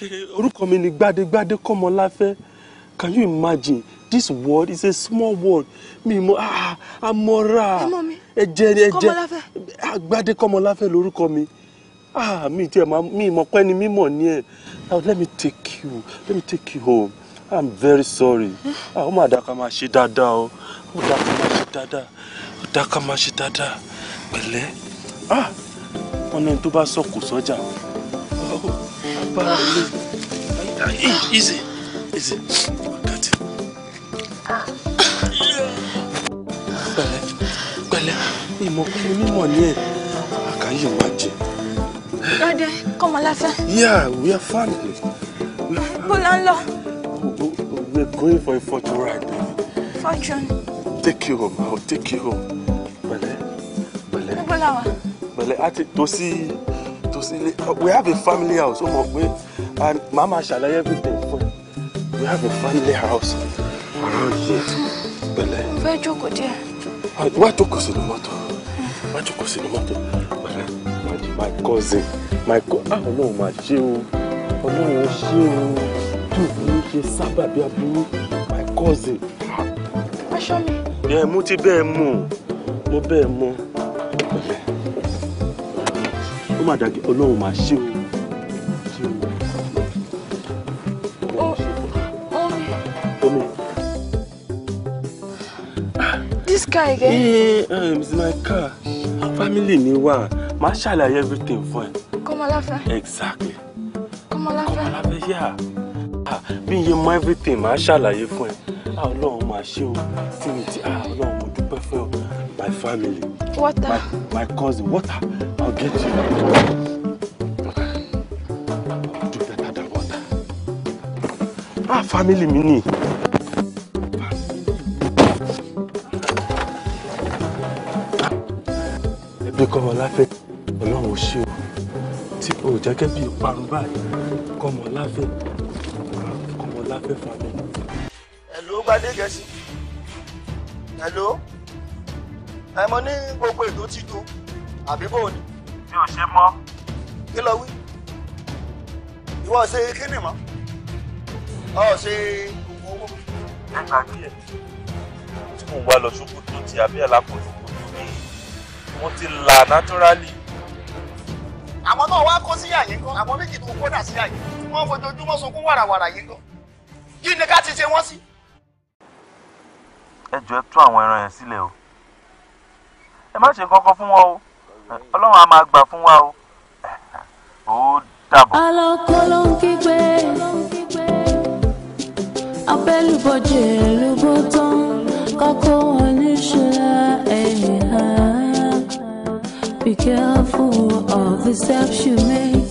eh, orúkọ mi ni Gbádégbádé Kọmọláfẹ́ can you imagine this world is a small world mi mọ amọra ẹjẹ ẹjẹ Gbádé Kọmọláfẹ́ lórúkọ mi mi tiẹ̀ mi mọ̀ pé ẹni mímọ̀ ni e now let me take you let me take you home. i'm very sorry Ah, mà dáa ká máa ṣe dáadáa o ó dáa ká máa ṣe dáadáa ó dáa ká máa ṣe dáadáa pẹ̀lẹ́ ah, wọn ní tó bá sọ̀kò sọ́jà oh, bára ilé easy easy ọ̀gádì pẹ̀lẹ́ pẹ̀lẹ́ ìmọ̀kùnrin mímọ̀ ni ẹ̀ àkáyè máa jẹ. Dade, kọ́mọ lásán. Yeah, we are family. Bọ́lá ń lọ. We're going for a fortune ride, baby. Fortune? Take you home. I'll take you home. Bele. Bele. Ubalawa. Bele, ati tosi tosi we have a family house. Oh my, and mama shall I everything We have a family house around here. Bale. Where you you go dear? jókòó díẹ̀? Wá jókòó sínú you go to the mọ́tò. Bale. My cousin. My co. Ah, Ọlọ́run mà ṣe o. Ọlọ́run ṣe o my cousin. aṣọ́lé. ẹ mú ti bẹ́ẹ̀ mú mo bẹ́ẹ̀ mú. ó mà dàgé ọlọ́run máa ṣe o. This guy again? Yeah, um, it's my car. Our Family ni wá. Màá ṣàlàyé everything fún ẹ. Kọ́mọláfẹ́. Exactly. Come Kọ́mọláfẹ́. Kọ́mọláfẹ́, yeah bí iye mọ everything máa ṣàlàyé fún ẹ ọlọ́run máa ṣe o tí mi ti ọlọ́run mo dúpẹ́ fún ọ my family water my, my cousin water i'll get you. Ah, family mi ni. Ẹbí kọ́mọ láfẹ́, ọlọ́run ò ṣe o. Tí o jẹ́ kẹ́bí ìparun báyìí, kọ́mọ láfẹ́ sáfẹ́fà lẹ. hello gbadé gẹ̀ẹ́sì hello ẹmọ ní gbogbo ètò ti tó àbí bò ni. mi ò ṣe mọ́. kí ló wí ìwọ ṣe kíni mọ́ ọ ṣe owó. ẹ gbàgbé ẹ tí mò ń wá lọ ṣòkòtò ti abẹ́ẹ̀lá kò ṣòkòtò ní wọ́n ti là naturally àwọn náà wá kó sí àyè kan àwọn méjì tó kó dà sí àyè wọn fojoojúmọ́ sunkún wàràwàrà yìí kan kí ni ká ti ṣe wọ́n sí. ẹ jọ̀ọ́ tú àwọn ẹran yẹn sílẹ̀ o ẹ má ṣe kankan fún wọn o ọlọ́run á máa gbà fún wa o ó dàbọ̀. alọ́kọ́ ń kígbe abẹ́lúbọ̀jẹ̀ ló tán kọ́kọ́ wọn ní ṣọlá ẹ̀yìn ha Be careful of the make.